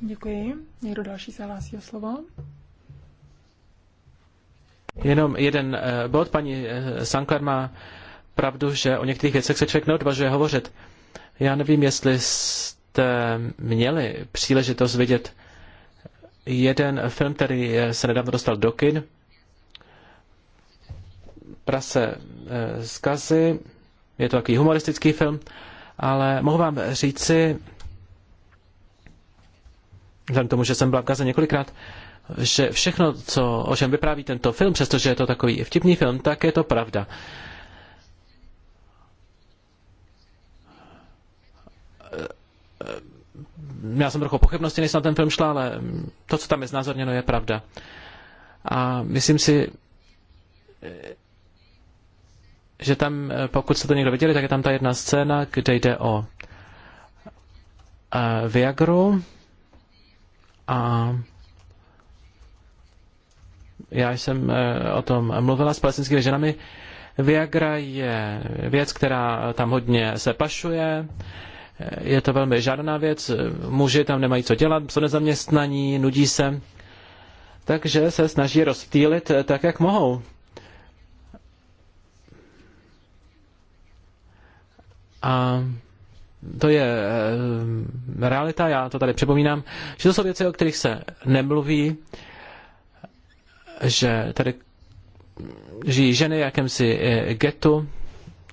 Děkuji. Někdo další se hlásí o slovo? Jenom jeden eh, bod. Paní eh, Sankar má pravdu, že o některých věcech se člověk neodvažuje hovořit. Já nevím, jestli jste měli příležitost vidět jeden film, který se nedávno dostal do kin. Prase eh, z Kazy. Je to takový humoristický film, ale mohu vám říci, vzhledem tomu, že jsem byla v Gaze několikrát, že všechno, co, o čem vypráví tento film, přestože je to takový vtipný film, tak je to pravda. měl jsem trochu pochybnosti, než jsem na ten film šla, ale to, co tam je znázorněno, je pravda. A myslím si, že tam, pokud jste to někdo viděli, tak je tam ta jedna scéna, kde jde o eh, Viagru a já jsem eh, o tom mluvila s palestinskými ženami. Viagra je věc, která tam hodně se pašuje, je to velmi žádaná věc, muži tam nemají co dělat, jsou nezaměstnaní, nudí se, takže se snaží rozptýlit eh, tak, jak mohou. A to je eh, realita, já to tady připomínám, že to jsou věci, o kterých se nemluví, že tady žijí ženy v jakémsi eh, getu,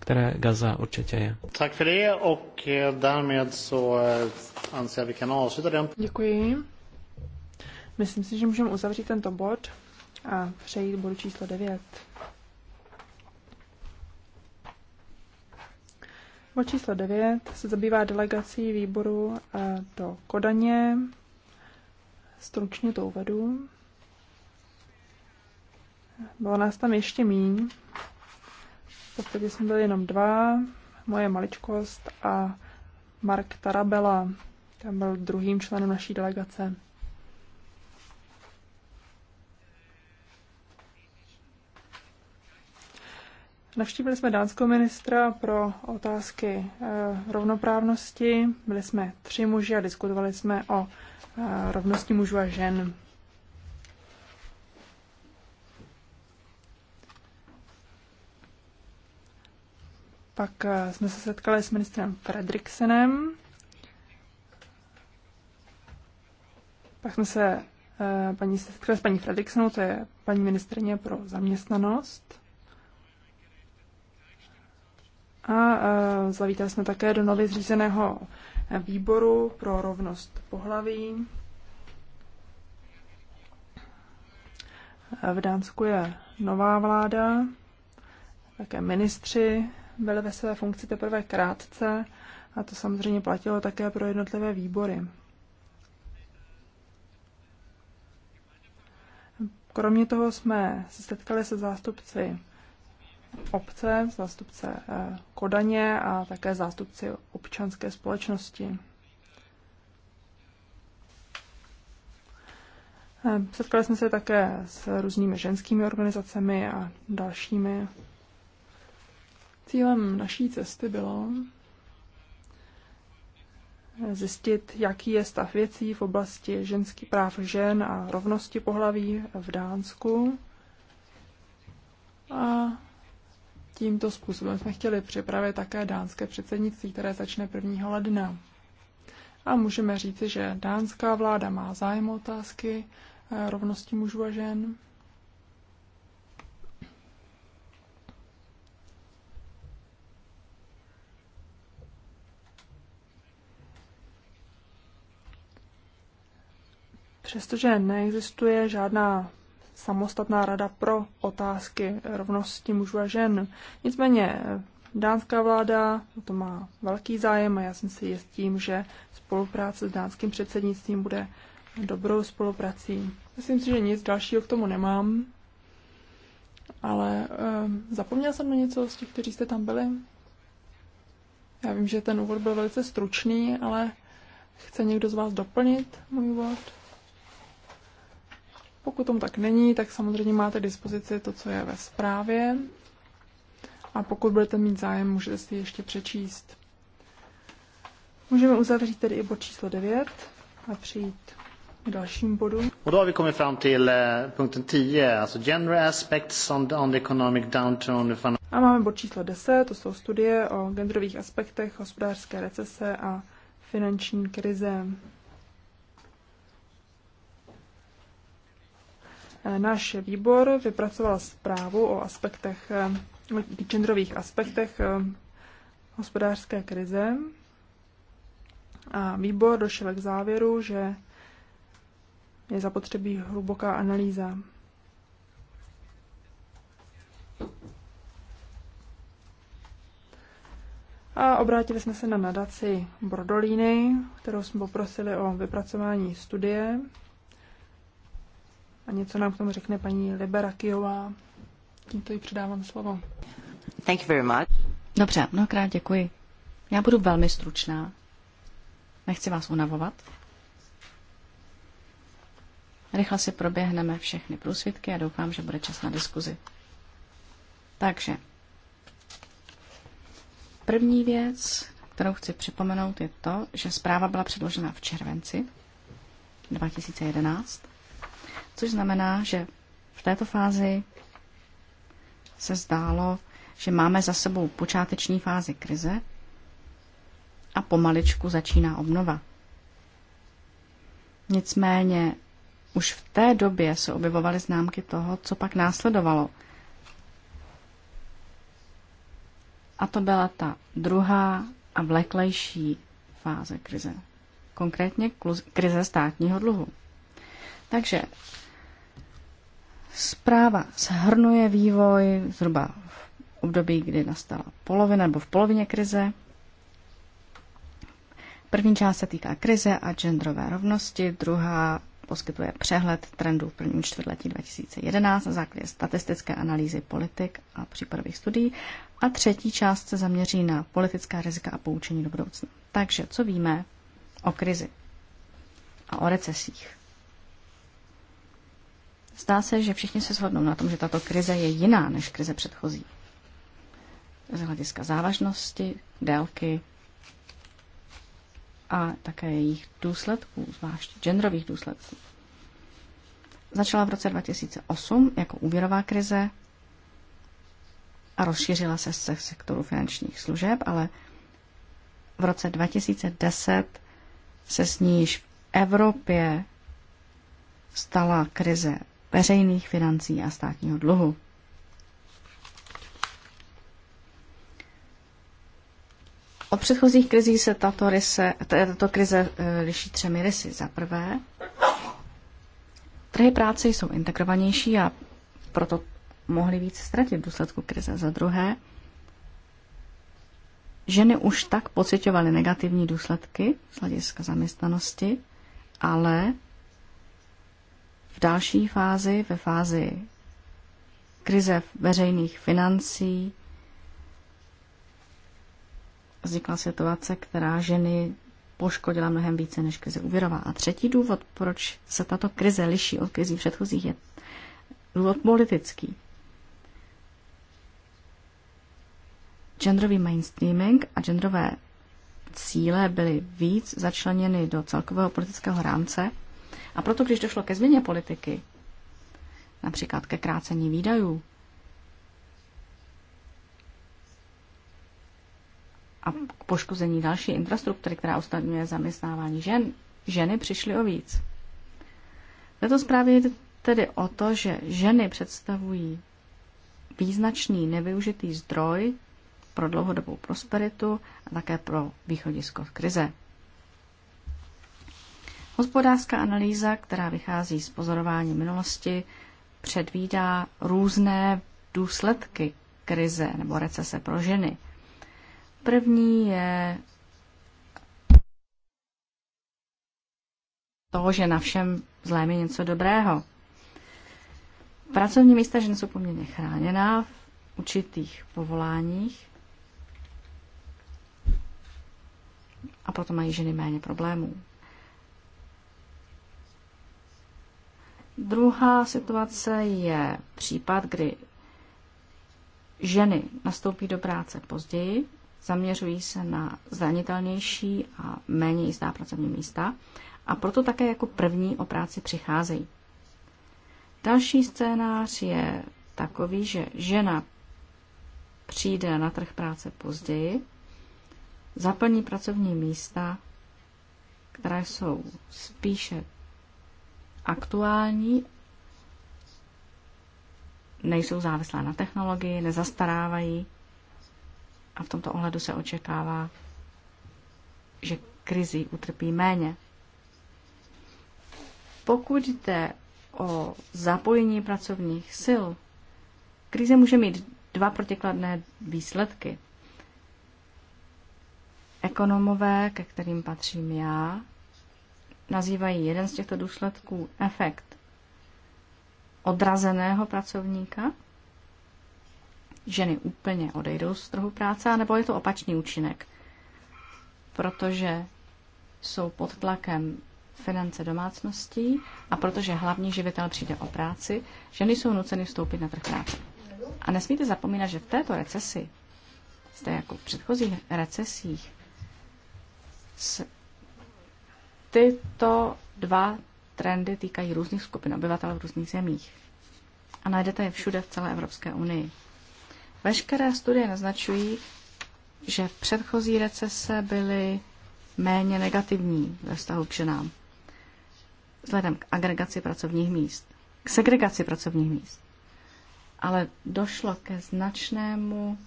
které Gaza určitě je. Tak för det och eh, därmed så eh, anser vi kan avsluta den. Děkuji. Myslím si, že můžeme uzavřít tento bod a přejít bodu číslo 9. Bod číslo 9 se zabývá delegací výboru eh, do Kodaně. Stručně to uvedu. Bylo nás tam ještě míň, podstatě jsme byli jenom dva, moje maličkost a Mark Tarabela, ten byl druhým členem naší delegace. Navštívili jsme dánského ministra pro otázky eh, rovnoprávnosti. Byli jsme tři muži a diskutovali jsme o eh, rovnosti mužů a žen. Pak eh, jsme se setkali s ministrem Fredriksenem. Pak jsme se eh, paní setkali s paní Fredriksenou, to je paní ministrině pro zaměstnanost. A eh, zavítali jsme také do nově zřízeného výboru pro rovnost pohlaví. V Dánsku je nová vláda, také ministři byli ve své funkci teprve krátce a to samozřejmě platilo také pro jednotlivé výbory. Kromě toho jsme se setkali se zástupci obce, zástupce eh, Kodaně a také zástupci občanské společnosti. Eh, setkali jsme se také s různými ženskými organizacemi a dalšími Cílem naší cesty bylo zjistit, jaký je stav věcí v oblasti ženských práv žen a rovnosti pohlaví v Dánsku. A tímto způsobem jsme chtěli připravit také dánské předsednictví, které začne 1. ledna. A můžeme říci, že dánská vláda má zájem o otázky eh, rovnosti mužů a žen. Přestože neexistuje žádná samostatná rada pro otázky rovnosti mužů a žen, nicméně dánská vláda to má velký zájem a já jsem si jist tím, že spolupráce s dánským předsednictvím bude dobrou spoluprací. Myslím si, že nic dalšího k tomu nemám, ale e, zapomněl jsem na něco z těch, kteří jste tam byli. Já vím, že ten úvod byl velice stručný, ale chce někdo z vás doplnit můj úvod? Pokud tomu tak není, tak samozřejmě máte dispozici to, co je ve zprávě. A pokud budete mít zájem, můžete si ještě přečíst. Můžeme uzavřít tedy i bod číslo 9 a přijít k dalším bodům. Och då har vi kommit fram till eh, punkten 10, alltså gender aspects on the, on the economic downturn. A máme bod číslo 10, to jsou studie o genderových aspektech hospodářské recese a finanční krize. Náš výbor vypracoval zprávu o aspektech, o genderových aspektech eh, hospodářské krize a výbor došel k závěru, že je zapotřebí hluboká analýza. A obrátili jsme se na nadaci Brodolíny, kterou jsme poprosili o vypracování studie a něco nám k tomu řekne paní Liberakiová. Tímto ji předávám slovo. Thank you very much. Dobře, mnohokrát děkuji. Já budu velmi stručná. Nechci vás unavovat. Rychle si proběhneme všechny průsvitky a doufám, že bude čas na diskuzi. Takže, první věc, kterou chci připomenout, je to, že zpráva byla předložena v červenci 2011 Což znamená, že v této fázi se zdálo, že máme za sebou počáteční fázi krize a pomaličku začíná obnova. Nicméně už v té době se objevovaly známky toho, co pak následovalo. A to byla ta druhá a vleklejší fáze krize. Konkrétně krize státního dluhu. Takže Zpráva shrnuje vývoj zhruba v období, kdy nastala polovina nebo v polovině krize. První část se týká krize a genderové rovnosti, druhá poskytuje přehled trendů v prvním čtvrtletí 2011 na základě statistické analýzy politik a případových studií a třetí část se zaměří na politická rizika a poučení do budoucna. Takže co víme o krizi a o recesích? Zdá se, že všichni se shodnou na tom, že tato krize je jiná než krize předchozí. Z hlediska závažnosti, délky a také jejich důsledků, zvlášť genderových důsledků. Začala v roce 2008 jako úvěrová krize a rozšířila se z sektoru finančních služeb, ale v roce 2010 se s ní již v Evropě stala krize veřejných financí a státního dluhu. O předchozích krizích se tato, ryse, tato krize e, liší třemi rysy. Za prvé, trhy práce jsou integrovanější a proto mohly víc ztratit v důsledku krize. Za druhé, ženy už tak pocitovaly negativní důsledky z hlediska zaměstnanosti, ale v další fázi, ve fázi krize veřejných financí, vznikla situace, která ženy poškodila mnohem více než krize úvěrová. A třetí důvod, proč se tato krize liší od krizí předchozích, je důvod politický. Genderový mainstreaming a genderové cíle byly víc začleněny do celkového politického rámce a proto, když došlo ke změně politiky, například ke krácení výdajů, a k poškození další infrastruktury, která usnadňuje zaměstnávání žen, ženy přišly o víc. V této zprávě jde tedy o to, že ženy představují význačný nevyužitý zdroj pro dlouhodobou prosperitu a také pro východisko z krize. Hospodářská analýza, která vychází z pozorování minulosti, předvídá různé důsledky krize nebo recese pro ženy. První je to, že na všem zlém je něco dobrého. Pracovní místa žen jsou poměrně chráněná v určitých povoláních a proto mají ženy méně problémů. Druhá situace je případ, kdy ženy nastoupí do práce později, zaměřují se na zranitelnější a méně jistá pracovní místa a proto také jako první o práci přicházejí. Další scénář je takový, že žena přijde na trh práce později, zaplní pracovní místa, která jsou spíše aktuální, nejsou závislá na technologii, nezastarávají a v tomto ohledu se očekává, že krizi utrpí méně. Pokud jde o zapojení pracovních sil, krize může mít dva protikladné výsledky. Ekonomové, ke kterým patřím já, nazývají jeden z těchto důsledků efekt odrazeného pracovníka, ženy úplně odejdou z trhu práce, nebo je to opačný účinek, protože jsou pod tlakem finance domácností a protože hlavní živitel přijde o práci, ženy jsou nuceny vstoupit na trh práce. A nesmíte zapomínat, že v této recesi, zde jako v předchozích recesích, tyto dva trendy týkají různých skupin obyvatel v různých zemích. A najdete je všude v celé Evropské unii. Veškeré studie naznačují, že v předchozí recese byly méně negativní ve vztahu k ženám. Vzhledem k agregaci pracovních míst, k segregaci pracovních míst. Ale došlo ke značnému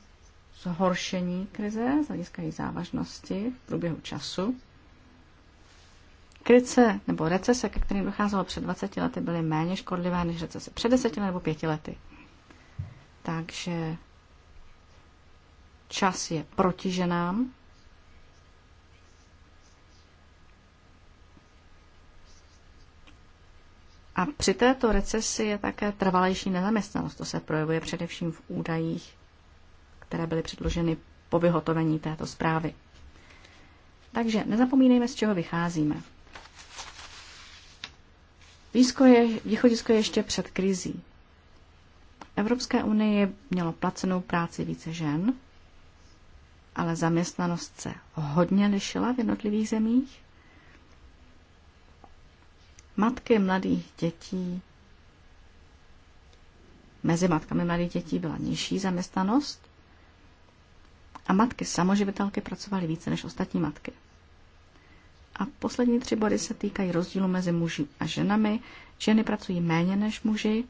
zhoršení krize z hlediska její závažnosti v průběhu času Krice nebo recese, ke kterým docházelo před 20 lety, byly méně škodlivé než recese před 10 nebo 5 lety. Takže čas je proti ženám. A při této recesi je také trvalejší nezaměstnanost. To se projevuje především v údajích, které byly předloženy po vyhotovení této zprávy. Takže nezapomínejme, z čeho vycházíme. Výzko je, východisko je ještě před krizí. Evropské unie mělo placenou práci více žen, ale zaměstnanost se hodně lišila v jednotlivých zemích. Matky mladých dětí, mezi matkami mladých dětí byla nižší zaměstnanost a matky samoživitelky pracovaly více než ostatní matky. A poslední tři body se týkají rozdílu mezi muži a ženami. Ženy pracují méně než muži,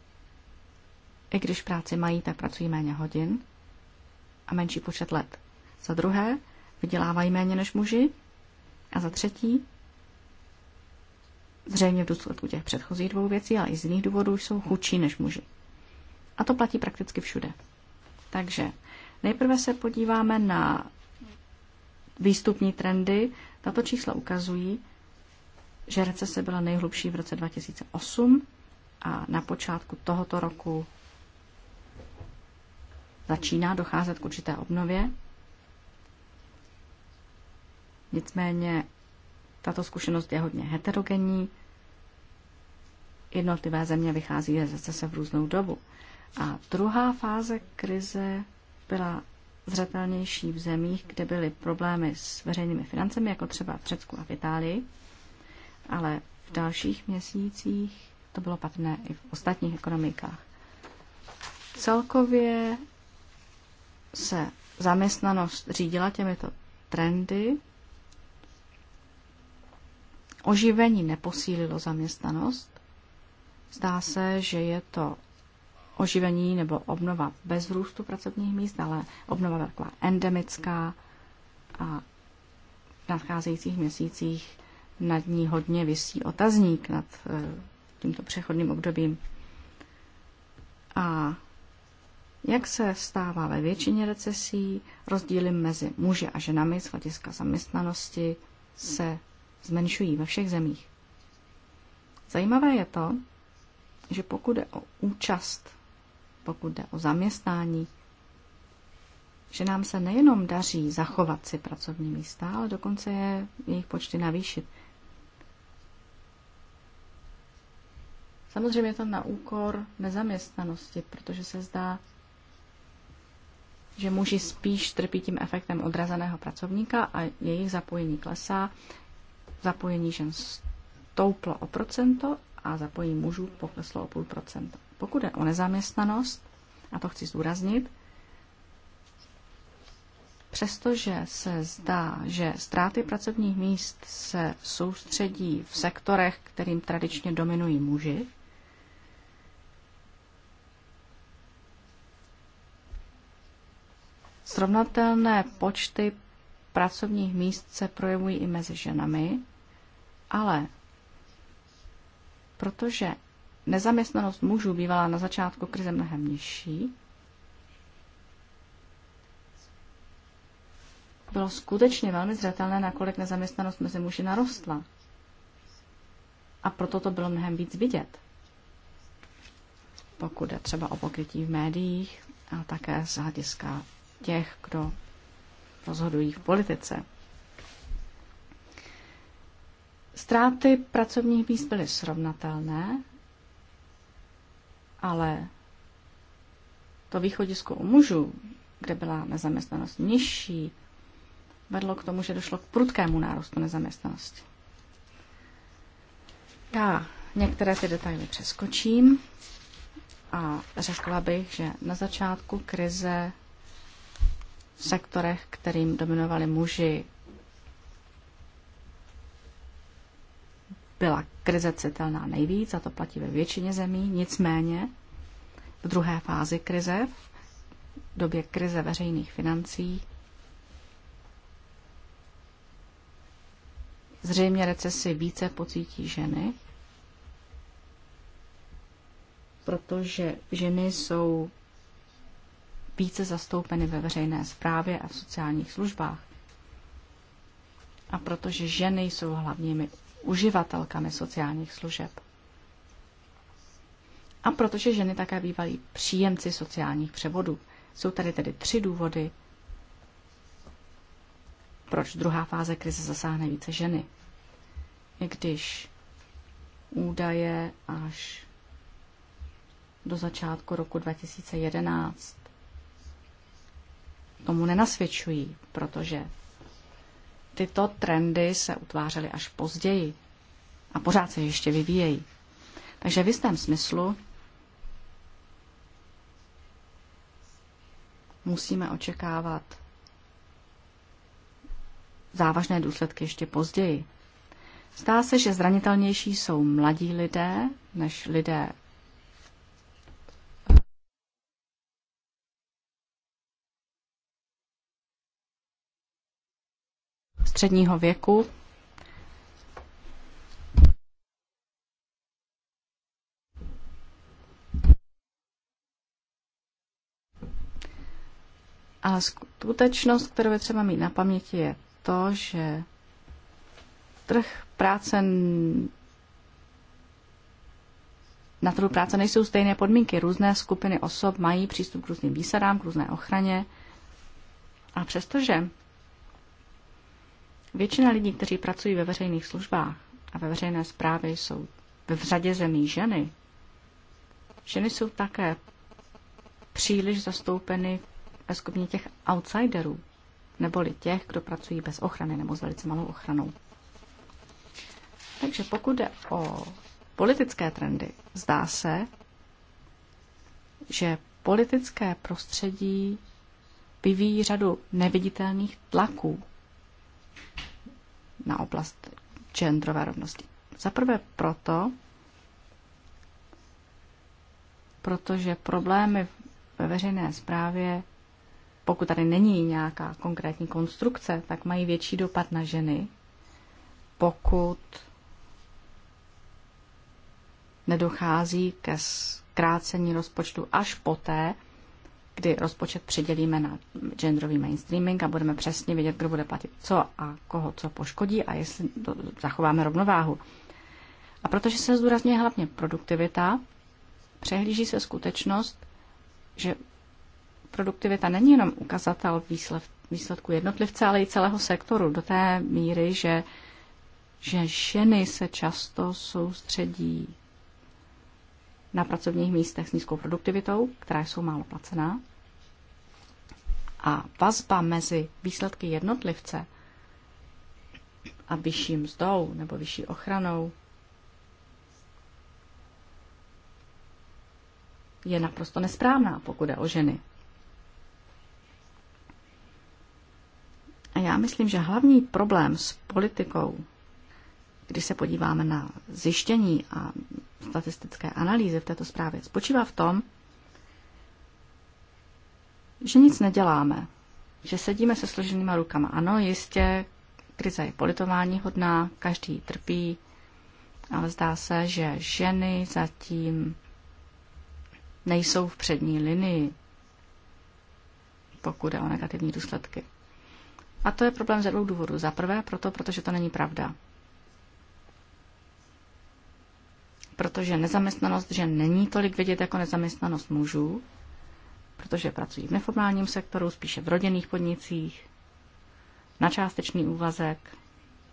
i když práci mají, tak pracují méně hodin a menší počet let. Za druhé, vydělávají méně než muži. A za třetí, zřejmě v důsledku těch předchozích dvou věcí, ale i z jiných důvodů jsou chudší než muži. A to platí prakticky všude. Takže nejprve se podíváme na výstupní trendy tato čísla ukazují, že recese byla nejhlubší v roce 2008 a na počátku tohoto roku začíná docházet k určité obnově. Nicméně tato zkušenost je hodně heterogenní. Jednotlivé země vychází ze recese v různou dobu. A druhá fáze krize byla zřetelnější v zemích, kde byly problémy s veřejnými financemi, jako třeba v Řecku a v Itálii, ale v dalších měsících to bylo patrné i v ostatních ekonomikách. Celkově se zaměstnanost řídila těmito trendy. Oživení neposílilo zaměstnanost. Zdá se, že je to oživení nebo obnova bez růstu pracovních míst, ale obnova taková endemická a v nadcházejících měsících nad ní hodně vysí otazník nad eh, tímto přechodným obdobím. A jak se stává ve většině recesí, rozdíly mezi muži a ženami z hlediska zaměstnanosti se zmenšují ve všech zemích. Zajímavé je to, že pokud je o účast pokud jde o zaměstnání, že nám se nejenom daří zachovat si pracovní místa, ale dokonce je jejich počty navýšit. Samozřejmě je to na úkor nezaměstnanosti, protože se zdá, že muži spíš trpí tím efektem odrazeného pracovníka a jejich zapojení klesá. Zapojení žen stouplo o procento a zapojení mužů pokleslo o půl procenta. Pokud je o nezaměstnanost, a to chci zdůraznit, přestože se zdá, že ztráty pracovních míst se soustředí v sektorech, kterým tradičně dominují muži, Srovnatelné počty pracovních míst se projevují i mezi ženami, ale protože nezaměstnanost mužů bývala na začátku krize mnohem nižší, bylo skutečně velmi zřetelné, nakolik nezaměstnanost mezi muži narostla. A proto to bylo mnohem víc vidět. Pokud je třeba o pokrytí v médiích, ale také z hlediska těch, kdo rozhodují v politice. Ztráty pracovních míst byly srovnatelné, ale to východisko u mužů, kde byla nezaměstnanost nižší, vedlo k tomu, že došlo k prudkému nárostu nezaměstnanosti. Já některé ty detaily přeskočím a řekla bych, že na začátku krize v sektorech, kterým dominovali muži, byla krize citelná nejvíc, a to platí ve většině zemí, nicméně v druhé fázi krize, v době krize veřejných financí, zřejmě recesi více pocítí ženy, protože ženy jsou více zastoupeny ve veřejné správě a v sociálních službách. A protože ženy jsou hlavními uživatelkami sociálních služeb. A protože ženy také bývají příjemci sociálních převodů. Jsou tady tedy tři důvody, proč druhá fáze krize zasáhne více ženy. I když údaje až do začátku roku 2011 tomu nenasvědčují, protože tyto trendy se utvářely až později a pořád se ještě vyvíjejí. Takže v jistém smyslu musíme očekávat závažné důsledky ještě později. Zdá se, že zranitelnější jsou mladí lidé než lidé středního věku. A skutečnost, kterou je třeba mít na paměti, je to, že trh práce na trhu práce nejsou stejné podmínky. Různé skupiny osob mají přístup k různým výsadám, k různé ochraně. A přestože Většina lidí, kteří pracují ve veřejných službách a ve veřejné správě, jsou v řadě zemí ženy. Ženy jsou také příliš zastoupeny ve skupině těch outsiderů, neboli těch, kdo pracují bez ochrany nebo s velice malou ochranou. Takže pokud jde o politické trendy, zdá se, že politické prostředí vyvíjí řadu neviditelných tlaků na oblast genderové rovnosti. Za prvé proto, protože problémy ve veřejné správě, pokud tady není nějaká konkrétní konstrukce, tak mají větší dopad na ženy, pokud nedochází ke zkrácení rozpočtu až poté, kdy rozpočet předělíme na genderový mainstreaming a budeme přesně vědět, kdo bude platit co a koho co poškodí a jestli to, zachováme rovnováhu. A protože se zdůrazňuje hlavně produktivita, přehlíží se skutečnost, že produktivita není jenom ukazatel výsled, výsledku jednotlivce, ale i celého sektoru do té míry, že, že ženy se často soustředí na pracovních místech s nízkou produktivitou, která jsou málo placená. A vazba mezi výsledky jednotlivce a vyšší mzdou nebo vyšší ochranou je naprosto nesprávná, pokud je o ženy. A já myslím, že hlavní problém s politikou když se podíváme na zjištění a statistické analýzy v této zprávě, spočívá v tom, že nic neděláme, že sedíme se složenýma rukama. Ano, jistě, krize je politování hodná, každý trpí, ale zdá se, že ženy zatím nejsou v přední linii, pokud jde o negativní důsledky. A to je problém ze dvou důvodů. Za prvé, proto, protože to není pravda. protože nezaměstnanost žen není tolik vidět jako nezaměstnanost mužů, protože pracují v neformálním sektoru, spíše v rodinných podnicích, na částečný úvazek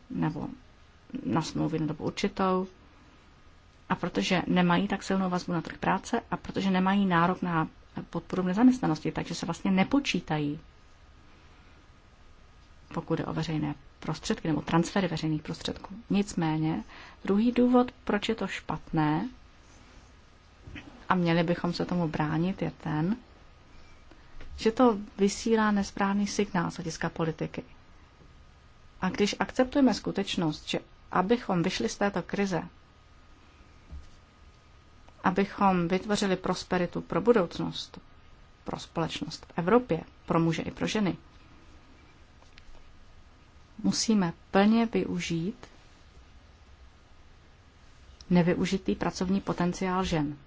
nebo na smlouvy na dobu určitou. A protože nemají tak silnou vazbu na trh práce a protože nemají nárok na podporu v nezaměstnanosti, takže se vlastně nepočítají pokud je o veřejné prostředky nebo transfery veřejných prostředků. Nicméně, druhý důvod, proč je to špatné a měli bychom se tomu bránit, je ten, že to vysílá nesprávný signál z hlediska politiky. A když akceptujeme skutečnost, že abychom vyšli z této krize, abychom vytvořili prosperitu pro budoucnost, pro společnost v Evropě, pro muže i pro ženy, musíme plně využít nevyužitý pracovní potenciál žen.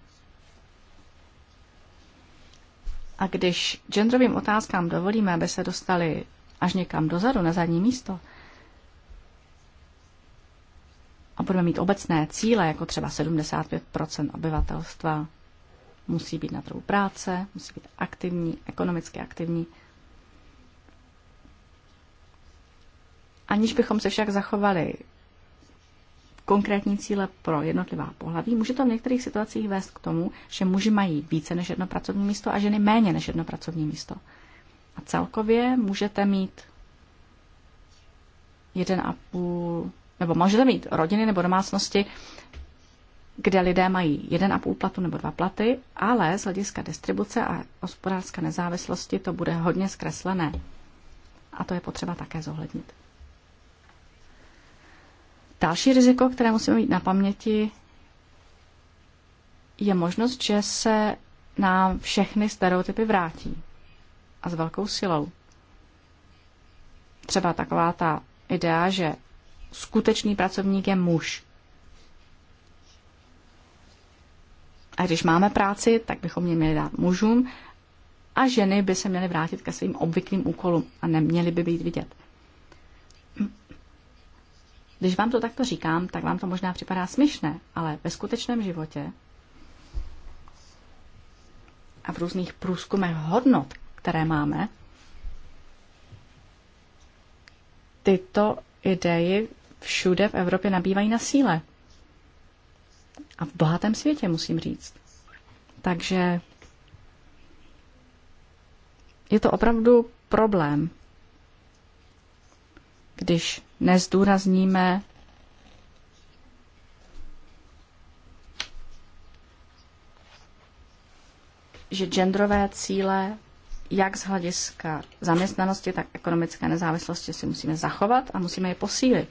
A když genderovým otázkám dovolíme, aby se dostali až někam dozadu, na zadní místo, a budeme mít obecné cíle, jako třeba 75 obyvatelstva musí být na trhu práce, musí být aktivní, ekonomicky aktivní, aniž bychom se však zachovali konkrétní cíle pro jednotlivá pohlaví, může to v některých situacích vést k tomu, že muži mají více než jedno pracovní místo a ženy méně než jedno pracovní místo. A celkově můžete mít jeden a půl, nebo můžete mít rodiny nebo domácnosti, kde lidé mají jeden a půl platu nebo dva platy, ale z hlediska distribuce a hospodářské nezávislosti to bude hodně zkreslené. A to je potřeba také zohlednit. Další riziko, které musíme mít na paměti, je možnost, že se nám všechny stereotypy vrátí. A s velkou silou. Třeba taková ta idea, že skutečný pracovník je muž. A když máme práci, tak bychom ji měli dát mužům a ženy by se měly vrátit ke svým obvyklým úkolům a neměly by být vidět. Když vám to takto říkám, tak vám to možná připadá směšné, ale ve skutečném životě a v různých průzkumech hodnot, které máme, tyto ideje všude v Evropě nabývají na síle. A v bohatém světě, musím říct. Takže je to opravdu problém, když nezdůrazníme že genderové cíle jak z hlediska zaměstnanosti, tak ekonomické nezávislosti si musíme zachovat a musíme je posílit.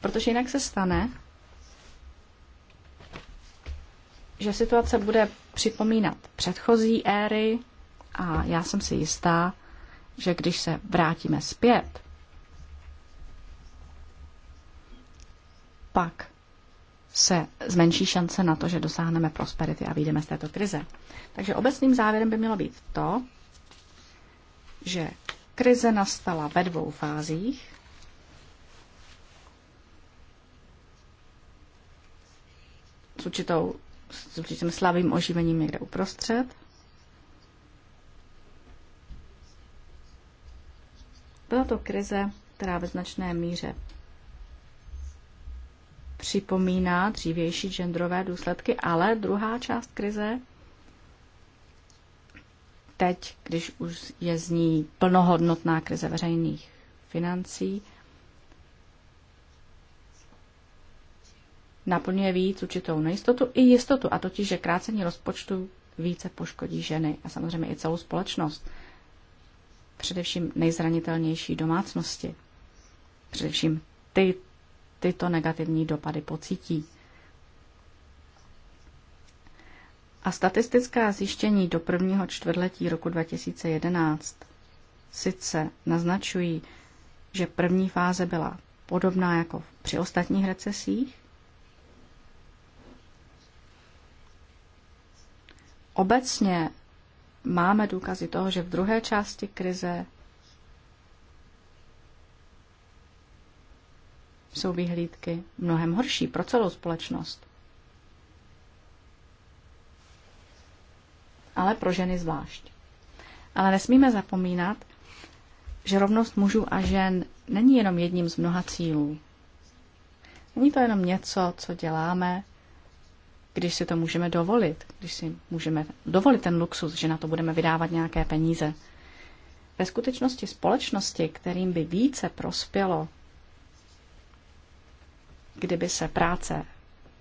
Protože jinak se stane, že situace bude připomínat předchozí éry a já jsem si jistá, že když se vrátíme zpět pak se zmenší šance na to, že dosáhneme prosperity a vyjdeme z této krize. Takže obecným závěrem by mělo být to, že krize nastala ve dvou fázích. S, určitou, s určitým slabým oživením někde uprostřed. Byla to krize, která ve značné míře připomíná dřívější genderové důsledky, ale druhá část krize, teď, když už je z ní plnohodnotná krize veřejných financí, naplňuje víc určitou nejistotu i jistotu, a totiž, že krácení rozpočtu více poškodí ženy a samozřejmě i celou společnost. Především nejzranitelnější domácnosti. Především ty, tyto negativní dopady pocítí. A statistická zjištění do prvního čtvrtletí roku 2011 sice naznačují, že první fáze byla podobná jako při ostatních recesích, Obecně máme důkazy toho, že v druhé části krize jsou vyhlídky mnohem horší pro celou společnost. Ale pro ženy zvlášť. Ale nesmíme zapomínat, že rovnost mužů a žen není jenom jedním z mnoha cílů. Není to jenom něco, co děláme, když si to můžeme dovolit, když si můžeme dovolit ten luxus, že na to budeme vydávat nějaké peníze. Ve skutečnosti společnosti, kterým by více prospělo kdyby se práce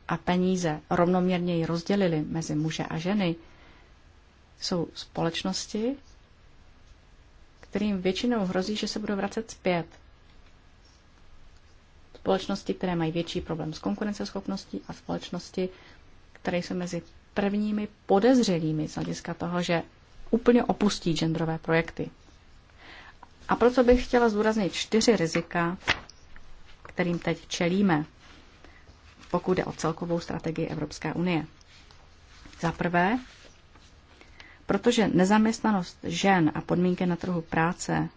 a peníze rovnoměrněji rozdělily mezi muže a ženy, jsou společnosti, kterým většinou hrozí, že se budou vracet zpět. Společnosti, které mají větší problém s konkurenceschopností a společnosti, které jsou mezi prvními podezřelými z hlediska toho, že úplně opustí genderové projekty. A proto bych chtěla zdůraznit čtyři rizika, kterým teď čelíme pokud jde o celkovou strategii Evropské unie. Za prvé, protože nezaměstnanost žen a podmínky na trhu práce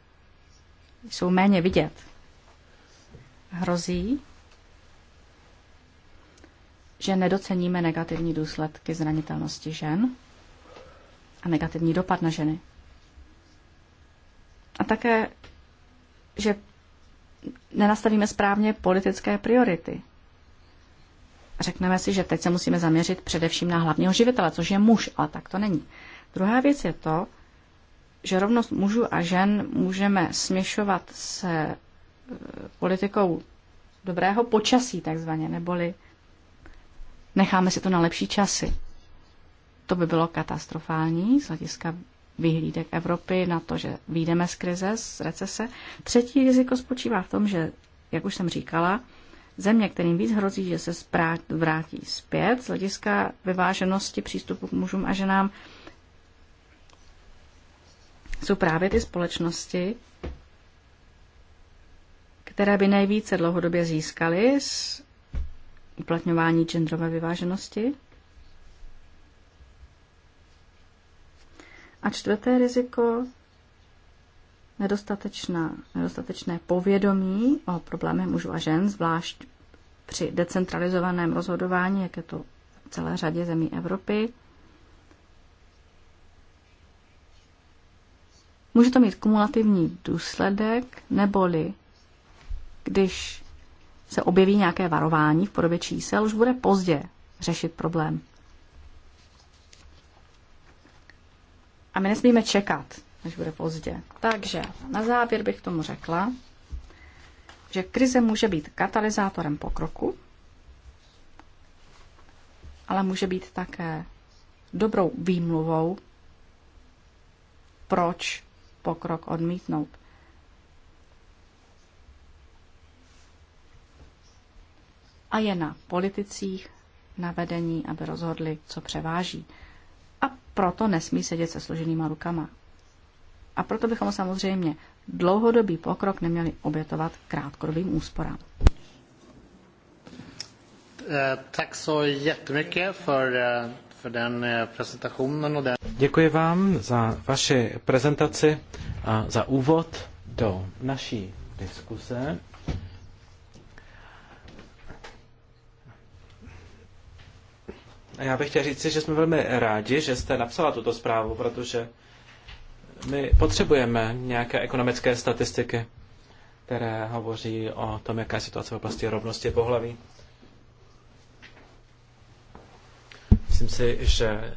jsou méně vidět, hrozí, že nedoceníme negativní důsledky zranitelnosti žen a negativní dopad na ženy. A také, že nenastavíme správně politické priority řekneme si, že teď se musíme zaměřit především na hlavního živitele, což je muž, ale tak to není. Druhá věc je to, že rovnost mužů a žen můžeme směšovat se e, politikou dobrého počasí, takzvaně, neboli necháme si to na lepší časy. To by bylo katastrofální z hlediska vyhlídek Evropy na to, že výjdeme z krize, z recese. Třetí riziko spočívá v tom, že, jak už jsem říkala, Země, kterým víc hrozí, že se zprát, vrátí zpět z hlediska vyváženosti přístupu k mužům a ženám, jsou právě ty společnosti, které by nejvíce dlouhodobě získaly z uplatňování genderové vyváženosti. A čtvrté riziko nedostatečná, nedostatečné povědomí o problémy mužů a žen, zvlášť při decentralizovaném rozhodování, jak je to v celé řadě zemí Evropy. Může to mít kumulativní důsledek, neboli když se objeví nějaké varování v podobě čísel, už bude pozdě řešit problém. A my nesmíme čekat než bude pozdě. Takže na závěr bych tomu řekla, že krize může být katalyzátorem pokroku, ale může být také dobrou výmluvou, proč pokrok odmítnout. A je na politicích, na vedení, aby rozhodli, co převáží. A proto nesmí sedět se složenýma rukama. A proto bychom samozřejmě dlouhodobý pokrok neměli obětovat krátkodobým úsporám. Eh, eh, eh, Děkuji vám za vaši prezentaci a za úvod do naší diskuse. Já bych chtěl říci, že jsme velmi rádi, že jste napsala tuto zprávu, protože my potřebujeme nějaké ekonomické statistiky, které hovoří o tom, jaká je situace v oblasti rovnosti pohlaví. Myslím si, že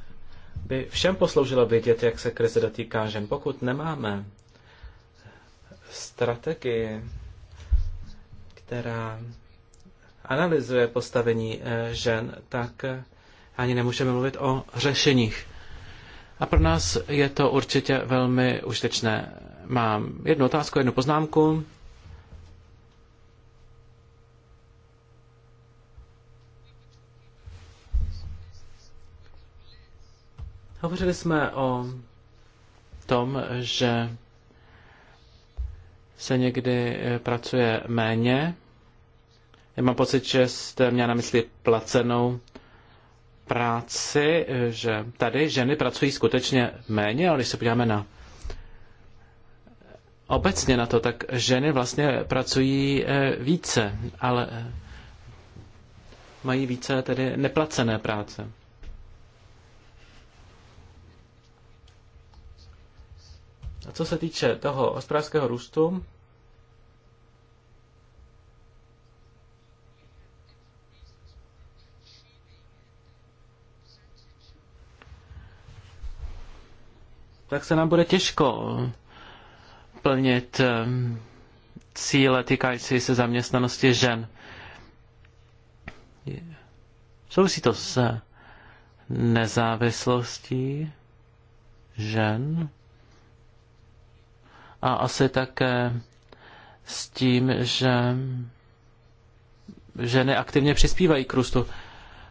by všem posloužilo vědět, jak se krize dotýká žen. Pokud nemáme strategii, která analyzuje postavení eh, žen, tak eh, ani nemůžeme mluvit o řešeních. A pro nás je to určitě velmi užitečné. Mám jednu otázku, jednu poznámku. Hovořili jsme o tom, že se někdy eh, pracuje méně. Já mám pocit, že jste měla na mysli placenou práci, že tady ženy pracují skutečně méně, ale když se podíváme na obecně na to, tak ženy vlastně pracují eh, více, ale eh, mají více tedy neplacené práce. A co se týče toho hospodářského růstu, tak se nám bude těžko eh, plnit eh, cíle týkající se zaměstnanosti žen. Souvisí to s nezávislostí žen a asi také s tím, že ženy aktivně přispívají k růstu.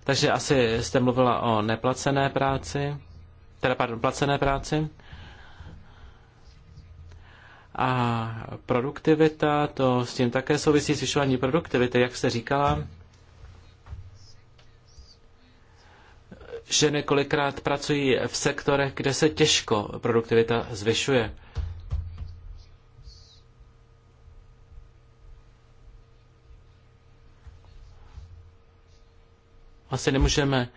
Takže asi jste mluvila o neplacené práci, teda pardon, placené práci. A produktivita, to s tím také souvisí zvyšování produktivity, jak se říkala. že několikrát pracují v sektorech, kde se těžko produktivita zvyšuje. Asi nemůžeme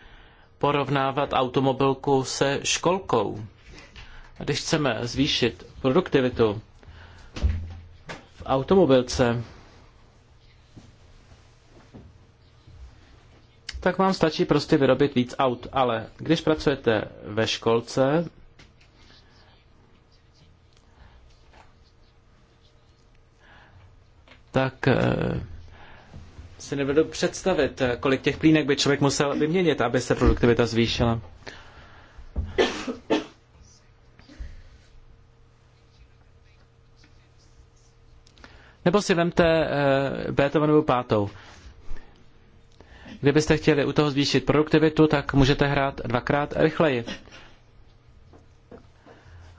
porovnávat automobilku se školkou. A když chceme zvýšit produktivitu, automobilce, tak vám stačí prostě vyrobit víc aut. Ale když pracujete ve školce, tak eh, si nevedu představit, kolik těch plínek by člověk musel vyměnit, aby se produktivita zvýšila. Nebo si vemte eh, Beethovenovou pátou. Kdybyste chtěli u toho zvýšit produktivitu, tak můžete hrát dvakrát rychleji.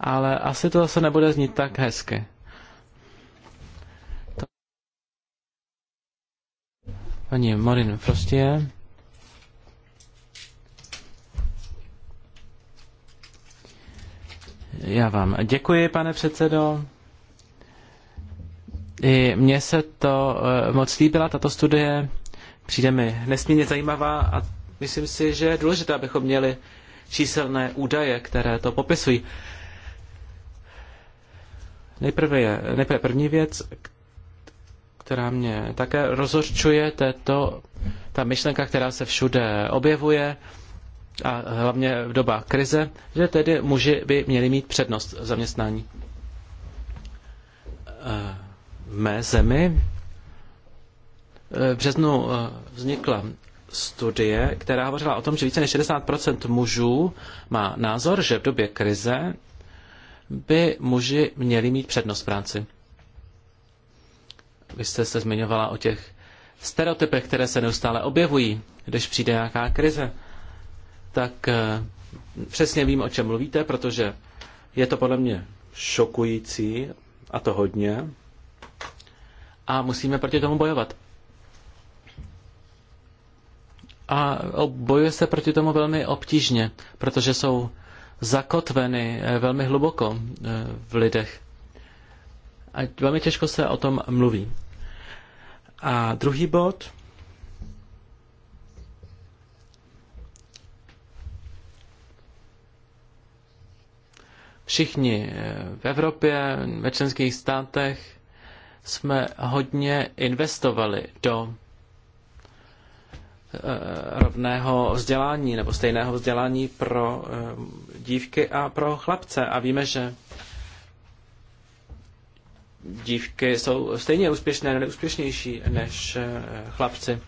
Ale asi to zase nebude znít tak hezky. Paní Morin Frostie. Já vám děkuji, pane předsedo. I mně se to eh, moc líbila, tato studie přijde mi nesmírně zajímavá a myslím si, že je důležité, abychom měli číselné údaje, které to popisují. Nejprve je nejprve první věc, která mě také rozhorčuje, to je to, ta myšlenka, která se všude objevuje, a hlavně v dobách krize, že tedy muži by měli mít přednost zaměstnání. Eh, mé zemi v březnu eh, vznikla studie, která hovořila o tom, že více než 60% mužů má názor, že v době krize by muži měli mít přednost v práci. Vy jste se zmiňovala o těch stereotypech, které se neustále objevují, když přijde nějaká krize. Tak eh, přesně vím, o čem mluvíte, protože je to podle mě šokující, a to hodně, a musíme proti tomu bojovat. A bojuje se proti tomu velmi obtížně, protože jsou zakotveny eh, velmi hluboko eh, v lidech. A velmi těžko se o tom mluví. A druhý bod. Všichni eh, v Evropě, ve členských státech jsme hodně investovali do eh, rovného vzdělání nebo stejného vzdělání pro eh, dívky a pro chlapce. A víme, že dívky jsou stejně úspěšné, neúspěšnější než eh, chlapci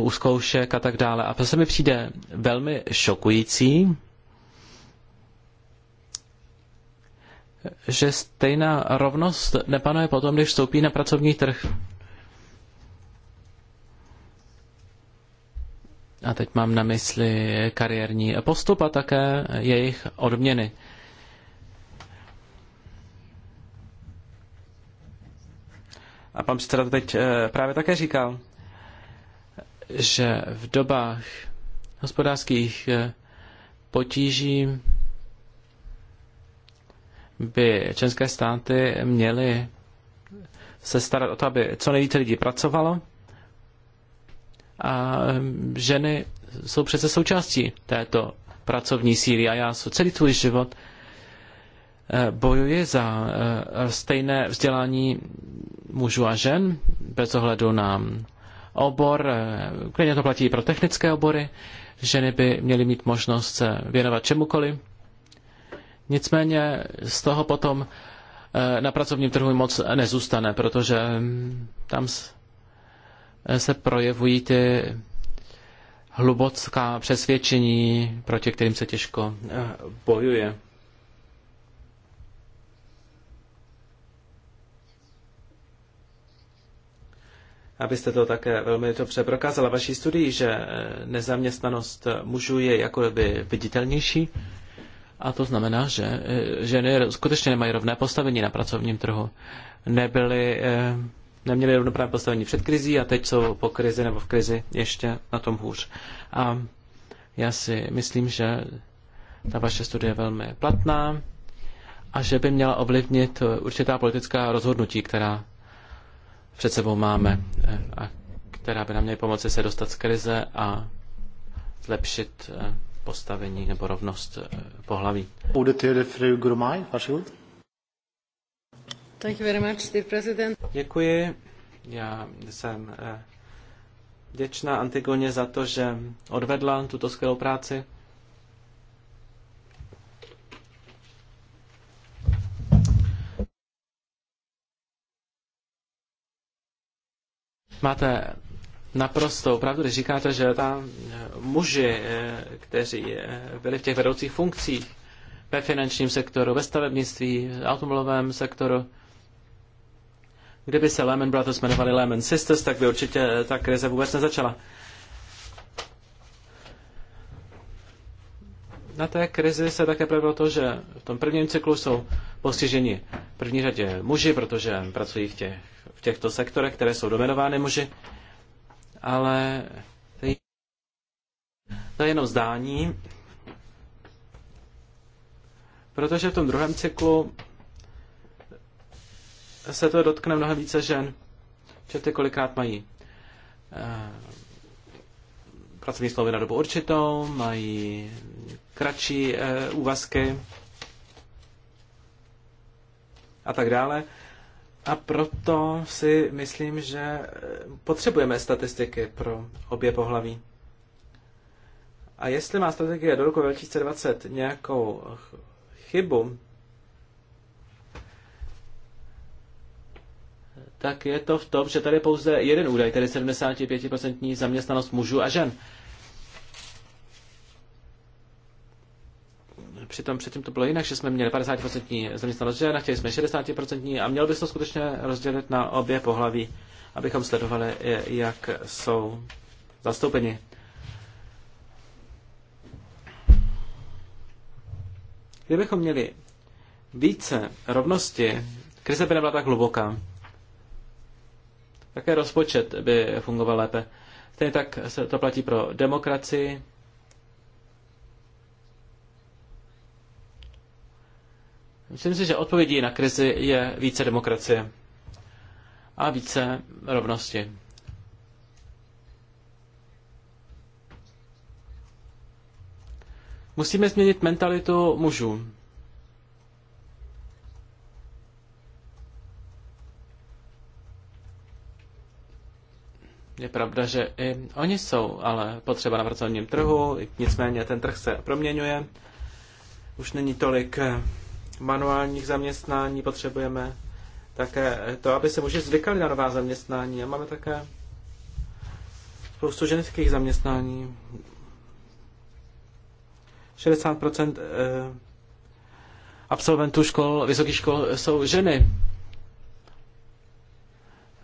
u zkoušek a tak dále. A to se mi přijde velmi šokující, že stejná rovnost nepanuje potom, když vstoupí na pracovní trh. A teď mám na mysli kariérní postup a také jejich odměny. A pan předseda to teď eh, právě také říkal, že v dobách hospodářských eh, potíží by české státy měly se starat o to, aby co nejvíce lidí pracovalo. A ženy jsou přece součástí této pracovní síly a já celý svůj život eh, bojuji za eh, stejné vzdělání mužů a žen bez ohledu na obor. Eh, klidně to platí i pro technické obory. Ženy by měly mít možnost se věnovat čemukoliv Nicméně z toho potom eh, na pracovním trhu moc nezůstane, protože mm, tam eh, se projevují ty hlubocká přesvědčení, proti kterým se těžko eh, bojuje. abyste to také velmi dobře prokázala vaší studii, že nezaměstnanost mužů je jakoby viditelnější a to znamená, že eh, ženy skutečně nemají rovné postavení na pracovním trhu. Nebyly, eh, neměly rovnoprávné postavení před krizí a teď jsou po krizi nebo v krizi ještě na tom hůř. A já si myslím, že ta vaše studie je velmi platná a že by měla ovlivnit určitá politická rozhodnutí, která před sebou máme eh, a která by nám měly pomoci se dostat z krize a zlepšit postavení nebo rovnost eh, pohlaví. Budete jede fri grumaj, Thank you very much, dear Děkuji. Já jsem eh, děčná Antigoně za to, že odvedla tuto skvělou práci. Máte naprosto opravdu, když říkáte, že tam eh, muži, eh, kteří eh, byli v těch vedoucích funkcích ve finančním sektoru, ve stavebnictví, v automobilovém sektoru, kdyby se Lehman Brothers jmenovali Lehman Sisters, tak by určitě ta krize vůbec nezačala. Na té krizi se také projevilo to, že v tom prvním cyklu jsou postiženi v první řadě muži, protože pracují v, těch, v těchto sektorech, které jsou dominovány muži ale to je jenom zdání, protože v tom druhém cyklu se to dotkne mnohem více žen, že ty kolikrát mají eh, pracovní slovy na dobu určitou, mají kratší eh, úvazky a tak dále. A proto si myslím, že eh, potřebujeme statistiky pro obě pohlaví. A jestli má strategie do roku 2020 nějakou chybu, tak je to v tom, že tady je pouze jeden údaj, tedy 75% zaměstnanost mužů a žen. Přitom předtím to bylo jinak, že jsme měli 50% zaměstnanost žen a chtěli jsme 60% a mělo by se to skutečně rozdělit na obě pohlaví, abychom sledovali, jak jsou zastoupeni. Kdybychom měli více rovnosti, krize by nebyla tak hluboká. Také rozpočet by fungoval lépe. Stejně tak se to platí pro demokracii, Myslím si, že odpovědí na krizi je více demokracie a více rovnosti. Musíme změnit mentalitu mužů. Je pravda, že i oni jsou ale potřeba na pracovním trhu, nicméně ten trh se proměňuje. Už není tolik eh, manuálních zaměstnání, potřebujeme také to, aby se muži zvykali na nová zaměstnání. A máme také spoustu ženských zaměstnání. 60% eh, absolventů škol, vysokých škol jsou ženy.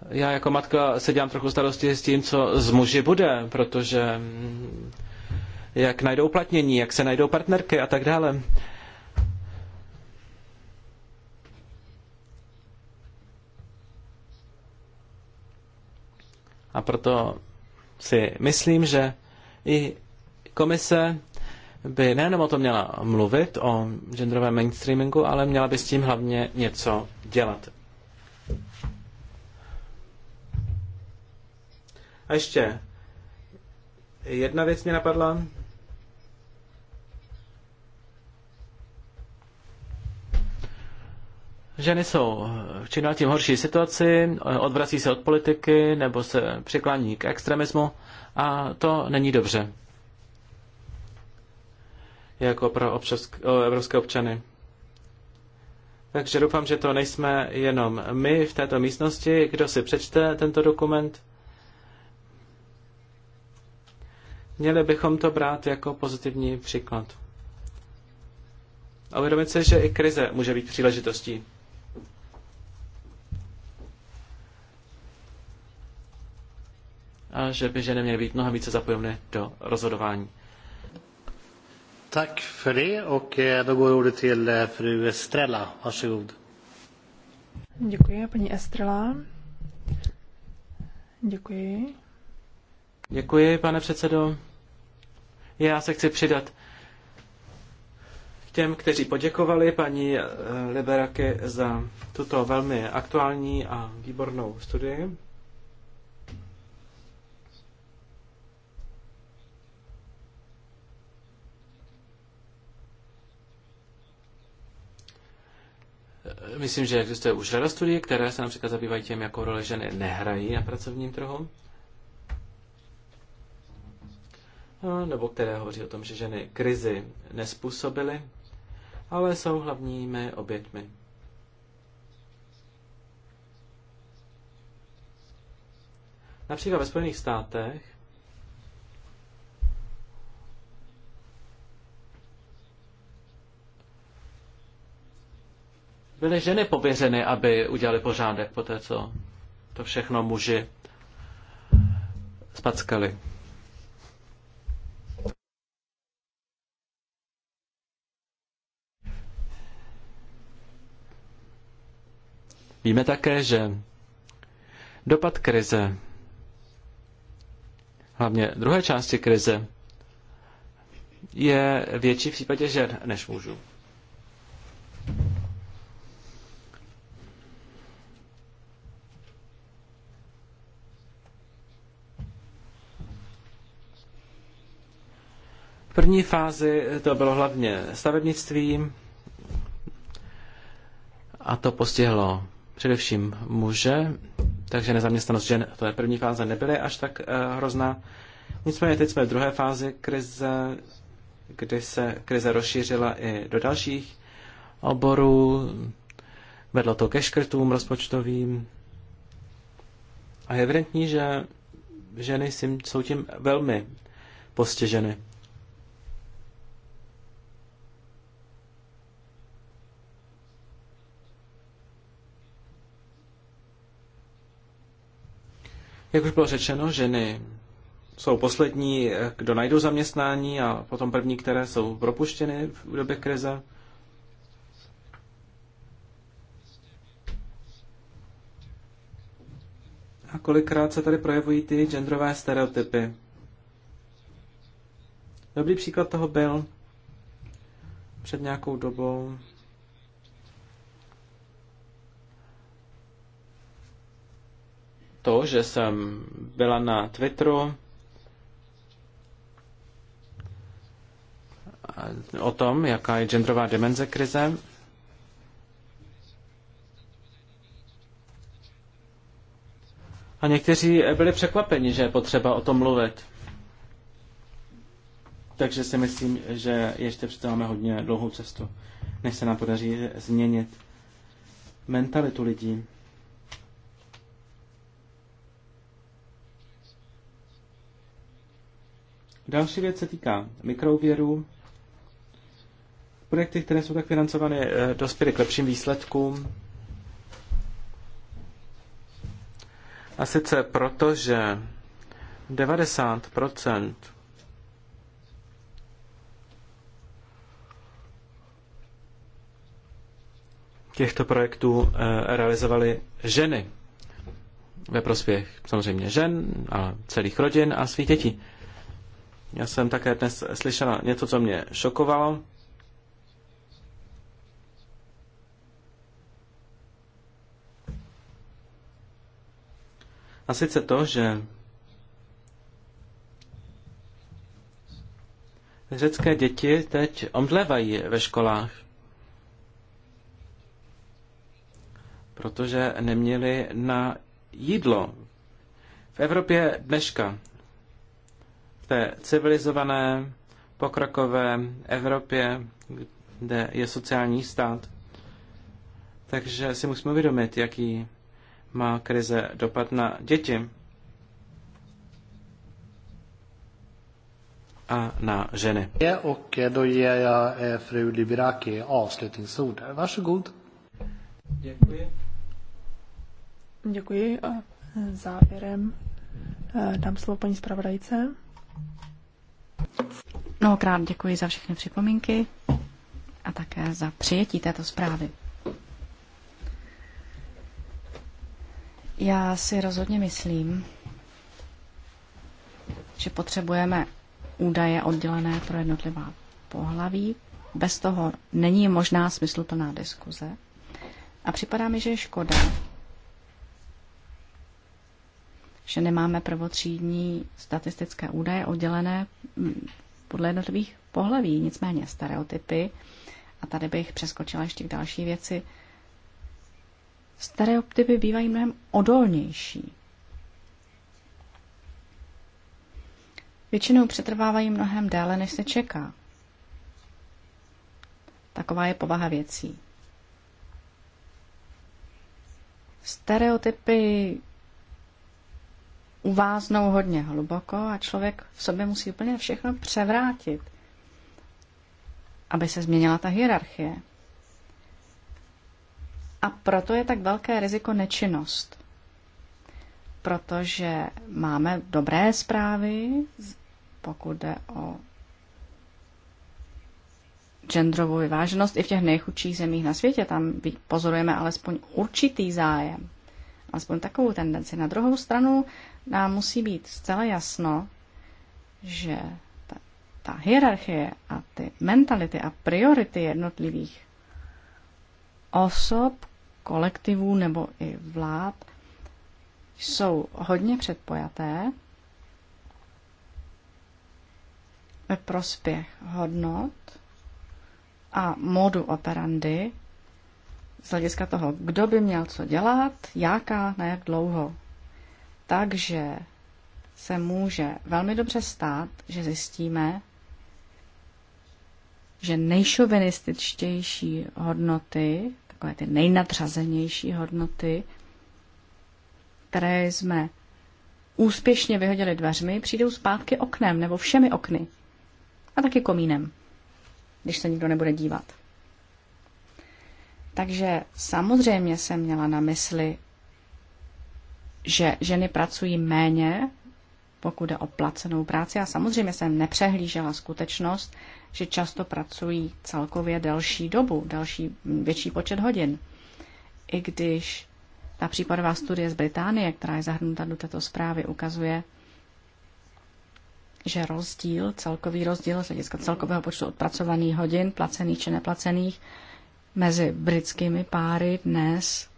Já jako matka se dělám trochu starosti s tím, co z muži bude, protože mm, jak najdou uplatnění, jak se najdou partnerky a tak dále. A proto si myslím, že i komise by nejenom o tom měla mluvit, o genderovém mainstreamingu, ale měla by s tím hlavně něco dělat. A ještě jedna věc mě napadla. Ženy jsou v eh, čím tím horší situaci, eh, odvrací se od politiky nebo se přiklání k extremismu a to není dobře. Jako pro o, evropské občany. Takže doufám, že to nejsme jenom my v této místnosti, kdo si přečte tento dokument. Měli bychom to brát jako pozitivní příklad. A uvědomit se, že i krize může být příležitostí. a že by ženy měly být mnohem více zapojené do rozhodování. Tak för det och eh, då går ordet till eh, fru Estrella. Varsågod. Děkuji, paní Estrela. Děkuji. Děkuji, pane předsedo. Já se chci přidat k těm, kteří poděkovali paní eh, Liberaky za tuto velmi aktuální a výbornou studii. Myslím, že existuje už řada studií, které se například zabývají tím, jakou roli ženy nehrají na pracovním trhu. No, nebo které hovoří o tom, že ženy krizi nespůsobily, ale jsou hlavními obětmi. Například ve Spojených státech byly ženy pověřeny, aby udělali pořádek po té, co to všechno muži spackali. Víme také, že dopad krize, hlavně druhé části krize, je větší v případě žen než mužů. první fázi to bylo hlavně stavebnictví a to postihlo především muže, takže nezaměstnanost žen v té první fáze nebyly až tak eh, hrozná. Nicméně teď jsme v druhé fázi krize, kdy se krize rozšířila i do dalších oborů. Vedlo to ke škrtům rozpočtovým. A je evidentní, že ženy jsou tím velmi postiženy. Jak už bylo řečeno, ženy jsou poslední, kdo najdou zaměstnání a potom první, které jsou propuštěny v době krize. A kolikrát se tady projevují ty genderové stereotypy. Dobrý příklad toho byl před nějakou dobou to, že jsem byla na Twitteru eh, o tom, jaká je genderová dimenze krize. A někteří byli překvapeni, že je potřeba o tom mluvit. Takže si myslím, že ještě máme hodně dlouhou cestu, než se nám podaří změnit mentalitu lidí. Další věc se týká mikrouvěru. Projekty, které jsou tak financovány, eh, dospěly k lepším výsledkům. A sice proto, že 90 těchto projektů eh, realizovaly ženy ve prospěch samozřejmě žen, ale celých rodin a svých dětí. Já jsem také dnes slyšela něco, co mě šokovalo. A sice to, že řecké děti teď omdlevají ve školách, protože neměli na jídlo. V Evropě dneška té civilizované, pokrokové Evropě, kde je sociální stát. Takže si musíme uvědomit, jaký má krize dopad na děti a na ženy. Eh, Děkuji. Děkuji. Děkuji. Závěrem eh, dám slovo paní zpravodajce. Mnohokrát děkuji za všechny připomínky a také za přijetí této zprávy. Já si rozhodně myslím, že potřebujeme údaje oddělené pro jednotlivá pohlaví. Bez toho není možná smysluplná diskuze. A připadá mi, že je škoda, že nemáme prvotřídní statistické údaje oddělené mm, podle jednotlivých pohlaví, nicméně stereotypy, a tady bych přeskočila ještě k další věci, stereotypy bývají mnohem odolnější. Většinou přetrvávají mnohem déle, než se čeká. Taková je povaha věcí. Stereotypy uváznou hodně hluboko a člověk v sobě musí úplně všechno převrátit, aby se změnila ta hierarchie. A proto je tak velké riziko nečinnost. Protože máme dobré zprávy, pokud jde o genderovou vyváženost i v těch nejchudších zemích na světě. Tam pozorujeme alespoň určitý zájem, alespoň takovou tendenci. Na druhou stranu nám musí být zcela jasno, že ta, ta hierarchie a ty mentality a priority jednotlivých osob, kolektivů nebo i vlád jsou hodně předpojaté ve prospěch hodnot a modu operandy z hlediska toho, kdo by měl co dělat, jaká, na jak dlouho. Takže se může velmi dobře stát, že zjistíme, že nejšovinističtější hodnoty, takové ty nejnadřazenější hodnoty, které jsme úspěšně vyhodili dveřmi, přijdou zpátky oknem nebo všemi okny. A taky komínem, když se nikdo nebude dívat. Takže samozřejmě jsem měla na mysli že ženy pracují méně, pokud jde o placenou práci. A samozřejmě jsem nepřehlížela skutečnost, že často pracují celkově delší dobu, delší, větší počet hodin. I když ta případová studie z Británie, která je zahrnuta do této zprávy, ukazuje, že rozdíl, celkový rozdíl z hlediska celkového počtu odpracovaných hodin, placených či neplacených, mezi britskými páry dnes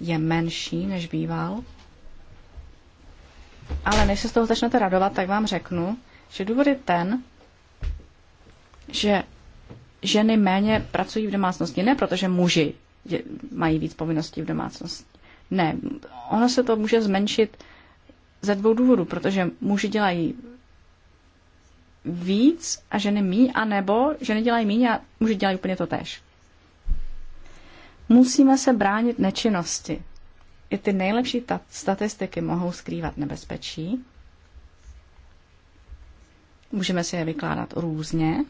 je menší, než býval. Ale než se z toho začnete radovat, tak vám řeknu, že důvod je ten, že ženy méně pracují v domácnosti. Ne protože muži mají víc povinností v domácnosti. Ne, ono se to může zmenšit ze dvou důvodů, protože muži dělají víc a ženy míň, anebo ženy dělají míň a muži dělají úplně to tež. Musíme se bránit nečinnosti. I ty nejlepší statistiky mohou skrývat nebezpečí. Můžeme si je vykládat různě.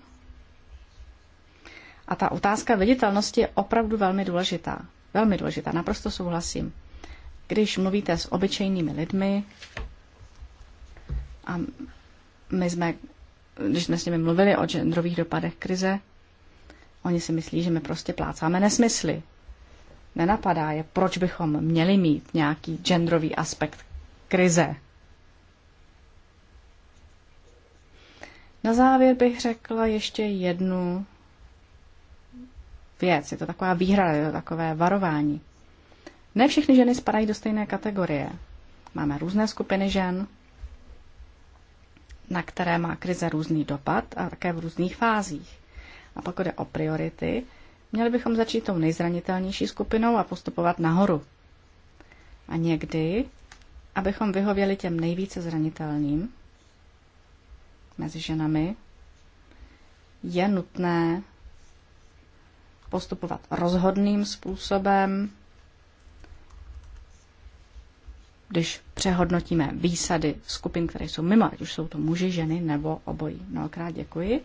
A ta otázka viditelnosti je opravdu velmi důležitá. Velmi důležitá, naprosto souhlasím. Když mluvíte s obyčejnými lidmi, a my jsme, když jsme s nimi mluvili o genderových dopadech krize, oni si myslí, že my prostě plácáme nesmysly, nenapadá, je, proč bychom měli mít nějaký genderový aspekt krize. Na závěr bych řekla ještě jednu věc. Je to taková výhrada, je to takové varování. Ne všechny ženy spadají do stejné kategorie. Máme různé skupiny žen, na které má krize různý dopad a také v různých fázích. A pokud jde o priority, Měli bychom začít tou nejzranitelnější skupinou a postupovat nahoru. A někdy, abychom vyhověli těm nejvíce zranitelným mezi ženami, je nutné postupovat rozhodným způsobem, když přehodnotíme výsady skupin, které jsou mimo, ať už jsou to muži, ženy nebo obojí. Mnohokrát děkuji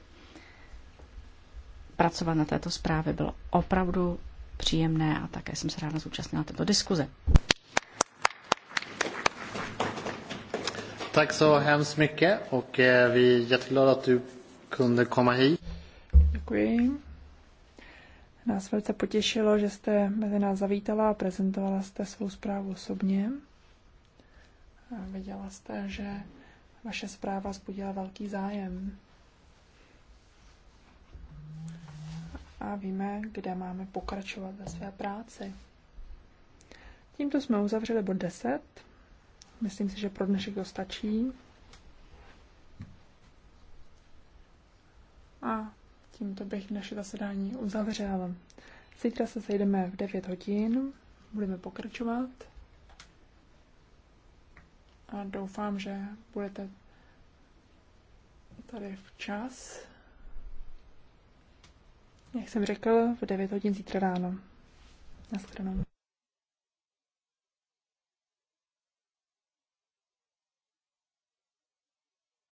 pracovat na této zprávě bylo opravdu příjemné a také jsem se ráda zúčastnila této diskuze. Tak so hemskt mycket och eh, vi är jätteglada att du kunde komma hit. Děkuji. Nás velice potěšilo, že jste mezi nás zavítala a prezentovala jste svou zprávu osobně. A viděla jste, že vaše zpráva zbudila velký zájem. a víme, kde máme pokračovat ve své práci. Tímto jsme uzavřeli bod 10. Myslím si, že pro dnešek to stačí. A tímto bych naše zasedání uzavřel. Zítra se sejdeme v 9 hodin, budeme pokračovat. A doufám, že budete tady včas jak jsem řekl, v 9 hodin zítra ráno. Na stranu.